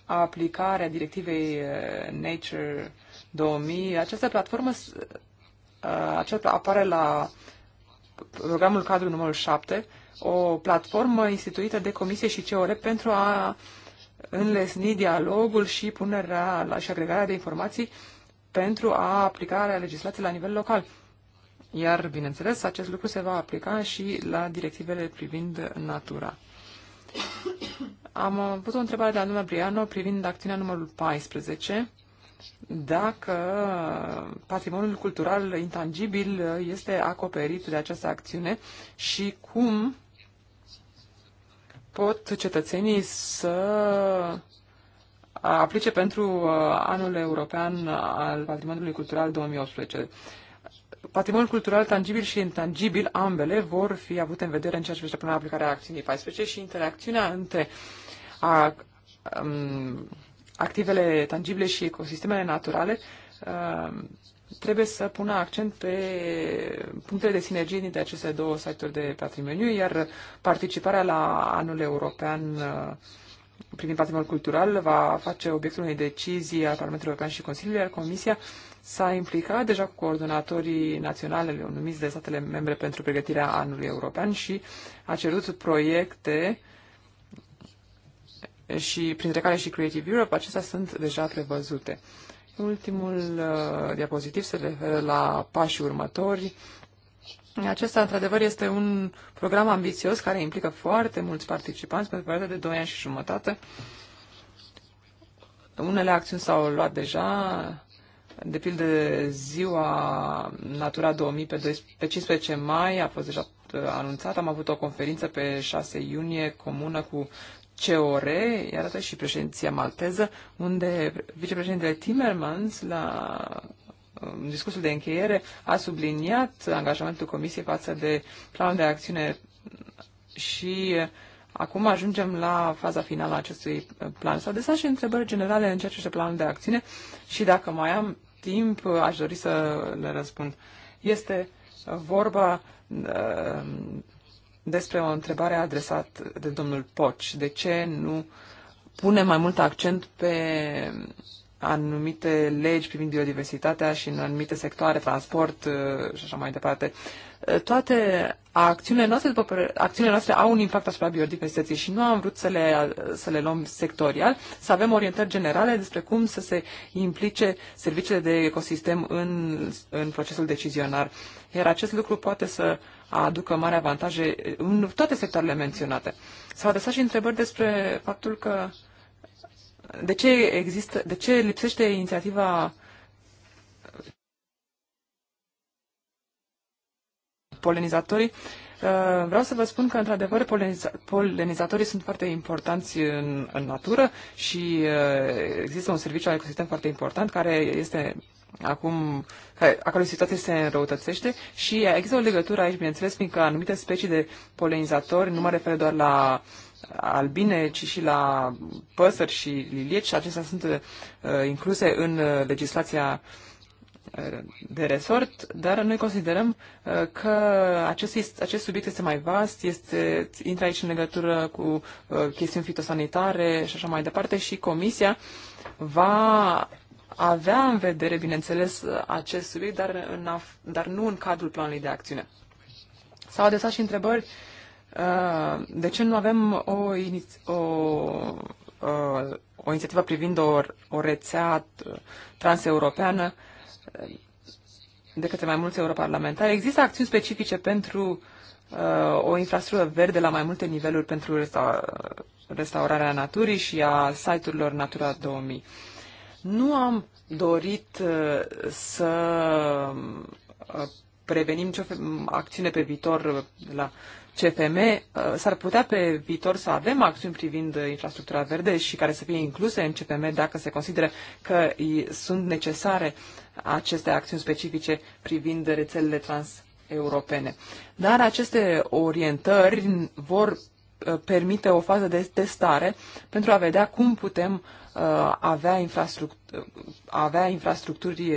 aplicare a directivei uh, Nature 2000. Această platformă Uh, aceasta apare la programul cadru numărul 7, o platformă instituită de Comisie și COR pentru a înlesni dialogul și punerea la, și agregarea de informații pentru a aplica legislației la nivel local. Iar, bineînțeles, acest lucru se va aplica și la directivele privind natura. Am avut o întrebare de la lumea Briano privind acțiunea numărul 14, dacă patrimoniul cultural intangibil este acoperit de această acțiune și cum pot cetățenii să aplice pentru uh, anul european al patrimoniului cultural 2018. Patrimoniul cultural tangibil și intangibil, ambele, vor fi avute în vedere în ceea ce privește până aplicarea acțiunii 14 și interacțiunea între a, um, activele tangibile și ecosistemele naturale uh, trebuie să pună accent pe punctele de sinergie dintre aceste două site-uri de patrimoniu, iar participarea la anul european uh, privind patrimoniul cultural va face obiectul unei decizii a Parlamentului European și Consiliului, iar Comisia s-a implicat deja cu coordonatorii naționale numiți de statele membre pentru pregătirea anului european și a cerut proiecte uh, și printre care și Creative Europe, acestea sunt deja prevăzute. Ultimul uh, diapozitiv se referă la pașii următori. Acesta, într-adevăr, este un program ambițios care implică foarte mulți participanți pentru perioada de 2 ani și jumătate. Unele acțiuni s-au luat deja, de pildă ziua Natura 2000 pe, 12, pe 15 mai a fost deja uh, anunțat. Am avut o conferință pe 6 iunie comună cu COR, iarăși și președinția malteză, unde vicepreședintele Timmermans, la în um, discursul de încheiere, a subliniat angajamentul Comisiei față de planul de acțiune și uh, acum ajungem la faza finală a acestui uh, plan. S-au desat și întrebări generale în ceea ce este planul de acțiune și dacă mai am timp, uh, aș dori să le răspund. Este vorba despre o întrebare adresată de domnul Poci. De ce nu pune mai mult accent pe anumite legi privind biodiversitatea și în anumite sectoare, transport uh, și așa mai departe. Uh, toate acțiunile noastre, după, acțiunile noastre au un impact asupra biodiversității și nu am vrut să le, uh, să le luăm sectorial, să avem orientări generale despre cum să se implice serviciile de ecosistem în, în procesul decizionar. Iar acest lucru poate să uh, aducă mari avantaje în toate sectoarele menționate. S-au adresat și întrebări despre faptul că de ce există, de ce lipsește inițiativa polenizatorii. Uh, vreau să vă spun că, într-adevăr, poleniza polenizatorii sunt foarte importanți în, în natură și uh, există un serviciu al ecosistem foarte important care este acum, care, a cărui situație se înrăutățește și există o legătură aici, bineînțeles, fiindcă anumite specii de polenizatori, nu mă refer doar la albine, ci și la păsări și lilieci, și acestea sunt uh, incluse în uh, legislația uh, de resort, dar noi considerăm uh, că acest, acest subiect este mai vast, este, intră aici în legătură cu uh, chestiuni fitosanitare și așa mai departe și Comisia va avea în vedere, bineînțeles, acest subiect, dar, în af- dar nu în cadrul planului de acțiune. S-au adresat și întrebări uh, de ce nu avem o, o, uh, o inițiativă privind o, o rețea transeuropeană uh, de către mai mulți europarlamentari. Există acțiuni specifice pentru uh, o infrastructură verde la mai multe niveluri pentru resta- restaurarea naturii și a site-urilor Natura 2000. Nu am dorit uh, să uh, prevenim nicio acțiune pe viitor la CFM. Uh, s-ar putea pe viitor să avem acțiuni privind infrastructura verde și care să fie incluse în CFM dacă se consideră că sunt necesare aceste acțiuni specifice privind rețelele trans europene. Dar aceste orientări vor Uh, permite o fază de testare pentru a vedea cum putem uh, avea, infrastruct- uh, avea infrastructuri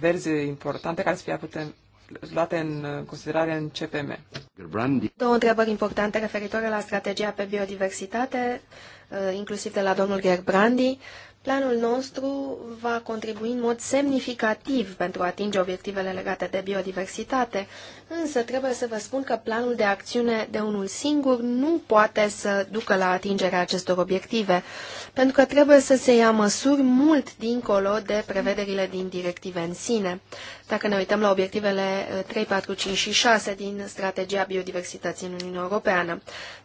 verzi importante care să fie putem luate în considerare în CPM. Două întrebări importante referitoare la strategia pe biodiversitate, inclusiv de la domnul Gerbrandi. Planul nostru va contribui în mod semnificativ pentru a atinge obiectivele legate de biodiversitate, însă trebuie să vă spun că planul de acțiune de unul singur nu poate să ducă la atingerea acestor obiective, pentru că trebuie să se ia măsuri mult dincolo de prevederile din directive în sine. Dacă ne uităm la obiectivele 3, 4, 5 și 6 din strategia biodiversității în Uniunea Europeană.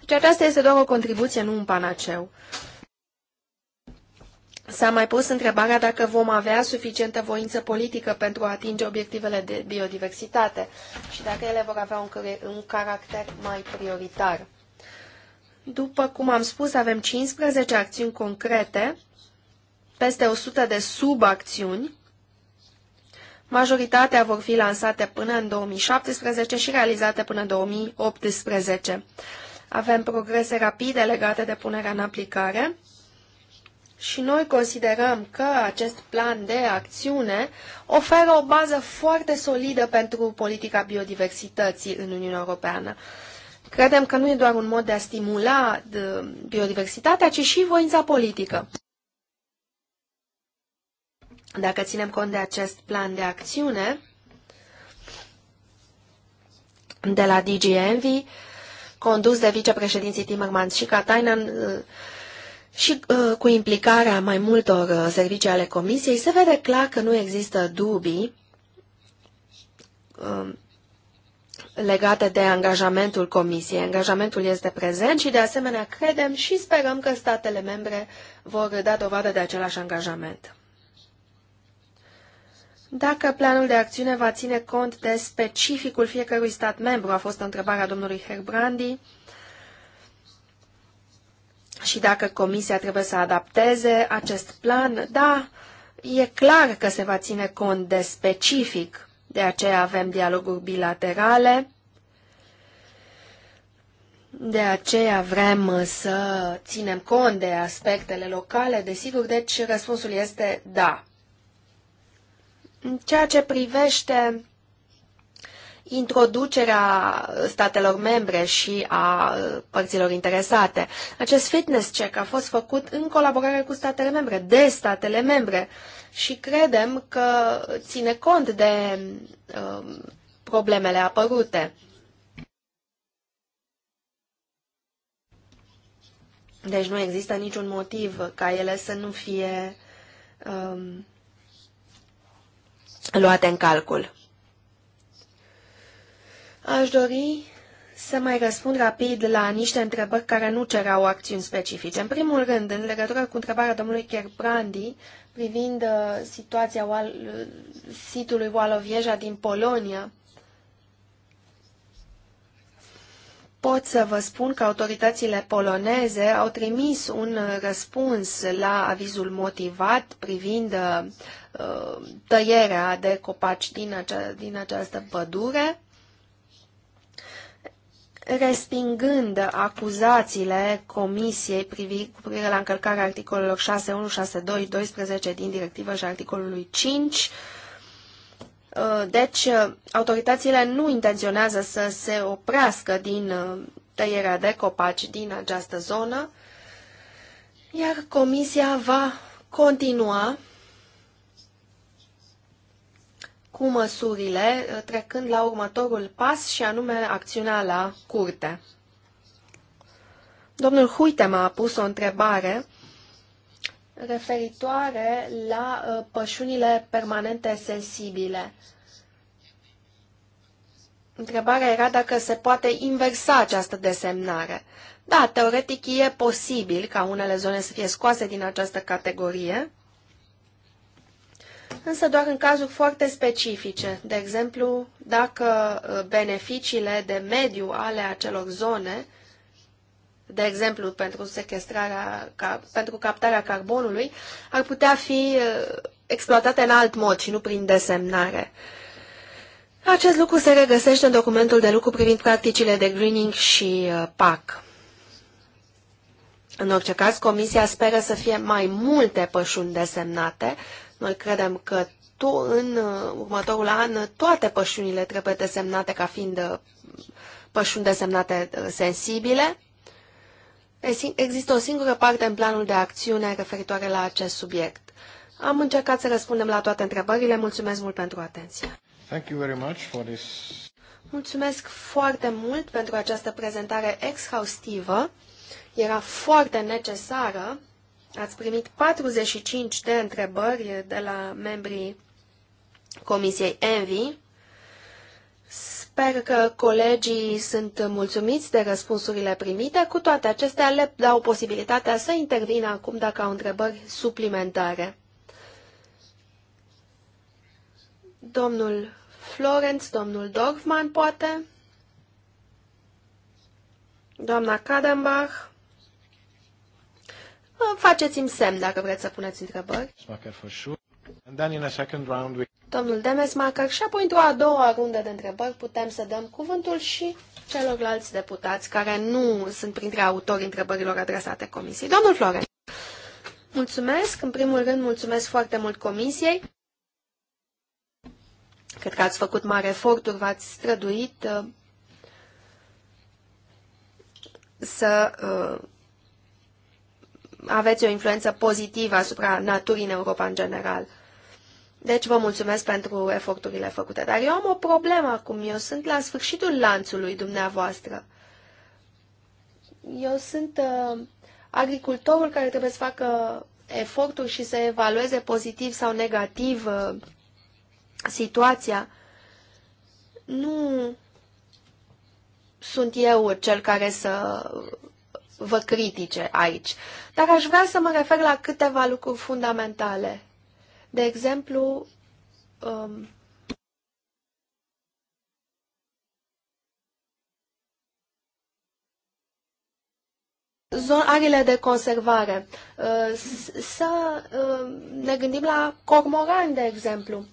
Deci aceasta este doar o contribuție, nu un panaceu. S-a mai pus întrebarea dacă vom avea suficientă voință politică pentru a atinge obiectivele de biodiversitate și dacă ele vor avea un, un caracter mai prioritar. După cum am spus, avem 15 acțiuni concrete, peste 100 de subacțiuni. Majoritatea vor fi lansate până în 2017 și realizate până în 2018. Avem progrese rapide legate de punerea în aplicare și noi considerăm că acest plan de acțiune oferă o bază foarte solidă pentru politica biodiversității în Uniunea Europeană. Credem că nu e doar un mod de a stimula biodiversitatea, ci și voința politică. Dacă ținem cont de acest plan de acțiune, de la DGNV, condus de vicepreședinții Timmermans și Katainen, și uh, cu implicarea mai multor uh, servicii ale comisiei, se vede clar că nu există dubii um, legate de angajamentul comisiei. Angajamentul este prezent și, de asemenea, credem și sperăm că statele membre vor da dovadă de același angajament. Dacă planul de acțiune va ține cont de specificul fiecărui stat membru, a fost întrebarea domnului Herbrandi, uh, și dacă Comisia trebuie să adapteze acest plan, da, e clar că se va ține cont de specific. De aceea avem dialoguri bilaterale, de aceea vrem să ținem cont de aspectele locale, desigur, deci răspunsul este da. În ceea ce privește introducerea statelor membre și a uh, părților interesate. Acest fitness check a fost făcut în colaborare cu statele membre, de statele membre și credem că ține cont de uh, problemele apărute. Deci nu există niciun motiv ca ele să nu fie um, luate în calcul. Aș dori să mai răspund rapid la niște întrebări care nu cerau acțiuni specifice. În primul rând, în legătură cu întrebarea domnului Kerbrandi privind uh, situația uh, sitului Walovieja din Polonia, pot să vă spun că autoritățile poloneze au trimis un răspuns la avizul motivat privind uh, tăierea de copaci din, acea, din această pădure respingând acuzațiile Comisiei privind cu privire la încălcarea articolelor 6.1, 6.2, din directivă și articolului 5. Uh, deci, uh, autoritățile nu intenționează să se oprească din uh, tăierea de copaci din această zonă, iar Comisia va continua cu măsurile, uh, trecând la următorul pas și anume acțiunea la curte. Domnul Huitema a pus o întrebare referitoare la uh, pășunile permanente sensibile. Întrebarea era dacă se poate inversa această desemnare. Da, teoretic e posibil ca unele zone să fie scoase din această categorie, însă doar în cazuri foarte specifice. De exemplu, dacă uh, beneficiile de mediu ale acelor zone, de exemplu pentru sequestrarea, pentru captarea carbonului, ar putea fi uh, exploatate în alt mod și nu prin desemnare. Acest lucru se regăsește în documentul de lucru privind practicile de greening și uh, PAC. În orice caz, Comisia speră să fie mai multe pășuni desemnate, noi credem că tu, în uh, următorul an toate pășunile trebuie desemnate ca fiind uh, pășuni desemnate uh, sensibile. Există o singură parte în planul de acțiune referitoare la acest subiect. Am încercat să răspundem la toate întrebările. Mulțumesc mult pentru atenție. Thank you very much for this. Mulțumesc foarte mult pentru această prezentare exhaustivă. Era foarte necesară Ați primit 45 de întrebări de la membrii Comisiei Envi. Sper că colegii sunt mulțumiți de răspunsurile primite. Cu toate acestea, le dau posibilitatea să intervină acum dacă au întrebări suplimentare. Domnul Florenț, domnul Dorfman, poate? Doamna Kadenbach? faceți-mi semn dacă vreți să puneți întrebări. Domnul Demesmacher și apoi într-o a doua rundă de întrebări putem să dăm cuvântul și celorlalți deputați care nu sunt printre autorii întrebărilor adresate comisiei. Domnul Florent, mulțumesc. În primul rând, mulțumesc foarte mult comisiei. Cred că ați făcut mare eforturi, v-ați străduit uh, să uh, aveți o influență pozitivă asupra naturii în Europa în general. Deci vă mulțumesc pentru eforturile făcute. Dar eu am o problemă acum. Eu sunt la sfârșitul lanțului dumneavoastră. Eu sunt uh, agricultorul care trebuie să facă eforturi și să evalueze pozitiv sau negativ uh, situația. Nu sunt eu cel care să vă critice aici, dar aș vrea să mă refer la câteva lucruri fundamentale. De exemplu, um, arele de conservare. Uh, să uh, ne gândim la cormorani, de exemplu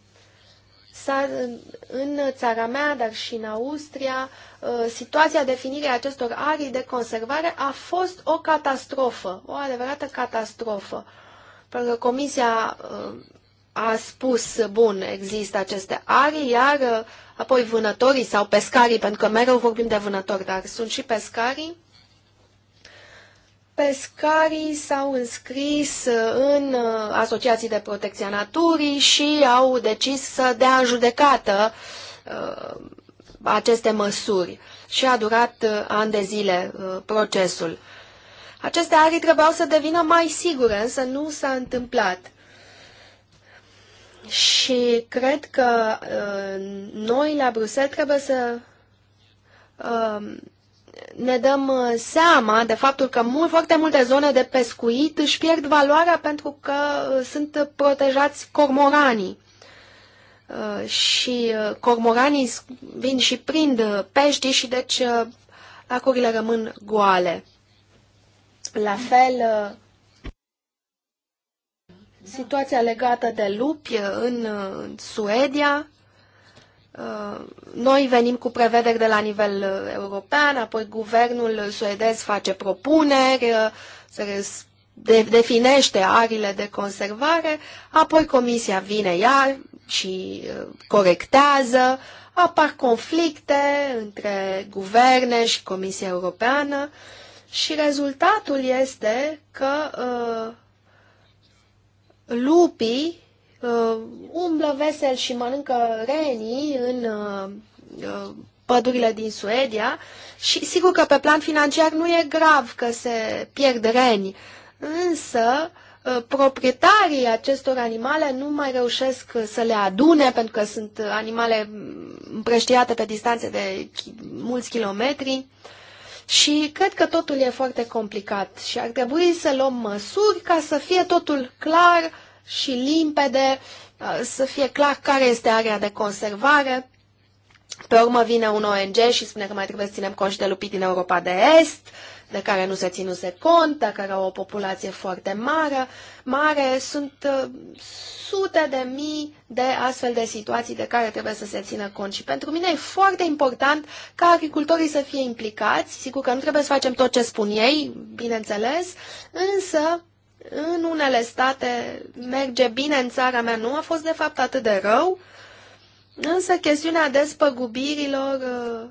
în, în țara mea, dar și în Austria, uh, situația definirii acestor arii de conservare a fost o catastrofă, o adevărată catastrofă. Pentru că Comisia uh, a spus, bun, există aceste arii, iar uh, apoi vânătorii sau pescarii, pentru că mereu vorbim de vânători, dar sunt și pescarii, pescarii s-au înscris uh, în uh, asociații de protecție a naturii și au decis să dea în judecată uh, aceste măsuri și a durat ani de zile procesul. Aceste arii trebuiau să devină mai sigure, însă nu s-a întâmplat. Și cred că uh, noi la Bruxelles trebuie să uh, ne dăm uh, seama de faptul că mult, foarte multe zone de pescuit își pierd valoarea pentru că uh, sunt protejați cormoranii. Uh, și cormoranii vin și prind pești și deci lacurile rămân goale. La fel, situația legată de lupi în Suedia Uh, noi venim cu prevederi de la nivel uh, european, apoi guvernul suedez face propuneri, uh, se definește arile de conservare, apoi comisia vine iar și corectează, apar conflicte între guverne și Comisia Europeană și rezultatul este că uh, lupii uh, umblă vesel și mănâncă renii în uh, uh, pădurile din Suedia și sigur că pe plan financiar nu e grav că se pierd reni, însă uh, proprietarii acestor animale nu mai reușesc să le adune pentru că sunt animale împrăștiate pe distanțe de mulți kilometri. Și cred că totul e foarte complicat și ar trebui să luăm măsuri ca să fie totul clar și limpede, uh, să fie clar care este area de conservare. Pe urmă vine un ONG și spune că mai trebuie să ținem conști de lupii din Europa de Est, de care nu se ținuse cont, de care au o populație foarte mare. mare. Sunt uh, sute de mii de astfel de situații de care trebuie să se țină cont și pentru mine e foarte important ca agricultorii să fie implicați. Sigur că nu trebuie să facem tot ce spun ei, bineînțeles, însă în unele state merge bine, în țara mea nu a fost de fapt atât de rău, însă chestiunea despăgubirilor uh,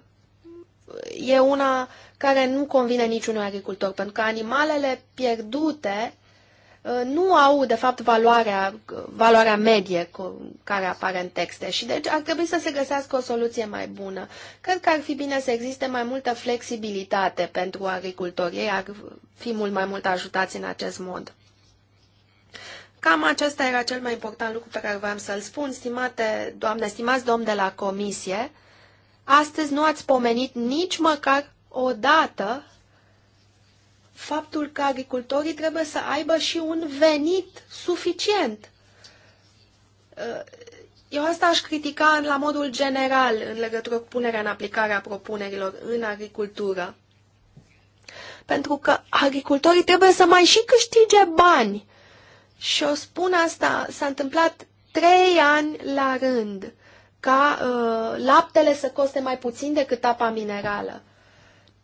e una care nu convine niciunui agricultor, pentru că animalele pierdute Uh, nu au, de fapt, valoarea, valoarea medie cu, care apare în texte și deci ar trebui să se găsească o soluție mai bună. Cred că ar fi bine să existe mai multă flexibilitate pentru agricultori. Ei ar fi mult mai mult ajutați în acest mod. Cam acesta era cel mai important lucru pe care voiam să-l spun, stimate doamne, stimați domn de la comisie. Astăzi nu ați pomenit nici măcar o dată faptul că agricultorii trebuie să aibă și un venit suficient. Uh, eu asta aș critica la modul general în legătură cu punerea în aplicare a propunerilor în agricultură. Pentru că agricultorii trebuie să mai și câștige bani. Și o spun asta, s-a întâmplat trei ani la rând ca uh, laptele să coste mai puțin decât apa minerală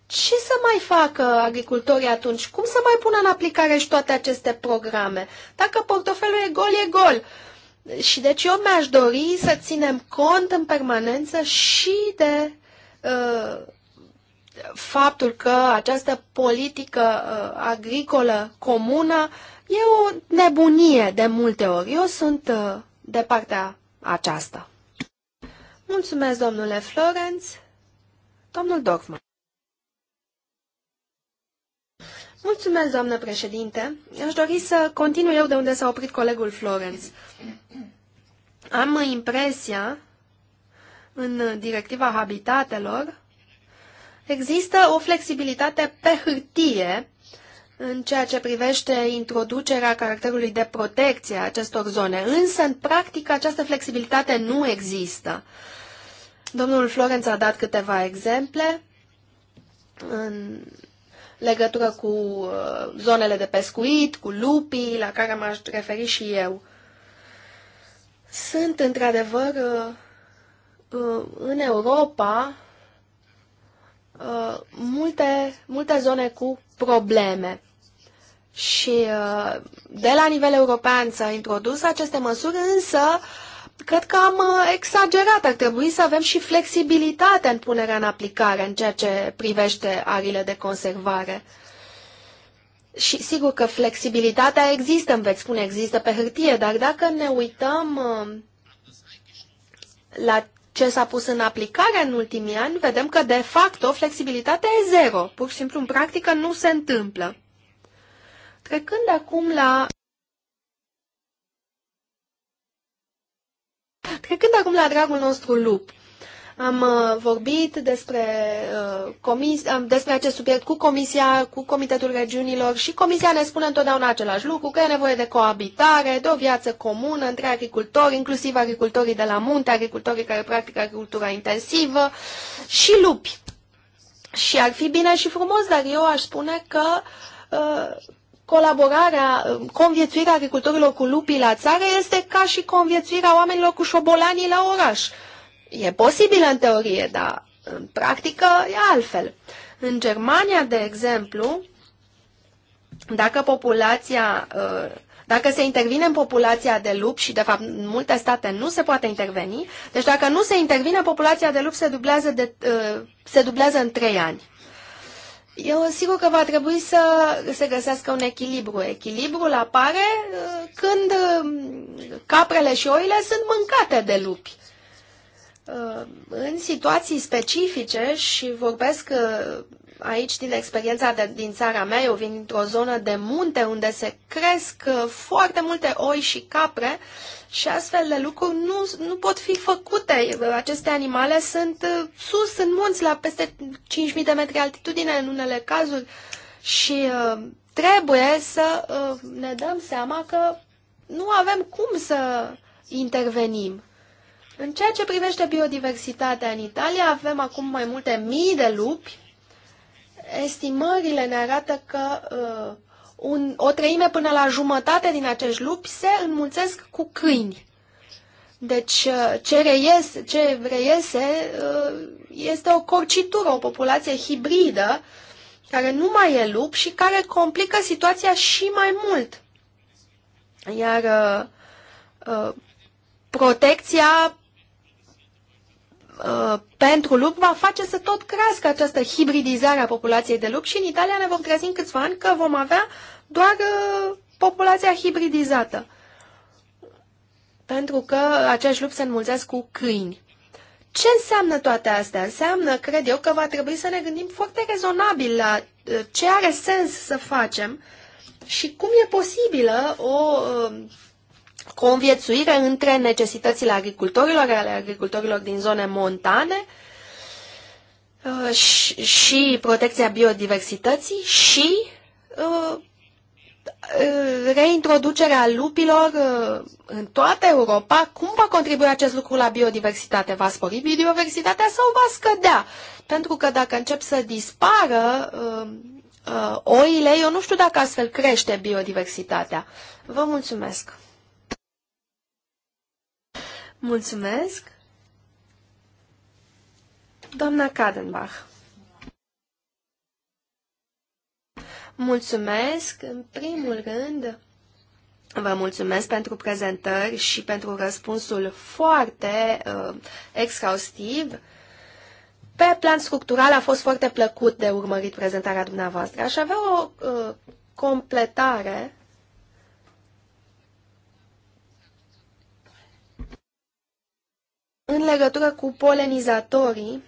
ce să mai facă agricultorii atunci? Cum să mai pună în aplicare și toate aceste programe? Dacă portofelul e gol, e gol. Și deci eu mi-aș dori să ținem cont în permanență și de uh, faptul că această politică uh, agricolă comună e o nebunie de multe ori. Eu sunt uh, de partea aceasta. Mulțumesc, domnule Florenț. Domnul Dorfman. Mulțumesc, doamnă președinte. Aș dori să continui eu de unde s-a oprit colegul Florence. Am impresia, în directiva habitatelor, există o flexibilitate pe hârtie în ceea ce privește introducerea caracterului de protecție a acestor zone, însă, în practică, această flexibilitate nu există. Domnul Florenț a dat câteva exemple în legătură cu uh, zonele de pescuit, cu lupii, la care m-aș referi și eu. Sunt, într-adevăr, uh, uh, în Europa multe, multe zone cu probleme. Și de la nivel european s-au introdus aceste măsuri, însă cred că am uh, exagerat. Ar trebui să avem și flexibilitate în punerea în aplicare în ceea ce privește arile de conservare. Și sigur că flexibilitatea există, îmi veți spune, există pe hârtie, dar dacă ne uităm uh, la ce s-a pus în aplicare în ultimii ani, vedem că, de fapt, o flexibilitate e zero. Pur și simplu, în practică, nu se întâmplă. Trecând acum la Trecând acum la dragul nostru lup, am uh, vorbit despre, uh, comis, uh, despre acest subiect cu Comisia, cu Comitetul Regiunilor și Comisia ne spune întotdeauna același lucru, că e nevoie de coabitare, de o viață comună între agricultori, inclusiv agricultorii de la munte, agricultorii care practică agricultura intensivă și lupi. Și ar fi bine și frumos, dar eu aș spune că uh, colaborarea, conviețuirea agricultorilor cu lupii la țară este ca și conviețuirea oamenilor cu șobolanii la oraș. E posibilă în teorie, dar în practică e altfel. În Germania, de exemplu, dacă populația, ă, dacă se intervine în populația de lup și de fapt în multe state nu se poate interveni, deci dacă nu se intervine, populația de lup se dublează, de, ă, se dublează în trei ani. Eu sigur că va trebui să se găsească un echilibru. Echilibrul apare uh, când um, caprele și oile sunt mâncate de lupi. Uh, în situații specifice, și vorbesc uh, aici din experiența de, din țara mea, eu vin într o zonă de munte unde se cresc foarte multe oi și capre și astfel de lucruri nu, nu pot fi făcute. Aceste animale sunt uh, sus, în munți, la peste 5.000 de metri altitudine în unele cazuri. Și uh, trebuie să uh, ne dăm seama că nu avem cum să intervenim. În ceea ce privește biodiversitatea în Italia, avem acum mai multe mii de lupi. Estimările ne arată că uh, un, o treime până la jumătate din acești lupi se înmulțesc cu câini. Deci uh, ce reiese, ce uh, reiese este o corcitură, o populație hibridă care nu mai e lup și care complică situația și mai mult. Iar uh, protecția pentru lup va face să tot crească această hibridizare a populației de lup și în Italia ne vom trezi în câțiva ani că vom avea doar uh, populația hibridizată. Pentru că acești lupi se înmulțesc cu câini. Ce înseamnă toate astea? Înseamnă, cred eu, că va trebui să ne gândim foarte rezonabil la uh, ce are sens să facem și cum e posibilă o uh, conviețuire între necesitățile agricultorilor, ale agricultorilor din zone montane și protecția biodiversității și Eh, reintroducerea lupilor eh, în toată Europa, cum va contribui acest lucru la biodiversitate? Va spori biodiversitatea sau va scădea? Pentru că dacă încep să dispară uh, oile, eu nu știu dacă astfel crește biodiversitatea. Vă mulțumesc! Mulțumesc! Doamna Kadenbach. Mulțumesc, în primul rând, vă mulțumesc pentru prezentări și pentru răspunsul foarte uh, exhaustiv. Pe plan structural a fost foarte plăcut de urmărit prezentarea dumneavoastră. Aș avea o uh, completare în legătură cu polenizatorii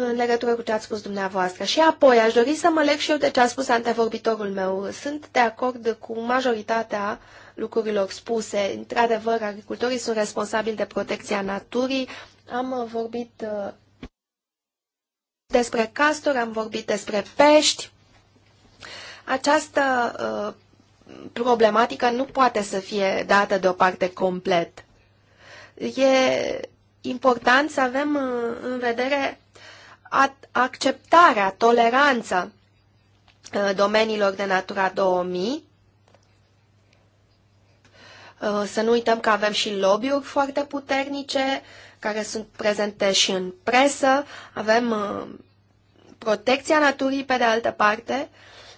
în legătură cu ce ați spus dumneavoastră. Și apoi, aș dori să mă leg și eu de ce a spus antevorbitorul meu. Sunt de acord cu majoritatea lucrurilor spuse. Într-adevăr, agricultorii sunt responsabili de protecția naturii. Am vorbit uh, despre castor, am vorbit despre pești. Această uh, problematică nu poate să fie dată deoparte complet. E important să avem uh, în vedere acceptarea, toleranța uh, domeniilor de Natura 2000. Uh, să nu uităm că avem și lobby-uri foarte puternice care sunt prezente și în presă. Avem uh, protecția naturii pe de altă parte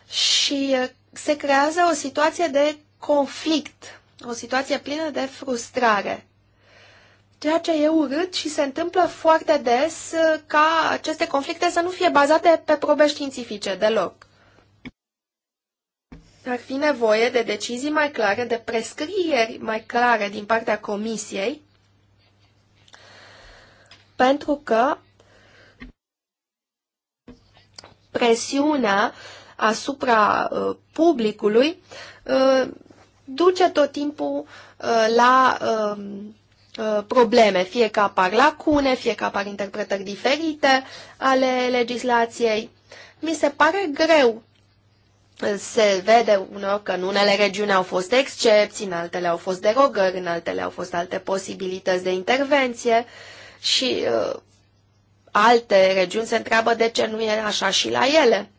și se creează o situație de conflict, o situație plină de frustrare. Ceea ce e urât și se întâmplă foarte des uh, ca aceste conflicte să nu fie bazate pe probe științifice deloc. Ar fi nevoie de decizii mai clare, de prescrieri mai clare din partea comisiei, pentru că presiunea asupra uh, publicului uh, duce tot timpul uh, la um, Uh, probleme, fie că apar lacune, fie că apar interpretări diferite ale legislației. Mi se pare greu. Se vede uneori că în unele regiuni au fost excepții, în altele au fost derogări, în altele au fost alte posibilități de intervenție și uh, alte regiuni se întreabă de ce nu e așa și la ele.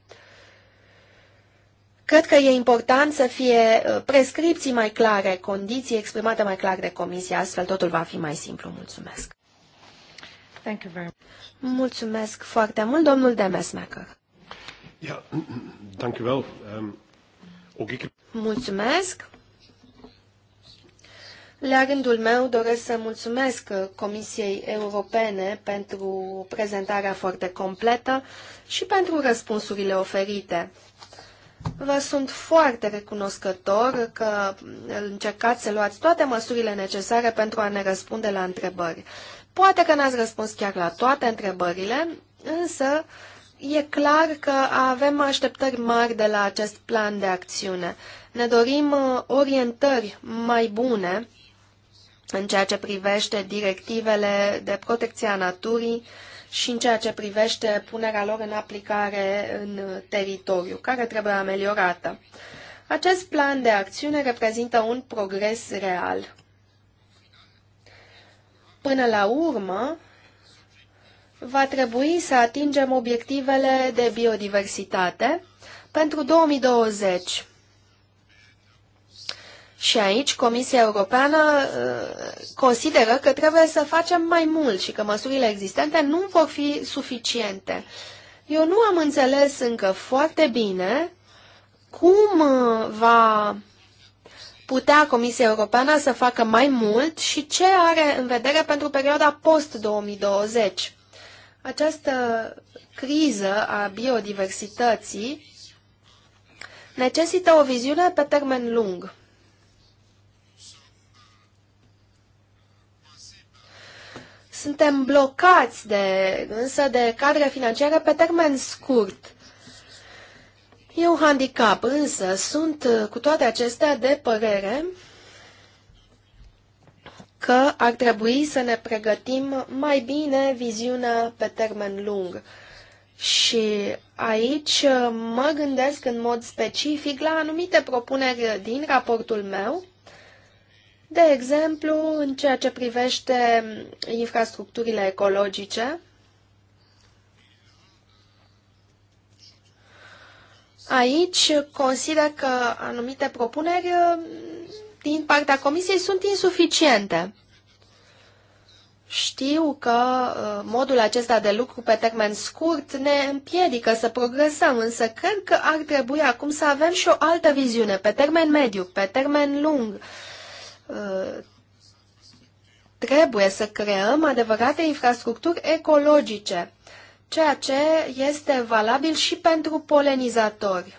Cred că e important să fie uh, prescripții mai clare, condiții exprimate mai clar de comisie, astfel totul va fi mai simplu. Mulțumesc. Thank you very much. Mulțumesc foarte mult, domnul Demesmaker. Yeah, thank you well. um, okay. Mulțumesc. La rândul meu doresc să mulțumesc Comisiei Europene pentru prezentarea foarte completă și pentru răspunsurile oferite. Vă sunt foarte recunoscător că încercați să luați toate măsurile necesare pentru a ne răspunde la întrebări. Poate că n-ați răspuns chiar la toate întrebările, însă e clar că avem așteptări mari de la acest plan de acțiune. Ne dorim uh, orientări mai bune în ceea ce privește directivele de protecție a naturii, și în ceea ce privește punerea lor în aplicare în teritoriu, care trebuie ameliorată. Acest plan de acțiune reprezintă un progres real. Până la urmă, va trebui să atingem obiectivele de biodiversitate pentru 2020 și aici Comisia Europeană uh, consideră că trebuie să facem mai mult și că măsurile existente nu vor fi suficiente. Eu nu am înțeles încă foarte bine cum uh, va putea Comisia Europeană să facă mai mult și ce are în vedere pentru perioada post-2020. Această criză a biodiversității necesită o viziune pe termen lung. Suntem blocați de, însă de cadre financiare pe termen scurt. E un handicap, însă sunt uh, cu toate acestea de părere că ar trebui să ne pregătim mai bine viziunea pe termen lung. Și aici uh, mă gândesc în mod specific la anumite propuneri din raportul meu de exemplu, în ceea ce privește infrastructurile ecologice, aici consider că anumite propuneri mm, din partea Comisiei sunt insuficiente. Știu că uh, modul acesta de lucru pe termen scurt ne împiedică să progresăm, însă cred că ar trebui acum să avem și o altă viziune, pe termen mediu, pe termen lung, trebuie să creăm adevărate infrastructuri ecologice, ceea ce este valabil și pentru polenizatori.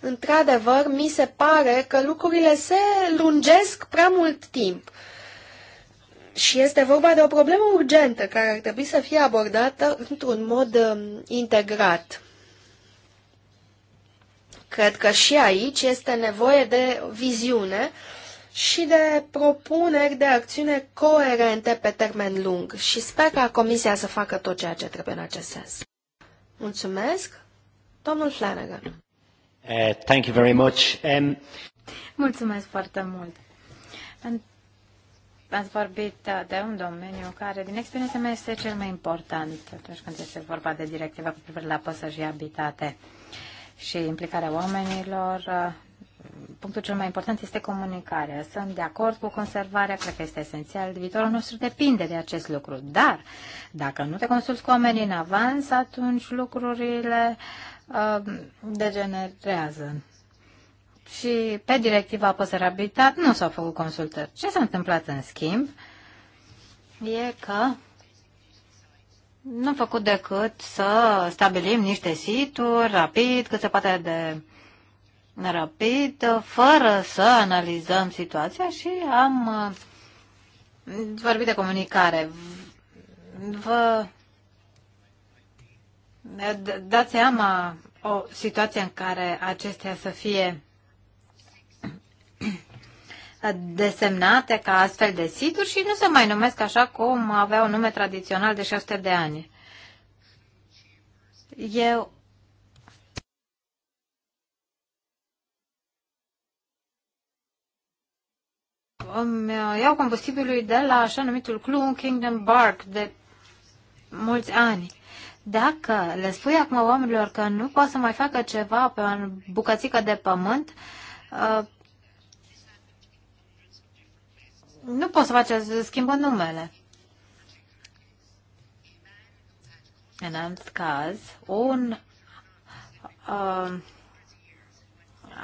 Într-adevăr, mi se pare că lucrurile se lungesc prea mult timp. Și este vorba de o problemă urgentă care ar trebui să fie abordată într-un mod um, integrat. Cred că și aici este nevoie de viziune și de propuneri de acțiune coerente pe termen lung și sper ca Comisia să facă tot ceea ce trebuie în acest sens. Mulțumesc, domnul Flanagan. Uh, thank you very much. Um... Mulțumesc foarte mult. Ați vorbit uh, de un domeniu care, din experiența mea, este cel mai important atunci când este vorba de directiva cu privire la păsări și habitate și implicarea oamenilor. Punctul cel mai important este comunicarea. Sunt de acord cu conservarea, cred că este esențial. Viitorul nostru depinde de acest lucru. Dar, dacă nu te consulți cu oamenii în avans, atunci lucrurile uh, degenerează. Și pe directiva păsări nu s-au făcut consultări. Ce s-a întâmplat în schimb e că nu am făcut decât să stabilim niște situri rapid, cât se poate de rapid, fără să analizăm situația și am uh, vorbit de comunicare. Vă dați seama o situație în care acestea să fie desemnate ca astfel de situri și nu se mai numesc așa cum aveau nume tradițional de 600 de ani. Eu îmi iau combustibilul de la așa numitul Clun Kingdom Bark de mulți ani. Dacă le spui acum oamenilor că nu poate să mai facă ceva pe o bucățică de pământ, nu poți să faci să schimbă numele. În alt caz, un uh,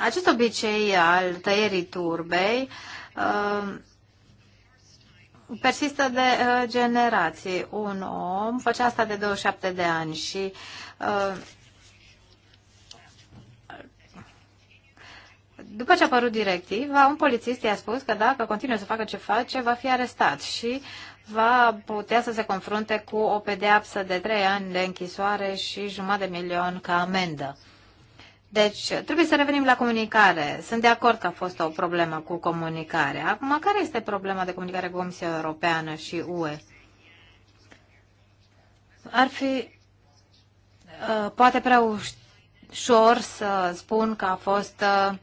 acest obicei al tăierii turbei uh, persistă de uh, generații. Un om face asta de 27 de ani și uh, după ce a apărut directiva, un polițist i-a spus că dacă continuă să facă ce face, va fi arestat și va putea să se confrunte cu o pedeapsă de trei ani de închisoare și jumătate de milion ca amendă. Deci, trebuie să revenim la comunicare. Sunt de acord că a fost o problemă cu comunicarea. Acum, care este problema de comunicare cu Comisia Europeană și UE? Ar fi uh, poate prea ușor să spun că a fost uh,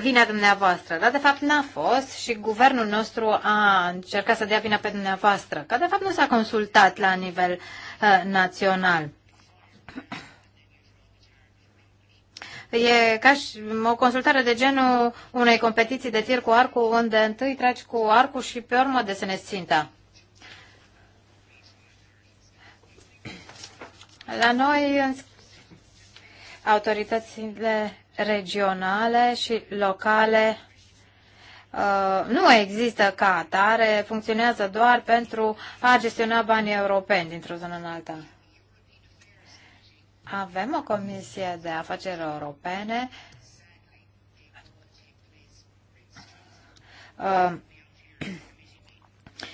vina dumneavoastră. Dar de fapt n-a fost și guvernul nostru a încercat să dea vina pe dumneavoastră, că de fapt nu s-a consultat la nivel uh, național. E ca și o consultare de genul unei competiții de tir cu arcul, unde întâi tragi cu arcul și pe urmă ne ținta. La noi, autoritățile regionale și locale uh, nu există ca atare, funcționează doar pentru a gestiona banii europeni dintr-o zonă în alta. Avem o comisie de afaceri europene uh,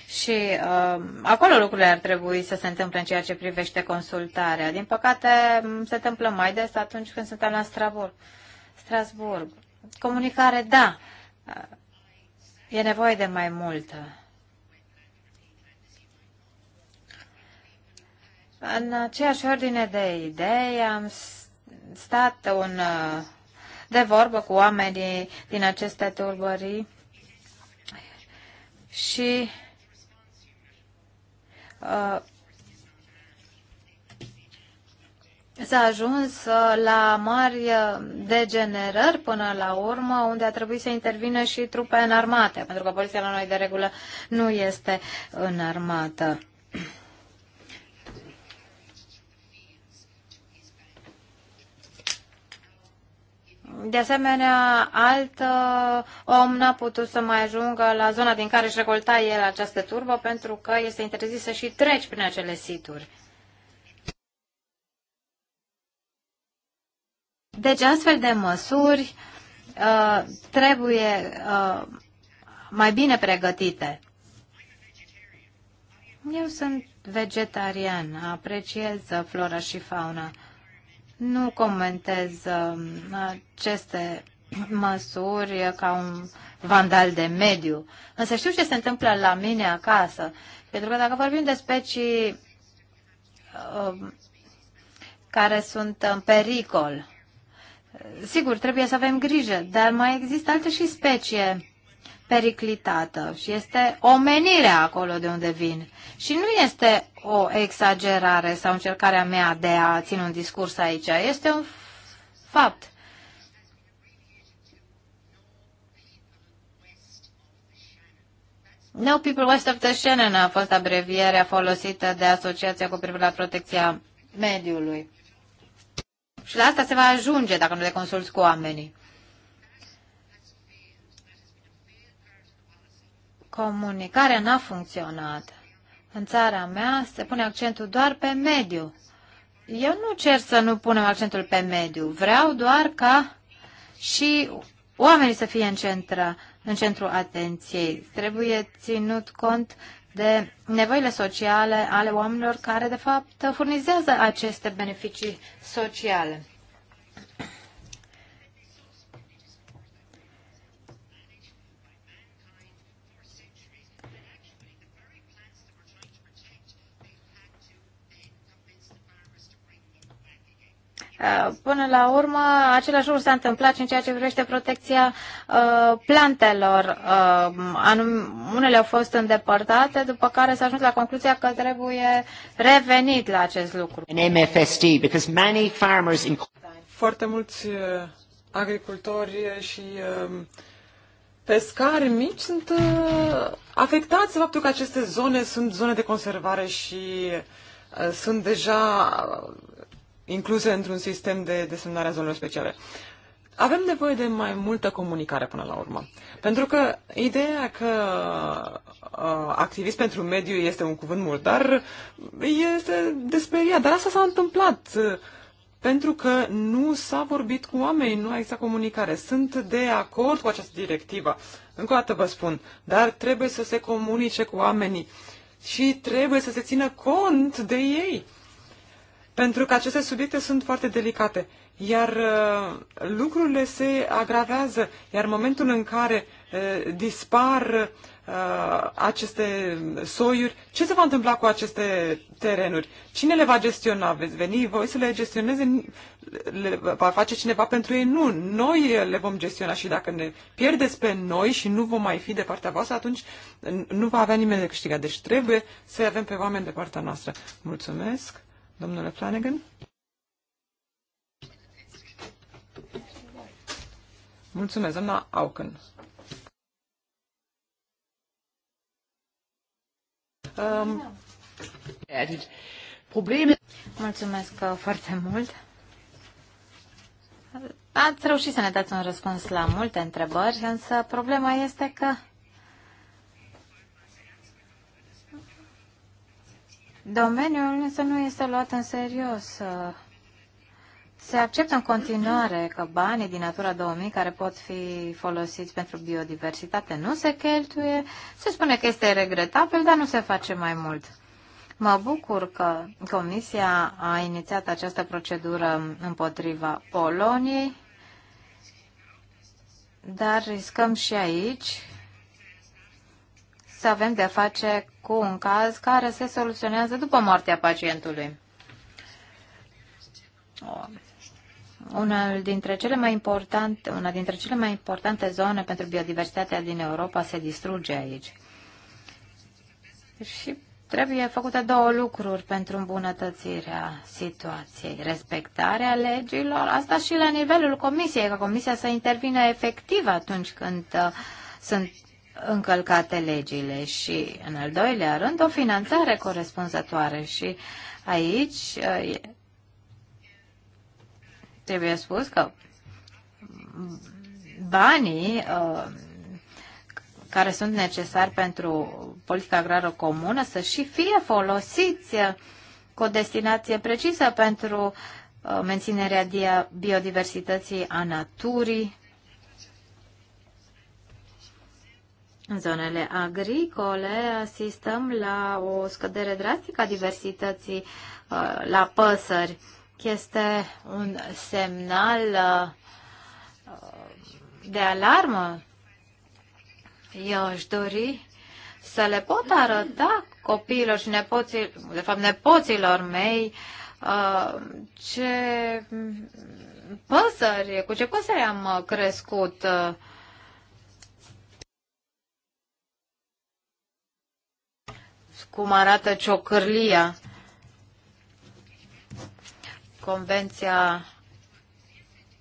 și uh, acolo lucrurile ar trebui să se întâmple în ceea ce privește consultarea. Din păcate, se întâmplă mai des atunci când suntem la Strasbourg. Strasburg. Comunicare, da, e nevoie de mai multă. În aceeași ordine de idei am stat un, de vorbă cu oamenii din aceste turbării și uh, s-a ajuns uh, la mari uh, degenerări până la urmă, unde a trebuit să intervină și trupe înarmate, pentru că poliția la noi de regulă nu este înarmată. De asemenea, alt uh, om n-a putut să mai ajungă la zona din care își recolta el această turbă pentru că este interzis să și treci prin acele situri. Deci astfel de măsuri uh, trebuie uh, mai bine pregătite. Eu sunt vegetarian, apreciez flora și fauna. Nu comentez um, aceste măsuri ca un vandal de mediu. Însă știu ce se întâmplă la mine acasă. Pentru că dacă vorbim de specii um, care sunt în pericol, Sigur, trebuie să avem grijă, dar mai există altă și specie periclitată și este omenirea acolo de unde vin. Și nu este o exagerare sau încercarea mea de a ține un discurs aici, este un fapt. No People West of the Shannon a fost abrevierea folosită de asociația cu privire la protecția mediului. Și la asta se va ajunge dacă nu le consulți cu oamenii. Comunicarea n-a funcționat. În țara mea se pune accentul doar pe mediu. Eu nu cer să nu punem accentul pe mediu. Vreau doar ca și oamenii să fie în, centru, în centrul atenției. Trebuie ținut cont de nevoile sociale ale oamenilor care, de fapt, furnizează aceste beneficii sociale. Uh, până la urmă, același lucru s-a întâmplat și în ceea ce privește protecția uh, plantelor. Uh, unele au fost îndepărtate, după care s-a ajuns la concluzia că trebuie revenit la acest lucru. MFSD, Foarte mulți agricultori și um, pescari mici sunt afectați de faptul că aceste zone sunt zone de conservare și sunt deja incluse într-un sistem de desemnare a zonelor speciale. Avem nevoie de mai multă comunicare până la urmă. Pentru că ideea că uh, activist pentru mediu este un cuvânt murdar este desperiat. Dar asta s-a întâmplat. Uh, pentru că nu s-a vorbit cu oamenii, nu a existat comunicare. Sunt de acord cu această directivă, încă o dată vă spun, dar trebuie să se comunice cu oamenii și trebuie să se țină cont de ei pentru că aceste subiecte sunt foarte delicate, iar uh, lucrurile se agravează, iar momentul în care uh, dispar uh, aceste soiuri, ce se va întâmpla cu aceste terenuri? Cine le va gestiona? Veți veni voi să le gestioneze? Le va face cineva pentru ei? Nu, noi le vom gestiona și dacă ne pierdeți pe noi și nu vom mai fi de partea voastră, atunci nu va avea nimeni de câștigat. Deci trebuie să avem pe oameni de partea noastră. Mulțumesc! domnule Flanagan. Mulțumesc, doamna Auken. Um, probleme. Mulțumesc uh, foarte mult. Ați reușit să ne dați un răspuns la multe întrebări, însă problema este că Domeniul însă nu este luat în serios. Se acceptă în continuare că banii din Natura 2000 care pot fi folosiți pentru biodiversitate nu se cheltuie. Se spune că este regretabil, dar nu se face mai mult. Mă bucur că Comisia a inițiat această procedură împotriva Poloniei, dar riscăm și aici să avem de face cu un caz care se soluționează după moartea pacientului. Una dintre cele mai importante, una dintre cele mai importante zone pentru biodiversitatea din Europa se distruge aici. Și trebuie făcute două lucruri pentru îmbunătățirea situației. Respectarea legilor, asta și la nivelul comisiei, ca comisia să intervină efectiv atunci când uh, sunt încălcate legile și, în al doilea rând, o finanțare corespunzătoare și aici eh, trebuie spus că banii eh, care sunt necesari pentru politica agrară comună să și fie folosiți eh, cu o destinație precisă pentru menținerea biodiversității a naturii În zonele agricole asistăm la o scădere drastică a diversității uh, la păsări. Este un semnal uh, uh, de alarmă. Eu aș dori să le pot arăta copiilor și nepoții, de fapt nepoților mei, ce păsări, cu ce păsări am crescut. cum arată ciocârlia. Convenția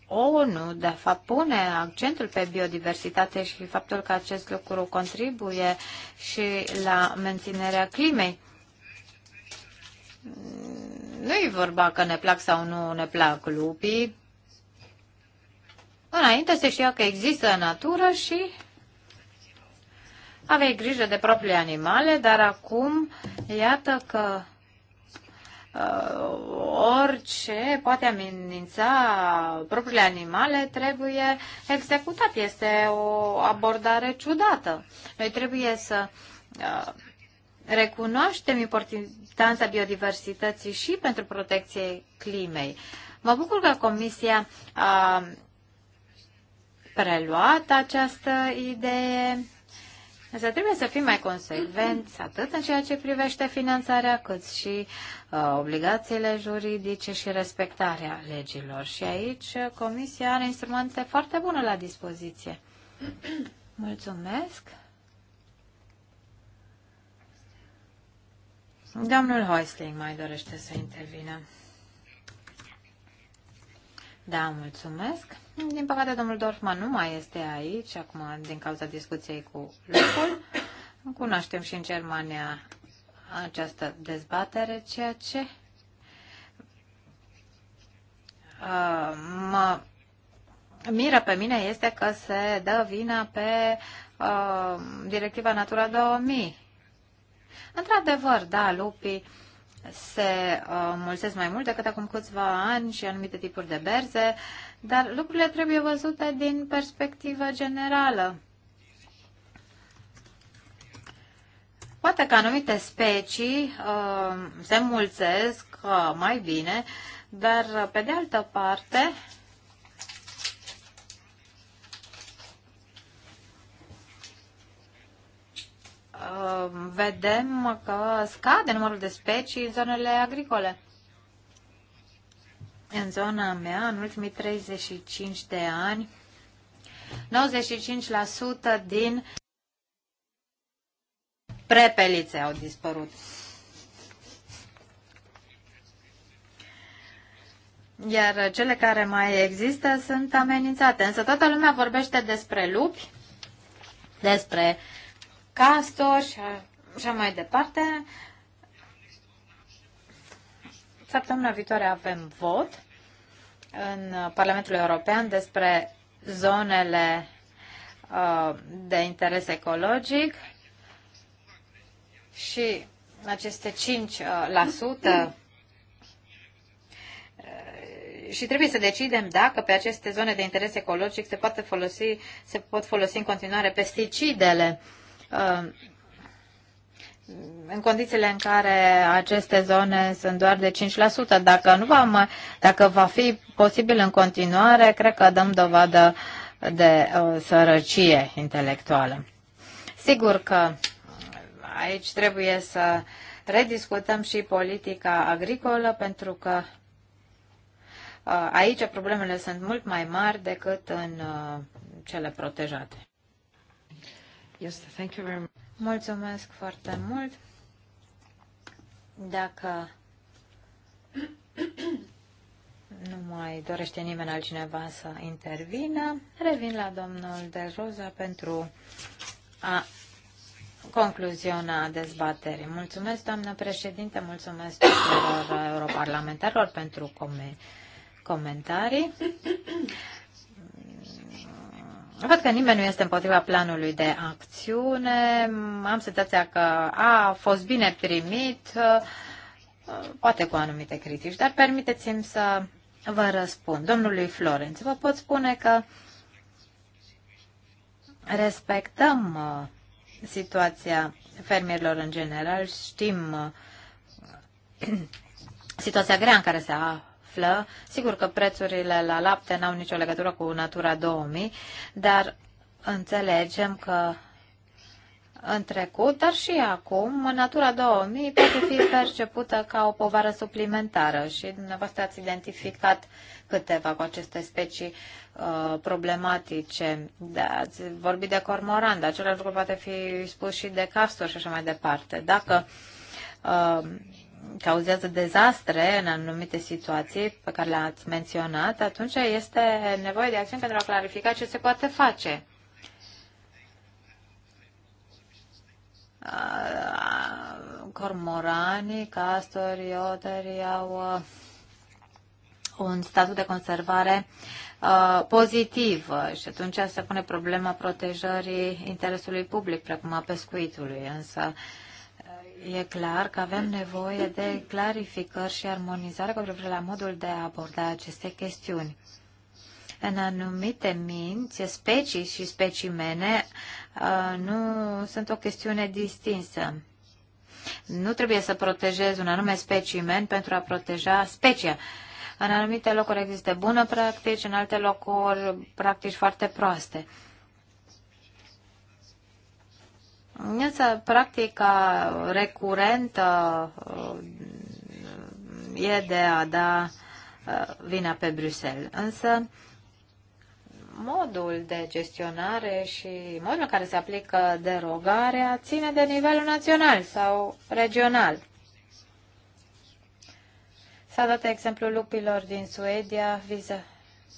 ONU, de fapt, pune accentul pe biodiversitate și faptul că acest lucru contribuie și la menținerea climei. Nu e vorba că ne plac sau nu ne plac lupii. Înainte se știa că există natură și aveai grijă de propriile animale, dar acum iată că uh, orice poate amenința propriile animale trebuie executat. Este o abordare ciudată. Noi trebuie să uh, recunoaștem importanța biodiversității și pentru protecție climei. Mă bucur că Comisia a preluat această idee Însă trebuie să fim mai consecvenți atât în ceea ce privește finanțarea, cât și uh, obligațiile juridice și respectarea legilor. Și aici uh, Comisia are instrumente foarte bune la dispoziție. [CLEARS THROAT] Mulțumesc! Domnul Hoisling mai dorește să intervină. Da, mulțumesc. Din păcate, domnul Dorfman nu mai este aici, acum, din cauza discuției cu locul. Cunoaștem și în Germania această dezbatere, ceea ce uh, mă miră pe mine este că se dă vina pe uh, directiva Natura 2000. Într-adevăr, da, lupii se uh, mulțesc mai mult decât acum câțiva ani și anumite tipuri de berze uh, dar lucrurile trebuie văzute din perspectivă generală. Poate că anumite specii uh, se mulțesc uh, mai bine, dar uh, pe de altă parte uh, vedem că scade numărul de specii în zonele agricole. În zona mea, în ultimii 35 de ani, 95% din prepelițe au dispărut. Iar cele care mai există sunt amenințate. Însă toată lumea vorbește despre lupi, despre castori și așa mai departe, Săptămâna viitoare avem vot în Parlamentul European despre zonele uh, de interes ecologic și aceste 5% uh, uh, și trebuie să decidem dacă pe aceste zone de interes ecologic se, poate folosi, se pot folosi în continuare pesticidele în condițiile în care aceste zone sunt doar de 5%, dacă, nu va, mai, dacă va fi posibil în continuare, cred că dăm dovadă de uh, sărăcie intelectuală. Sigur că aici trebuie să rediscutăm și politica agricolă, pentru că uh, aici problemele sunt mult mai mari decât în uh, cele protejate. Yes, thank you very much. Mulțumesc foarte mult. Dacă nu mai dorește nimeni altcineva să intervină, revin la domnul de Roza pentru a concluziona dezbaterii. Mulțumesc, doamnă președinte, mulțumesc tuturor europarlamentarilor pentru comentarii. Văd că nimeni nu este împotriva planului de acțiune. Am senzația că a fost bine primit, poate cu anumite critici, dar permiteți-mi să vă răspund. Domnului Florenț, vă pot spune că respectăm uh, situația fermierilor în general, știm uh, [CLEARS THROAT] situația grea în care se află. Sigur că prețurile la lapte n-au nicio legătură cu Natura 2000, dar înțelegem că în trecut, dar și acum, Natura 2000 poate fi percepută ca o povară suplimentară și dumneavoastră ați identificat câteva cu aceste specii uh, problematice. Da, ați vorbit de cormoran, dar același lucru poate fi spus și de castor și așa mai departe. Dacă uh, cauzează dezastre în anumite situații pe care le-ați menționat, atunci este nevoie de acțiuni pentru a clarifica ce se poate face. Uh, Cormoranii, castori, oterii au uh, un statut de conservare uh, pozitiv și atunci se pune problema protejării interesului public, precum a pescuitului. Însă, uh, e clar că avem nevoie de clarificări și armonizare cu privire la modul de a aborda aceste chestiuni. În anumite minți, specii și specimene uh, nu sunt o chestiune distinsă. Nu trebuie să protejezi un anume specimen pentru a proteja specia. În anumite locuri există bună practici, în alte locuri practici foarte proaste. Însă practica recurentă uh, e de a da uh, vina pe Bruxelles. Însă modul de gestionare și modul în care se aplică derogarea ține de nivelul național sau regional. S-a dat exemplul lupilor din Suedia, viză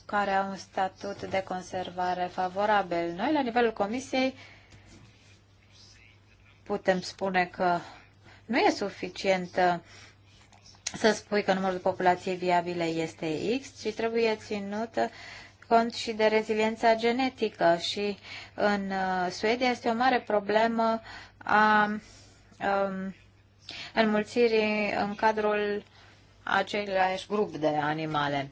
care au un statut de conservare favorabil. Noi, la nivelul Comisiei, putem spune că nu e suficient uh, să spui că numărul de populație viabile este X, ci trebuie ținut cont și de reziliența genetică. Și în uh, Suedia este o mare problemă a um, înmulțirii în cadrul aceleași grup de animale.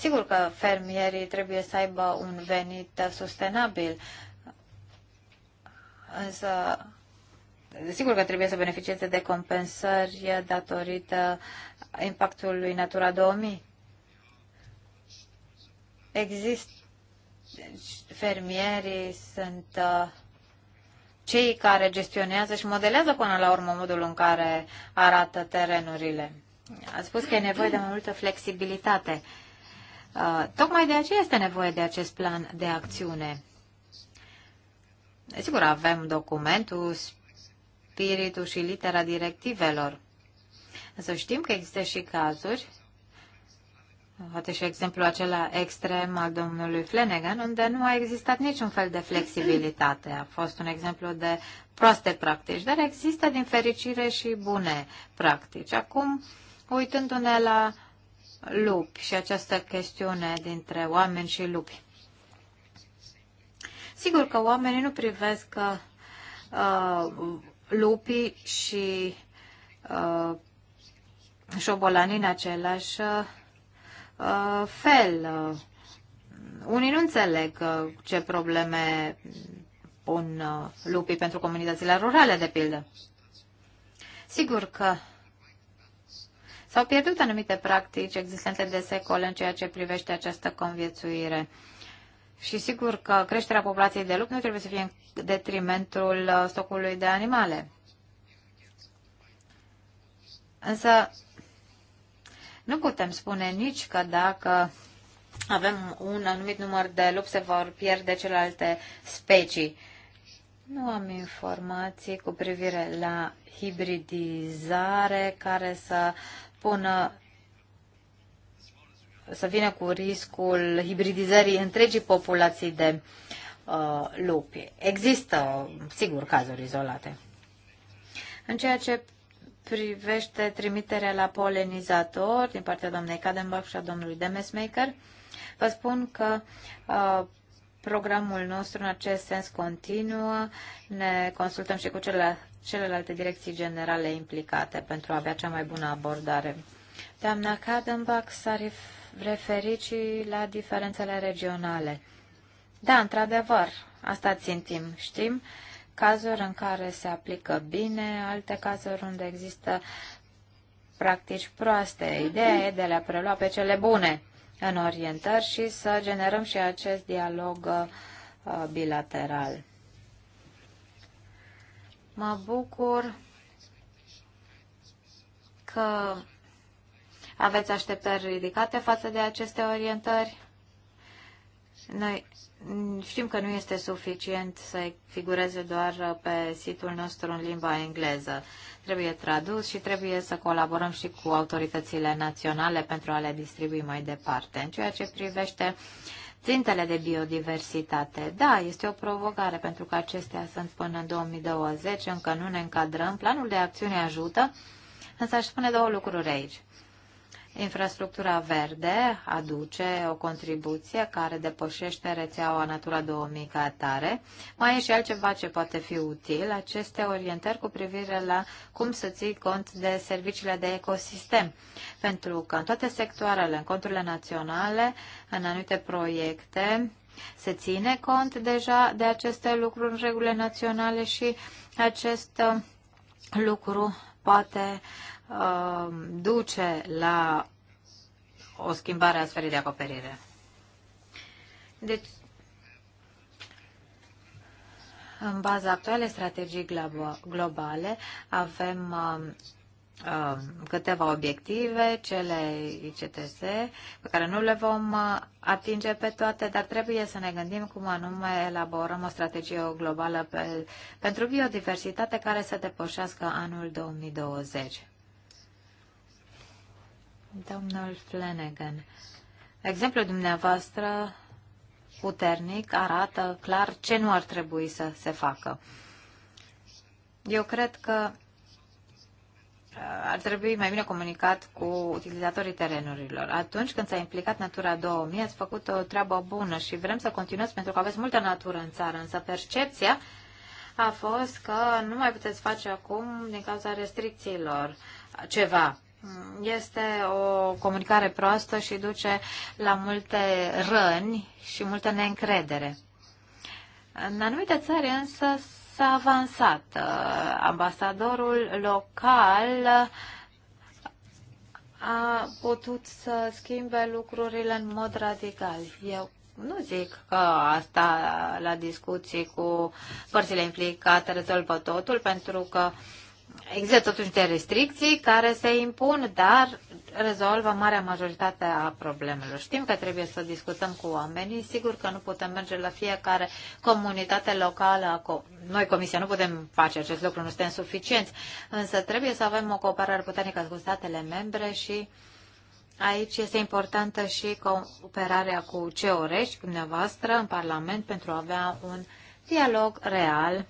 Sigur că fermierii trebuie să aibă un venit sustenabil, însă sigur că trebuie să beneficieze de compensări datorită impactului Natura 2000. Există fermierii sunt uh, cei care gestionează și modelează până la urmă modul în care arată terenurile. A spus că e nevoie de mai multă flexibilitate. Uh, tocmai de aceea este nevoie de acest plan de acțiune. Sigur, avem documentul, spiritul și litera directivelor. Însă știm că există și cazuri, poate și exemplu acela extrem al domnului Flanagan, unde nu a existat niciun fel de flexibilitate. A fost un exemplu de proaste practici, dar există din fericire și bune practici. Acum, uitându-ne la lupi și această chestiune dintre oameni și lupi. Sigur că oamenii nu privesc uh, lupii și uh, șobolanii în același uh, fel. unii nu înțeleg uh, ce probleme pun uh, lupii pentru comunitățile rurale, de pildă. Sigur că S-au pierdut anumite practici existente de secole în ceea ce privește această conviețuire. Și sigur că creșterea populației de lup nu trebuie să fie în detrimentul uh, stocului de animale. Însă nu putem spune nici că dacă avem un anumit număr de lup se vor pierde celelalte specii. Nu am informații cu privire la hibridizare care să până să vină cu riscul hibridizării întregii populații de uh, lupi. Există, sigur, cazuri izolate. În ceea ce privește trimiterea la polenizator din partea doamnei Cadenbach și a domnului Demesmaker, vă spun că uh, programul nostru în acest sens continuă. Ne consultăm și cu celelalte celelalte direcții generale implicate pentru a avea cea mai bună abordare. Doamna Kadenbach s-a referit și la diferențele regionale. Da, într-adevăr, asta țintim. Știm cazuri în care se aplică bine, alte cazuri unde există practici proaste. Ideea e de a le prelua pe cele bune în orientări și să generăm și acest dialog uh, bilateral. Mă bucur că aveți așteptări ridicate față de aceste orientări. Noi știm că nu este suficient să figureze doar pe site-ul nostru în limba engleză. Trebuie tradus și trebuie să colaborăm și cu autoritățile naționale pentru a le distribui mai departe. În ceea ce privește uh, țintele de biodiversitate. Da, este o provocare pentru că acestea sunt până în 2020, încă nu ne încadrăm. Planul de acțiune ajută, însă aș spune două lucruri aici. Infrastructura verde aduce o contribuție care depășește rețeaua Natura 2000 ca atare. Mai e și altceva ce poate fi util, aceste orientări cu privire la cum să ții cont de serviciile de ecosistem. Pentru că în toate sectoarele, în conturile naționale, în anumite proiecte, se ține cont deja de aceste lucruri în regulile naționale și acest uh, lucru poate Uh, duce la o schimbare a sferei de acoperire. Deci, în baza actuale strategii globale, avem um, um, câteva obiective, cele ICTS, pe care nu le vom uh, atinge pe toate, dar trebuie să ne gândim cum anume elaborăm o strategie globală pe, pentru biodiversitate care să depășească anul 2020. Domnul Flanagan, exemplul dumneavoastră puternic arată clar ce nu ar trebui să se facă. Eu cred că uh, ar trebui mai bine comunicat cu utilizatorii terenurilor. Atunci când s-a implicat Natura 2000, ați făcut o treabă bună și vrem să continuați pentru că aveți multă natură în țară, însă percepția a fost că nu mai puteți face acum din cauza restricțiilor ceva. Este o comunicare proastă și duce la multe răni și multă neîncredere. În anumite țări însă s-a avansat. Ambasadorul local a putut să schimbe lucrurile în mod radical. Eu nu zic că asta la discuții cu părțile implicate rezolvă totul, pentru că uh, Există totuși de restricții care se impun, dar rezolvă marea majoritate a problemelor. Știm că trebuie să discutăm cu oamenii, sigur că nu putem merge la fiecare comunitate locală. Noi, Comisia, nu putem face acest lucru, nu suntem suficienți, însă trebuie să avem o cooperare puternică cu statele membre și aici este importantă și cooperarea cu CEORE și dumneavoastră în Parlament pentru a avea un dialog real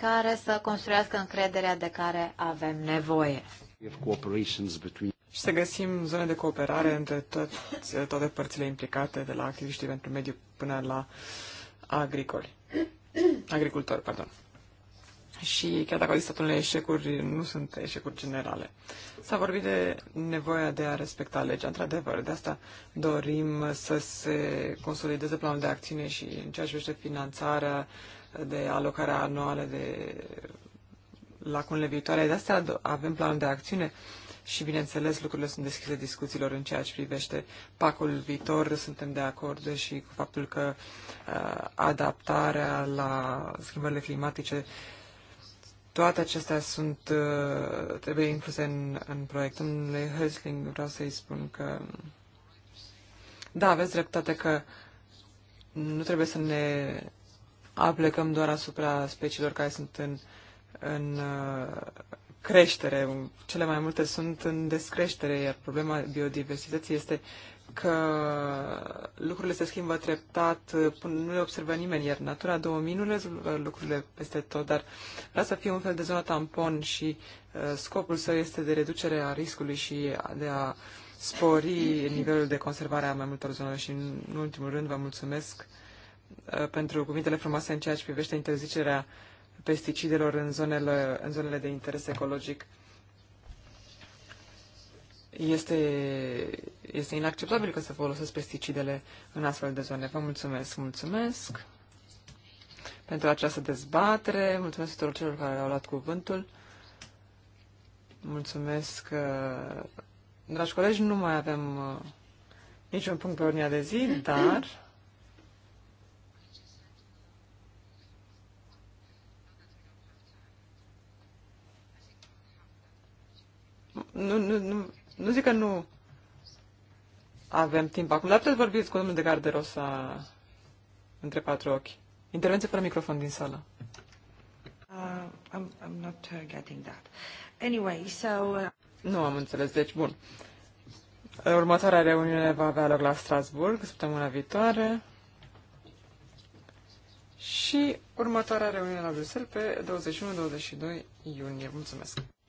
care să construiască încrederea de care avem nevoie. Și să găsim zone de cooperare între toți, toate părțile implicate, de la activiștii pentru mediu până la agricoli. Agricultori, pardon. Și chiar dacă au existat unele eșecuri, nu sunt eșecuri generale. S-a vorbit de nevoia de a respecta legea, într-adevăr. De asta dorim să se consolideze planul de acțiune și în ceea ce privește finanțarea, de alocarea anuală de lacunele viitoare. De asta avem planul de acțiune și, bineînțeles, lucrurile sunt deschise discuțiilor în ceea ce privește pacul viitor. Suntem de acord și cu faptul că uh, adaptarea la schimbările climatice, toate acestea sunt, uh, trebuie incluse în, în proiect. Domnule Hösling, vreau să-i spun că, da, aveți dreptate că nu trebuie să ne aplecăm doar asupra speciilor care sunt în, în uh, creștere. Cele mai multe sunt în descreștere, iar problema biodiversității este că lucrurile se schimbă treptat, uh, nu le observă nimeni, iar Natura 2000 nu lucrurile peste tot, dar vrea să fie un fel de zonă tampon și uh, scopul său este de reducere a riscului și de a spori nivelul de conservare a mai multor zone și, în ultimul rând, vă mulțumesc Uh, pentru cuvintele frumoase în ceea ce privește interzicerea pesticidelor în zonele, în zonele de interes ecologic. Este, este inacceptabil că se folosesc pesticidele în astfel de zone. Vă mulțumesc, mulțumesc pentru această dezbatere, mulțumesc tuturor celor care au luat cuvântul, mulțumesc, uh, dragi colegi, nu mai avem uh, niciun punct pe ordinea de zi, dar... nu, nu, nu, nu zic că nu avem timp acum, dar puteți vorbiți cu domnul de Garderosa între patru ochi. Intervenție fără microfon din sală. Uh, I'm, I'm not uh, getting that. Anyway, so... Uh... Nu am înțeles, deci bun. Următoarea reuniune va avea loc la Strasburg săptămâna viitoare și următoarea reuniune la Bruxelles pe 21-22 iunie. Mulțumesc!